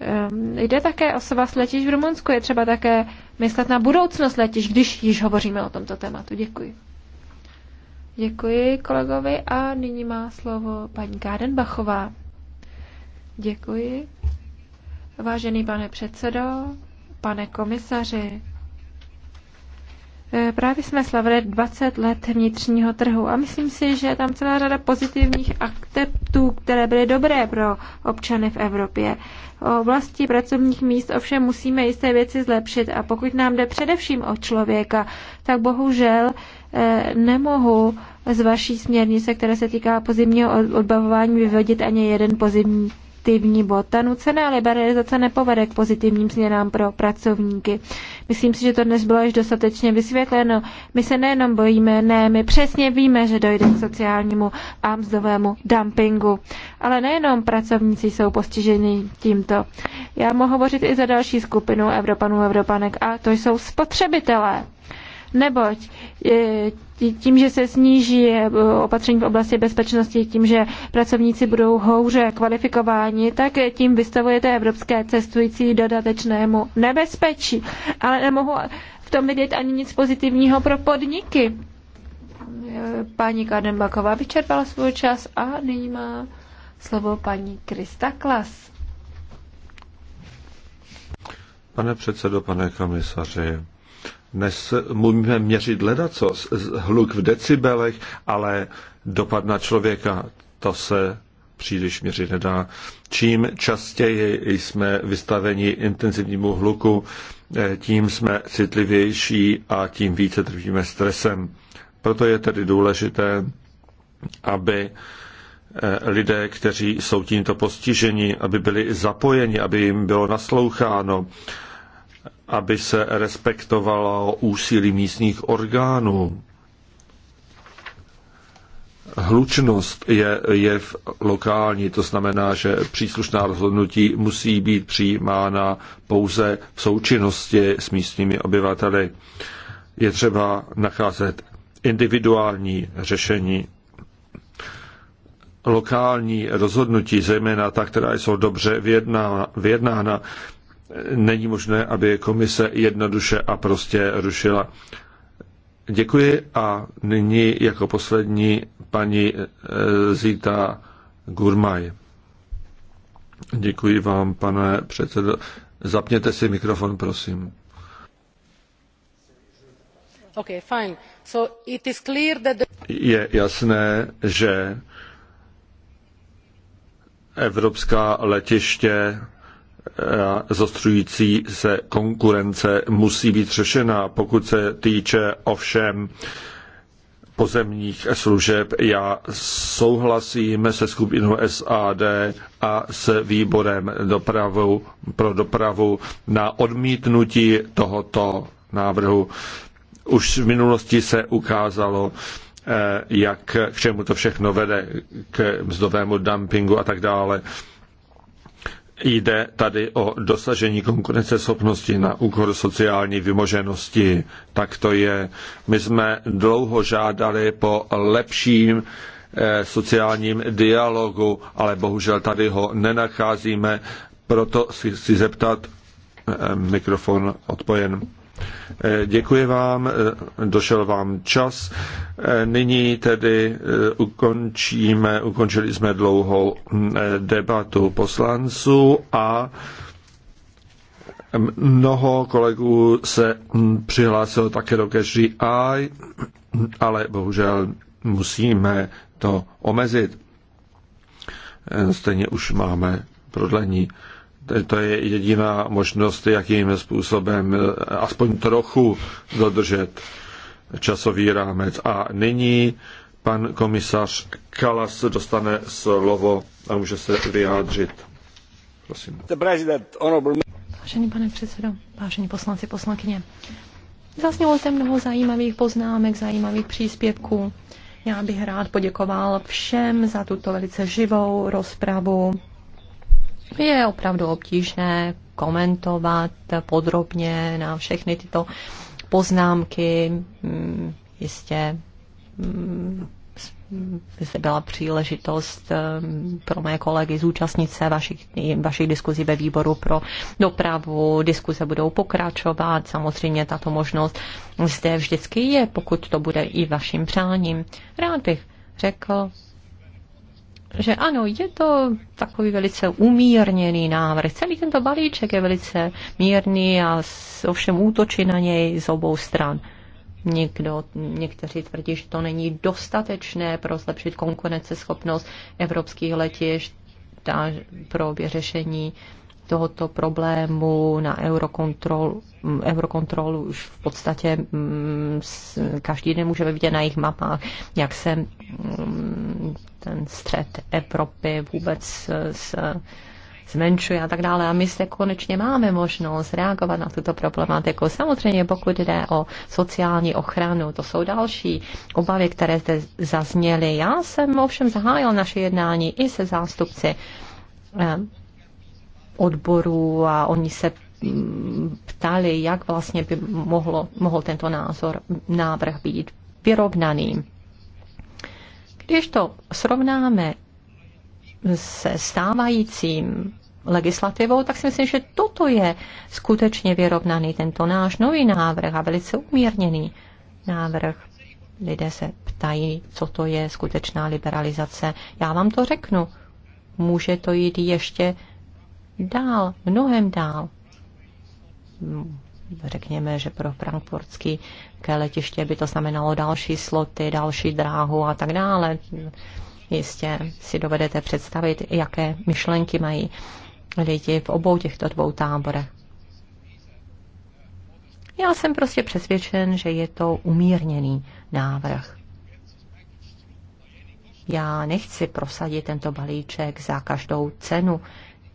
eh, jde také o svaz letišť v Rumunsku. Je třeba také myslet na budoucnost letišť, když již hovoříme o tomto tématu. Děkuji. Děkuji kolegovi a nyní má slovo paní Gádenbachová. Děkuji. Vážený pane předsedo, pane komisaři, E, právě jsme slavili 20 let vnitřního trhu a myslím si, že je tam celá řada pozitivních akceptů, které byly dobré pro občany v Evropě. O oblasti pracovních míst ovšem musíme jisté věci zlepšit a pokud nám jde především o člověka, tak bohužel e, nemohu z vaší směrnice, která se týká pozemního odbavování, vyvodit ani jeden pozemní pozitivní bod. Ta nucená liberalizace nepovede k pozitivním změnám pro pracovníky. Myslím si, že to dnes bylo již dostatečně vysvětleno. My se nejenom bojíme, ne, my přesně víme, že dojde k sociálnímu a mzdovému dumpingu. Ale nejenom pracovníci jsou postiženi tímto. Já mohu hovořit i za další skupinu Evropanů Evropanek a to jsou spotřebitelé neboť e, tím, že se sníží e, opatření v oblasti bezpečnosti, tím, že pracovníci budou houře kvalifikováni, tak e, tím vystavujete evropské cestující dodatečnému nebezpečí. Ale nemohu v tom vidět ani nic pozitivního pro podniky. Paní Kadenbaková vyčerpala svůj čas a nyní má slovo paní Krista Klas. Pane předsedo, pane komisaři, dnes můžeme měřit co hluk v decibelech, ale dopad na člověka, to se příliš měřit nedá. Čím častěji jsme vystaveni intenzivnímu hluku, eh, tím jsme citlivější a tím více trvíme stresem. Proto je tedy důležité, aby eh, lidé, kteří jsou tímto postiženi, aby byli zapojeni, aby jim bylo nasloucháno, aby se respektovalo úsilí místních orgánů. Hlučnost je jev lokální, to znamená, že příslušná rozhodnutí musí být přijímána pouze v součinnosti s místními obyvateli. Je třeba nacházet individuální řešení. Lokální rozhodnutí, zejména ta, která jsou dobře vyjednána, vyjednána není možné, aby komise jednoduše a prostě rušila. Děkuji a nyní jako poslední paní eh, Zita Gurmaj. Děkuji vám, pane předsedo. Zapněte si mikrofon, prosím. Okay, fine. So it is clear that the... Je jasné, že evropská letiště zostřující se konkurence musí být řešena. Pokud se týče ovšem pozemních služeb, já souhlasím se skupinou SAD a s výborem dopravu, pro dopravu na odmítnutí tohoto návrhu. Už v minulosti se ukázalo, eh, jak k čemu to všechno vede, k mzdovému dumpingu a tak dále. Jde tady o dosažení konkurenceschopnosti na úkor sociální vymoženosti. Tak to je. My jsme dlouho žádali po lepším eh, sociálním dialogu, ale bohužel tady ho nenacházíme. Proto si chci zeptat, eh, mikrofon odpojen. Eh, děkuji vám, eh, došel vám čas. Eh, nyní tedy ukončíme, ukončili jsme dlouhou mm, debatu poslanců a mnoho kolegů se mm, přihlásilo také do Cash ale bohužel musíme to omezit. Stejně už máme prodlení to je jediná možnost, jakým způsobem eh, aspoň trochu dodržet časový rámec. A nyní pan komisař Kalas dostane slovo a může se vyjádřit. Prosím. Vážený pane předsedo, vážení poslanci, poslankyně, zaznělo zde mnoho zajímavých poznámek, zajímavých příspěvků. Já bych rád poděkoval všem za tuto velice živou rozpravu, je opravdu obtížné komentovat podrobně na všechny tyto poznámky. Mm, jistě mm, se byla příležitost mm, pro mé kolegy zúčastnit se vašich, vašich diskuzí ve výboru pro dopravu. Diskuze budou pokračovat. Samozřejmě tato možnost zde vždycky je, pokud to bude i vaším přáním. Rád bych řekl, že ano, je to takový velice umírněný návrh. Celý tento balíček je velice mírný a ovšem útočí na něj z obou stran. Někdo, někteří tvrdí, že to není dostatečné pro zlepšit konkurenceschopnost evropských letišť, pro vyřešení tohoto problému na Eurokontrol, mm, Eurokontrolu už v podstatě mm, každý den můžeme vidět na jejich mapách, jak se mm, ten střed Evropy vůbec e, s zmenšuje a tak dále. A my se konečně máme možnost reagovat na tuto problematiku. Samozřejmě pokud jde o sociální ochranu, to jsou další obavy, které zde zazněly. Já jsem ovšem zahájil naše jednání i se zástupci e, odboru a oni se ptali, jak vlastně by mohlo, mohl tento názor, návrh být vyrovnaný. Když to srovnáme se stávajícím legislativou, tak si myslím, že toto je skutečně vyrovnaný tento náš nový návrh a velice umírněný návrh. Lidé se ptají, co to je skutečná liberalizace. Já vám to řeknu. Může to jít ještě dál, mnohem dál. Řekněme, že pro frankfurtský ke letiště by to znamenalo další sloty, další dráhu a tak dále. Jistě si dovedete představit, jaké myšlenky mají lidi v obou těchto dvou táborech. Já jsem prostě přesvědčen, že je to umírněný návrh. Já nechci prosadit tento balíček za každou cenu.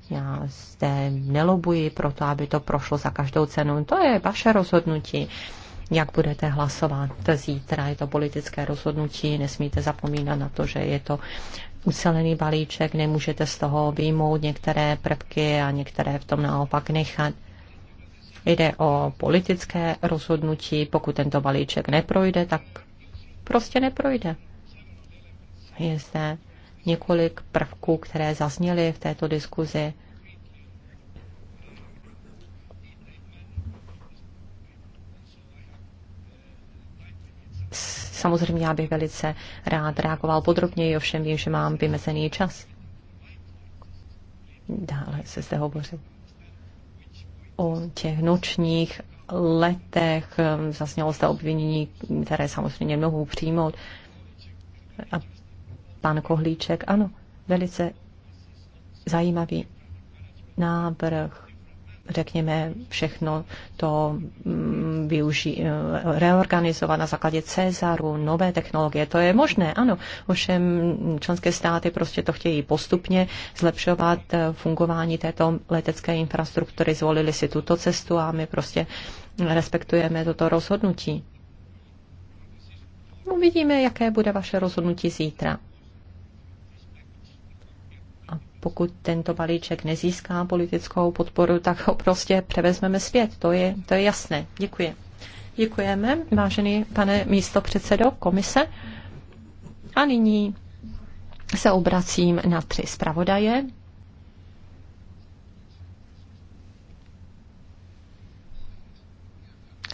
Já zde nelobuji pro to, aby to prošlo za každou cenu. To je vaše rozhodnutí, jak budete hlasovat zítra. Je to politické rozhodnutí, nesmíte zapomínat na to, že je to ucelený balíček, nemůžete z toho vyjmout některé prvky a některé v tom naopak nechat. Jde o politické rozhodnutí, pokud tento balíček neprojde, tak prostě neprojde. Je zde několik prvků, které zazněly v této diskuzi. Samozřejmě já bych velice rád reagoval podrobněji, ovšem vím, že mám vymezený čas. Dále se zde hovoří o těch nočních letech. Zasnělo zde obvinění, které samozřejmě nemohu přijmout. A pan Kohlíček. Ano, velice zajímavý návrh řekněme, všechno to mm, využí, eh, reorganizovat na základě Cezaru, nové technologie. To je možné, ano. Ovšem členské státy prostě to chtějí postupně zlepšovat eh, fungování této letecké infrastruktury. Zvolili si tuto cestu a my prostě respektujeme toto rozhodnutí. No, uvidíme, jaké bude vaše rozhodnutí zítra pokud tento balíček nezíská politickou podporu, tak ho prostě převezmeme zpět. To je, to je jasné. Děkuji. Děkujeme, vážený pane místo předsedo komise. A nyní se obracím na tři zpravodaje.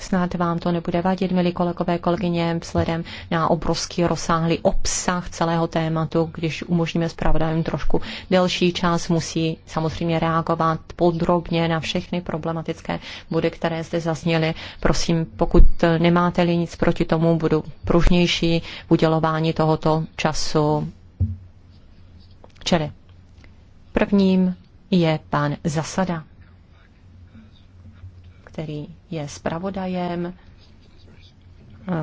Snad vám to nebude vadit, milí kolegové, kolegyně, vzhledem na obrovský rozsáhlý obsah celého tématu, když umožníme zpravodajům trošku delší čas, musí samozřejmě reagovat podrobně na všechny problematické body, které zde zazněly. Prosím, pokud nemáte-li nic proti tomu, budu pružnější v udělování tohoto času. Čili prvním je pan Zasada který je zpravodajem,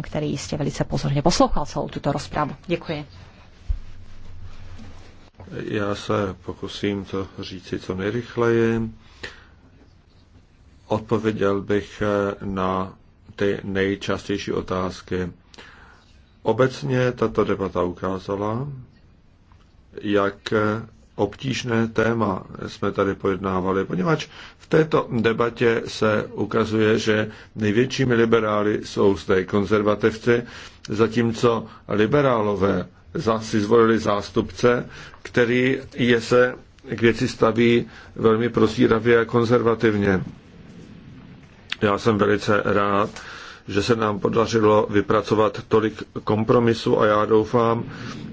který jistě velice pozorně poslouchal celou tuto rozpravu. Děkuji. Já se pokusím to říci co nejrychleji. Odpověděl bych eh, na ty nejčastější otázky. Obecně tato debata ukázala, jak eh, obtížné téma jsme tady pojednávali, poněvadž v této debatě se ukazuje, že největšími liberály jsou zde konzervativci, zatímco liberálové si zvolili zástupce, který je se k věci staví velmi prozíravě a konzervativně. Já jsem velice rád, že se nám podařilo vypracovat tolik kompromisu a já doufám,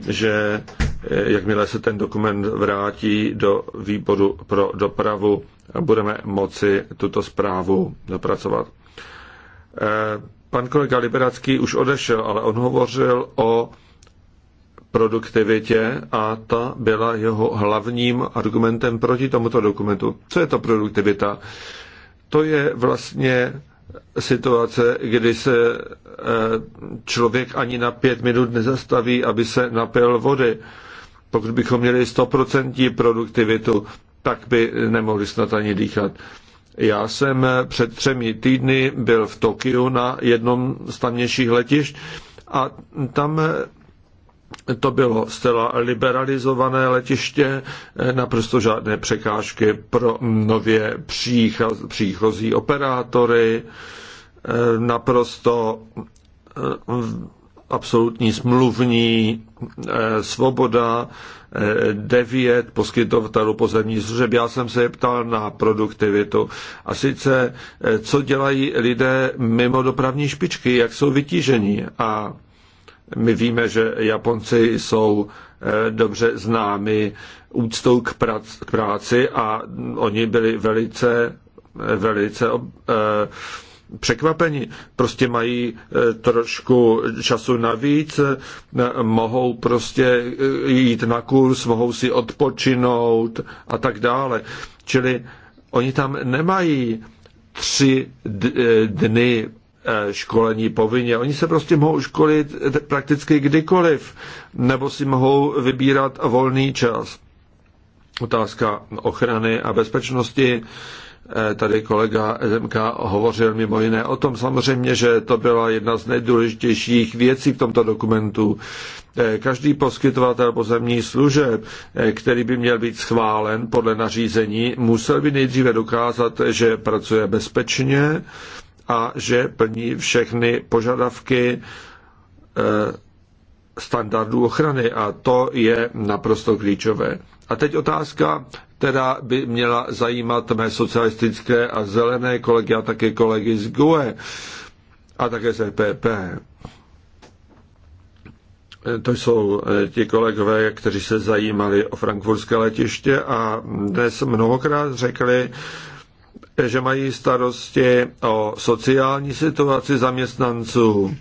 že Eh, jakmile se ten dokument vrátí do výboru pro dopravu, budeme moci tuto zprávu dopracovat. Eh, pan kolega Liberacký už odešel, ale on hovořil o produktivitě a ta byla jeho hlavním argumentem proti tomuto dokumentu. Co je to produktivita? To je vlastně situace, kdy se eh, člověk ani na pět minut nezastaví, aby se napil vody. Pokud bychom měli 100% produktivitu, tak by nemohli snad ani dýchat. Já jsem před třemi týdny byl v Tokiu na jednom z tamnějších letišť a tam to bylo zcela liberalizované letiště, naprosto žádné překážky pro nově příchozí operátory, naprosto absolutní smluvní eh, svoboda, eh, devět poskytovatelů pozemní služeb. Já jsem se je ptal na produktivitu. A sice, eh, co dělají lidé mimo dopravní špičky, jak jsou vytížení. A my víme, že Japonci jsou dobře známi úctou k, prac, k práci a oni byli velice, velice ob, eh, překvapeni. Prostě mají e, trošku času navíc, e, mohou prostě e, jít na kurz, mohou si odpočinout a tak dále. Čili oni tam nemají tři dny školení povinně. Oni se prostě mohou školit prakticky kdykoliv, nebo si mohou vybírat volný čas. Otázka ochrany a bezpečnosti Eh, tady kolega Zemka hovořil mimo jiné o tom samozřejmě, že to byla jedna z nejdůležitějších věcí v tomto dokumentu. Eh, každý poskytovatel pozemní služeb, eh, který by měl být schválen podle nařízení, musel by nejdříve dokázat, že pracuje bezpečně a že plní všechny požadavky standardů ochrany a to je naprosto klíčové. A teď otázka, která by měla zajímat mé socialistické a zelené kolegy a také kolegy z GUE a také z EPP. To jsou eh, ti kolegové, kteří se zajímali o frankfurtské letiště a dnes mnohokrát řekli, že mají starosti o sociální situaci zaměstnanců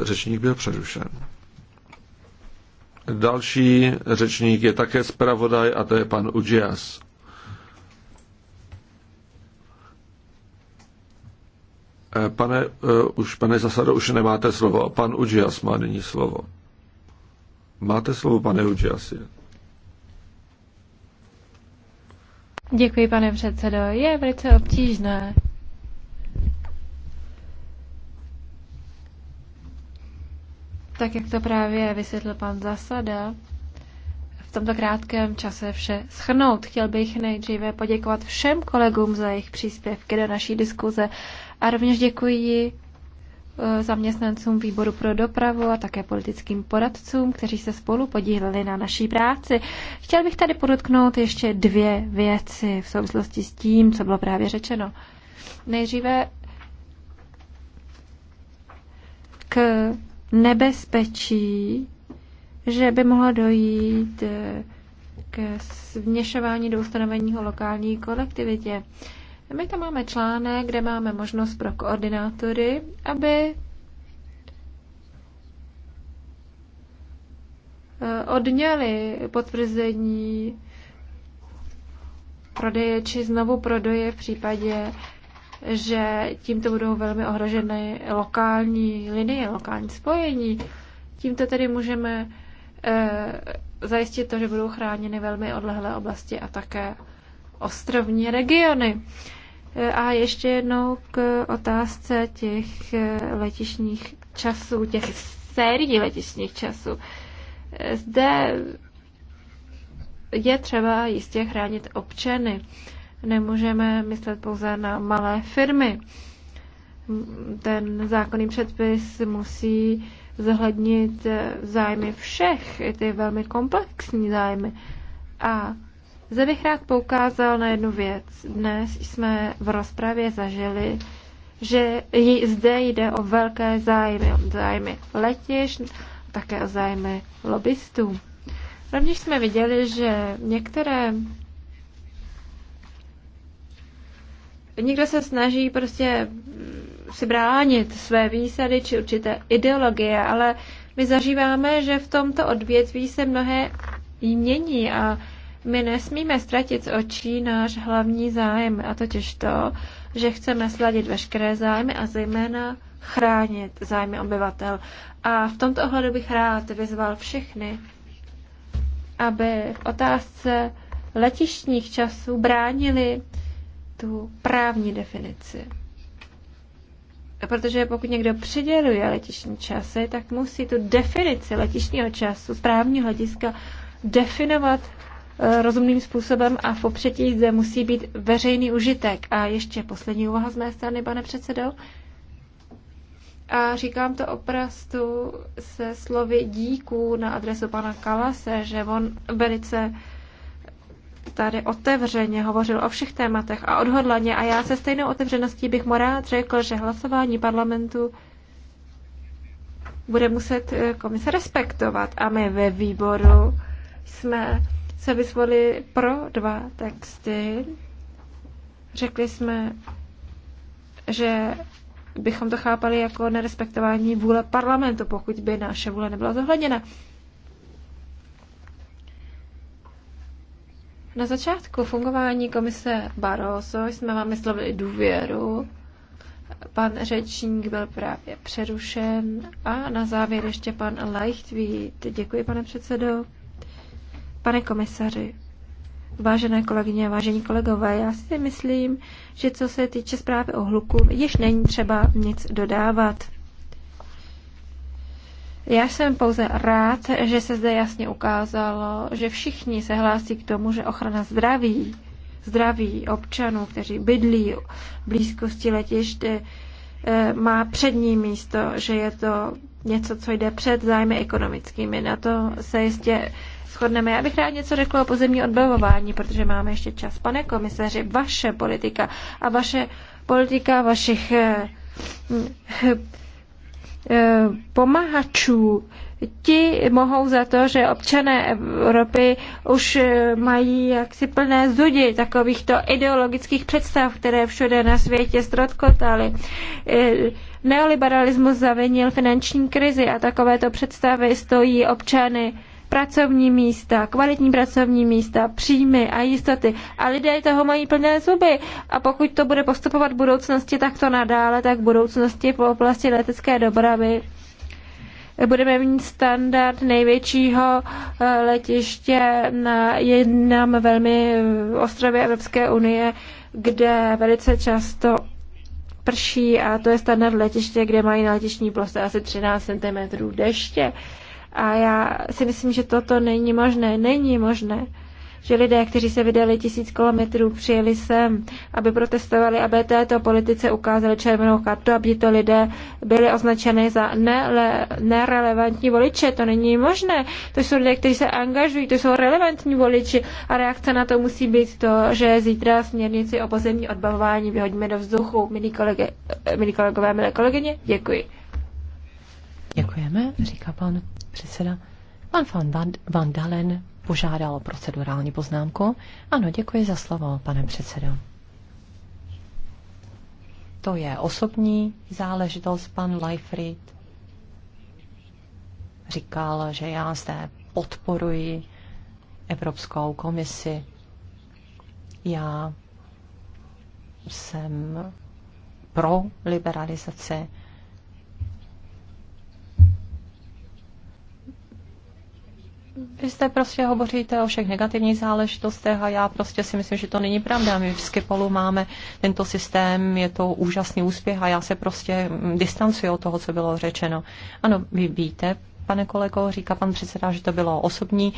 Řečník byl přerušen. Další řečník je také zpravodaj a to je pan Ujias. Eh, pane, eh, už, pane Zasado, už nemáte slovo. Pan Ujias má nyní slovo. Máte slovo, pane Ujiasi. Děkuji, pane předsedo. Je velice obtížné tak jak to právě vysvětlil pan Zasada, v tomto krátkém čase vše schrnout. Chtěl bych nejdříve poděkovat všem kolegům za jejich příspěvky do naší diskuze a rovněž děkuji eh, zaměstnancům výboru pro dopravu a také politickým poradcům, kteří se spolu podíleli na naší práci. Chtěl bych tady podotknout ještě dvě věci v souvislosti s tím, co bylo právě řečeno. Nejdříve k nebezpečí, že by mohlo dojít eh, k vněšování do ustanovení lokální kolektivitě. My tam máme článek, kde máme možnost pro koordinátory, aby eh, odňali potvrzení prodeje či znovu prodeje v případě, že tímto budou velmi ohroženy lokální linie, lokální spojení. Tímto tedy můžeme e, zajistit to, že budou chráněny velmi odlehlé oblasti a také ostrovní regiony. Eh, a ještě jednou k otázce těch eh, letišních časů, těch sérií letišních časů. Zde je třeba jistě chránit občany nemůžeme myslet pouze na malé firmy. Ten zákonný předpis musí zohlednit zájmy všech, i ty velmi komplexní zájmy. A zde bych rád poukázal na jednu věc. Dnes jsme v rozpravě zažili, že zde jde o velké zájmy, o zájmy letiš, také o zájmy lobbystů. Rovněž jsme viděli, že některé někdo se snaží prostě si bránit své výsady či určité ideologie, ale my zažíváme, že v tomto odvětví se mnohé mění a my nesmíme ztratit z očí náš hlavní zájem, a totiž to, že chceme sladit veškeré zájmy a zejména chránit zájmy obyvatel. A v tomto ohledu bych rád vyzval všechny, aby v otázce letištních časů bránili tu právní definici. Protože pokud někdo přiděluje letišní časy, tak musí tu definici letišního času z právního hlediska definovat eh, rozumným způsobem a v popřetí zde musí být veřejný užitek. A ještě poslední úvaha z mé strany, pane předsedo. A říkám to opravdu se slovy díků na adresu pana Kalase, že on velice tady otevřeně hovořil o všech tématech a odhodlaně a já se stejnou otevřeností bych mu rád řekl, že hlasování parlamentu bude muset eh, komise respektovat a my ve výboru jsme se vysvolili pro dva texty. Řekli jsme, že bychom to chápali jako nerespektování vůle parlamentu, pokud by naše vůle nebyla zohledněna. Na začátku fungování komise Barroso jsme vám vyslovili důvěru. Pan řečník byl právě přerušen a na závěr ještě pan Leichtwied. Děkuji, pane předsedo. Pane komisaři, vážené kolegyně, vážení kolegové, já si myslím, že co se týče zprávy o hluku, již není třeba nic dodávat. Já jsem pouze rád, že se zde jasně ukázalo, že všichni se hlásí k tomu, že ochrana zdraví, zdraví občanů, kteří bydlí v blízkosti letiště, eh, má přední místo, že je to něco, co jde před zájmy ekonomickými. Na to se jistě shodneme. Já bych rád něco řekla o pozemní odbavování, protože máme ještě čas. Pane komisaři, vaše politika a vaše politika vašich eh, hm, Eh, pomahačů. Ti mohou za to, že občané Evropy už eh, mají jaksi plné zudy takovýchto ideologických představ, které všude na světě ztrotkotaly. Eh, neoliberalismus zavinil finanční krizi a takovéto představy stojí občany pracovní místa, kvalitní pracovní místa, příjmy a jistoty. A lidé toho mají plné zuby. A pokud to bude postupovat v budoucnosti takto nadále, tak v budoucnosti po oblasti letecké dopravy budeme mít standard největšího eh, letiště na jednom velmi eh, ostrově Evropské unie, kde velice často prší a to je standard letiště, kde mají na letišní ploste asi 13 cm deště. A já si myslím, že toto není možné. Není možné, že lidé, kteří se vydali tisíc kilometrů, přijeli sem, aby protestovali, aby této politice ukázali červenou kartu, aby to lidé byli označeny za nele, nerelevantní voliče. To není možné. To jsou lidé, kteří se angažují, to jsou relevantní voliči a reakce na to musí být to, že zítra směrnici o pozemní odbavování vyhodíme do vzduchu. Milí, kolege, milí kolegové, milé kolegyně, děkuji. Děkujeme, říká pan Předseda. Pan van, van, van Dalen požádal o procedurální poznámku. Ano, děkuji za slovo, pane předsedo. To je osobní záležitost. Pan Leifried říkal, že já zde podporuji Evropskou komisi. Já jsem pro liberalizaci Vy jste prostě hovoříte o všech negativních záležitostech a já prostě si myslím, že to není pravda. My v Skypolu máme tento systém, je to úžasný úspěch a já se prostě mm, distancuji od toho, co bylo řečeno. Ano, vy víte, pane kolego, říká pan předseda, že to bylo osobní,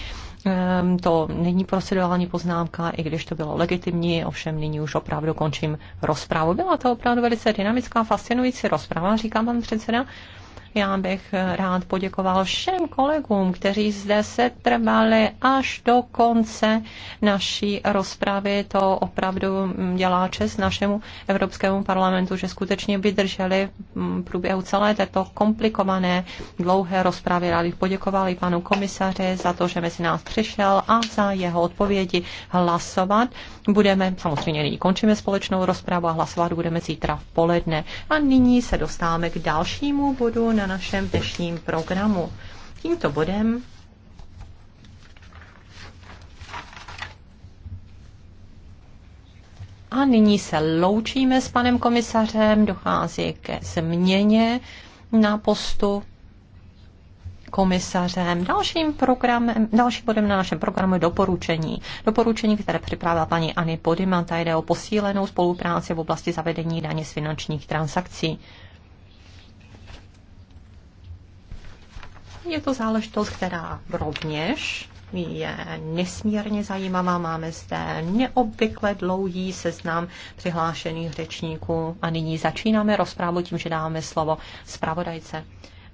ehm, to není procedurální poznámka, i když to bylo legitimní, ovšem nyní už opravdu končím rozprávu. Byla to opravdu velice dynamická, fascinující rozprava, říká pan předseda. Já bych rád poděkoval všem kolegům, kteří zde se trvali až do konce naší rozpravy. To opravdu dělá čest našemu Evropskému parlamentu, že skutečně vydrželi v průběhu celé této komplikované dlouhé rozpravy. Rád bych poděkoval i panu komisaři za to, že mezi nás přišel a za jeho odpovědi hlasovat. Budeme, samozřejmě nyní končíme společnou rozpravu a hlasovat budeme zítra v poledne. A nyní se dostáváme k dalšímu bodu na na našem dnešním programu. Tímto bodem A nyní se loučíme s panem komisařem, dochází ke změně na postu komisařem. Dalším, programem, dalším bodem na našem programu je doporučení. Doporučení, které připravila paní Anny Podimata, jde o posílenou spolupráci v oblasti zavedení daně z finančních transakcí. Je to záležitost, která rovněž je nesmírně zajímavá. Máme zde neobvykle dlouhý seznam přihlášených řečníků a nyní začínáme rozprávu tím, že dáme slovo zpravodajce.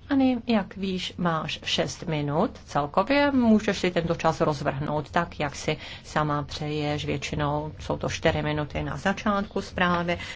Ani, jak víš, máš 6 minut celkově, můžeš si tento čas rozvrhnout tak, jak si sama přeješ. Většinou jsou to 4 minuty na začátku zprávy,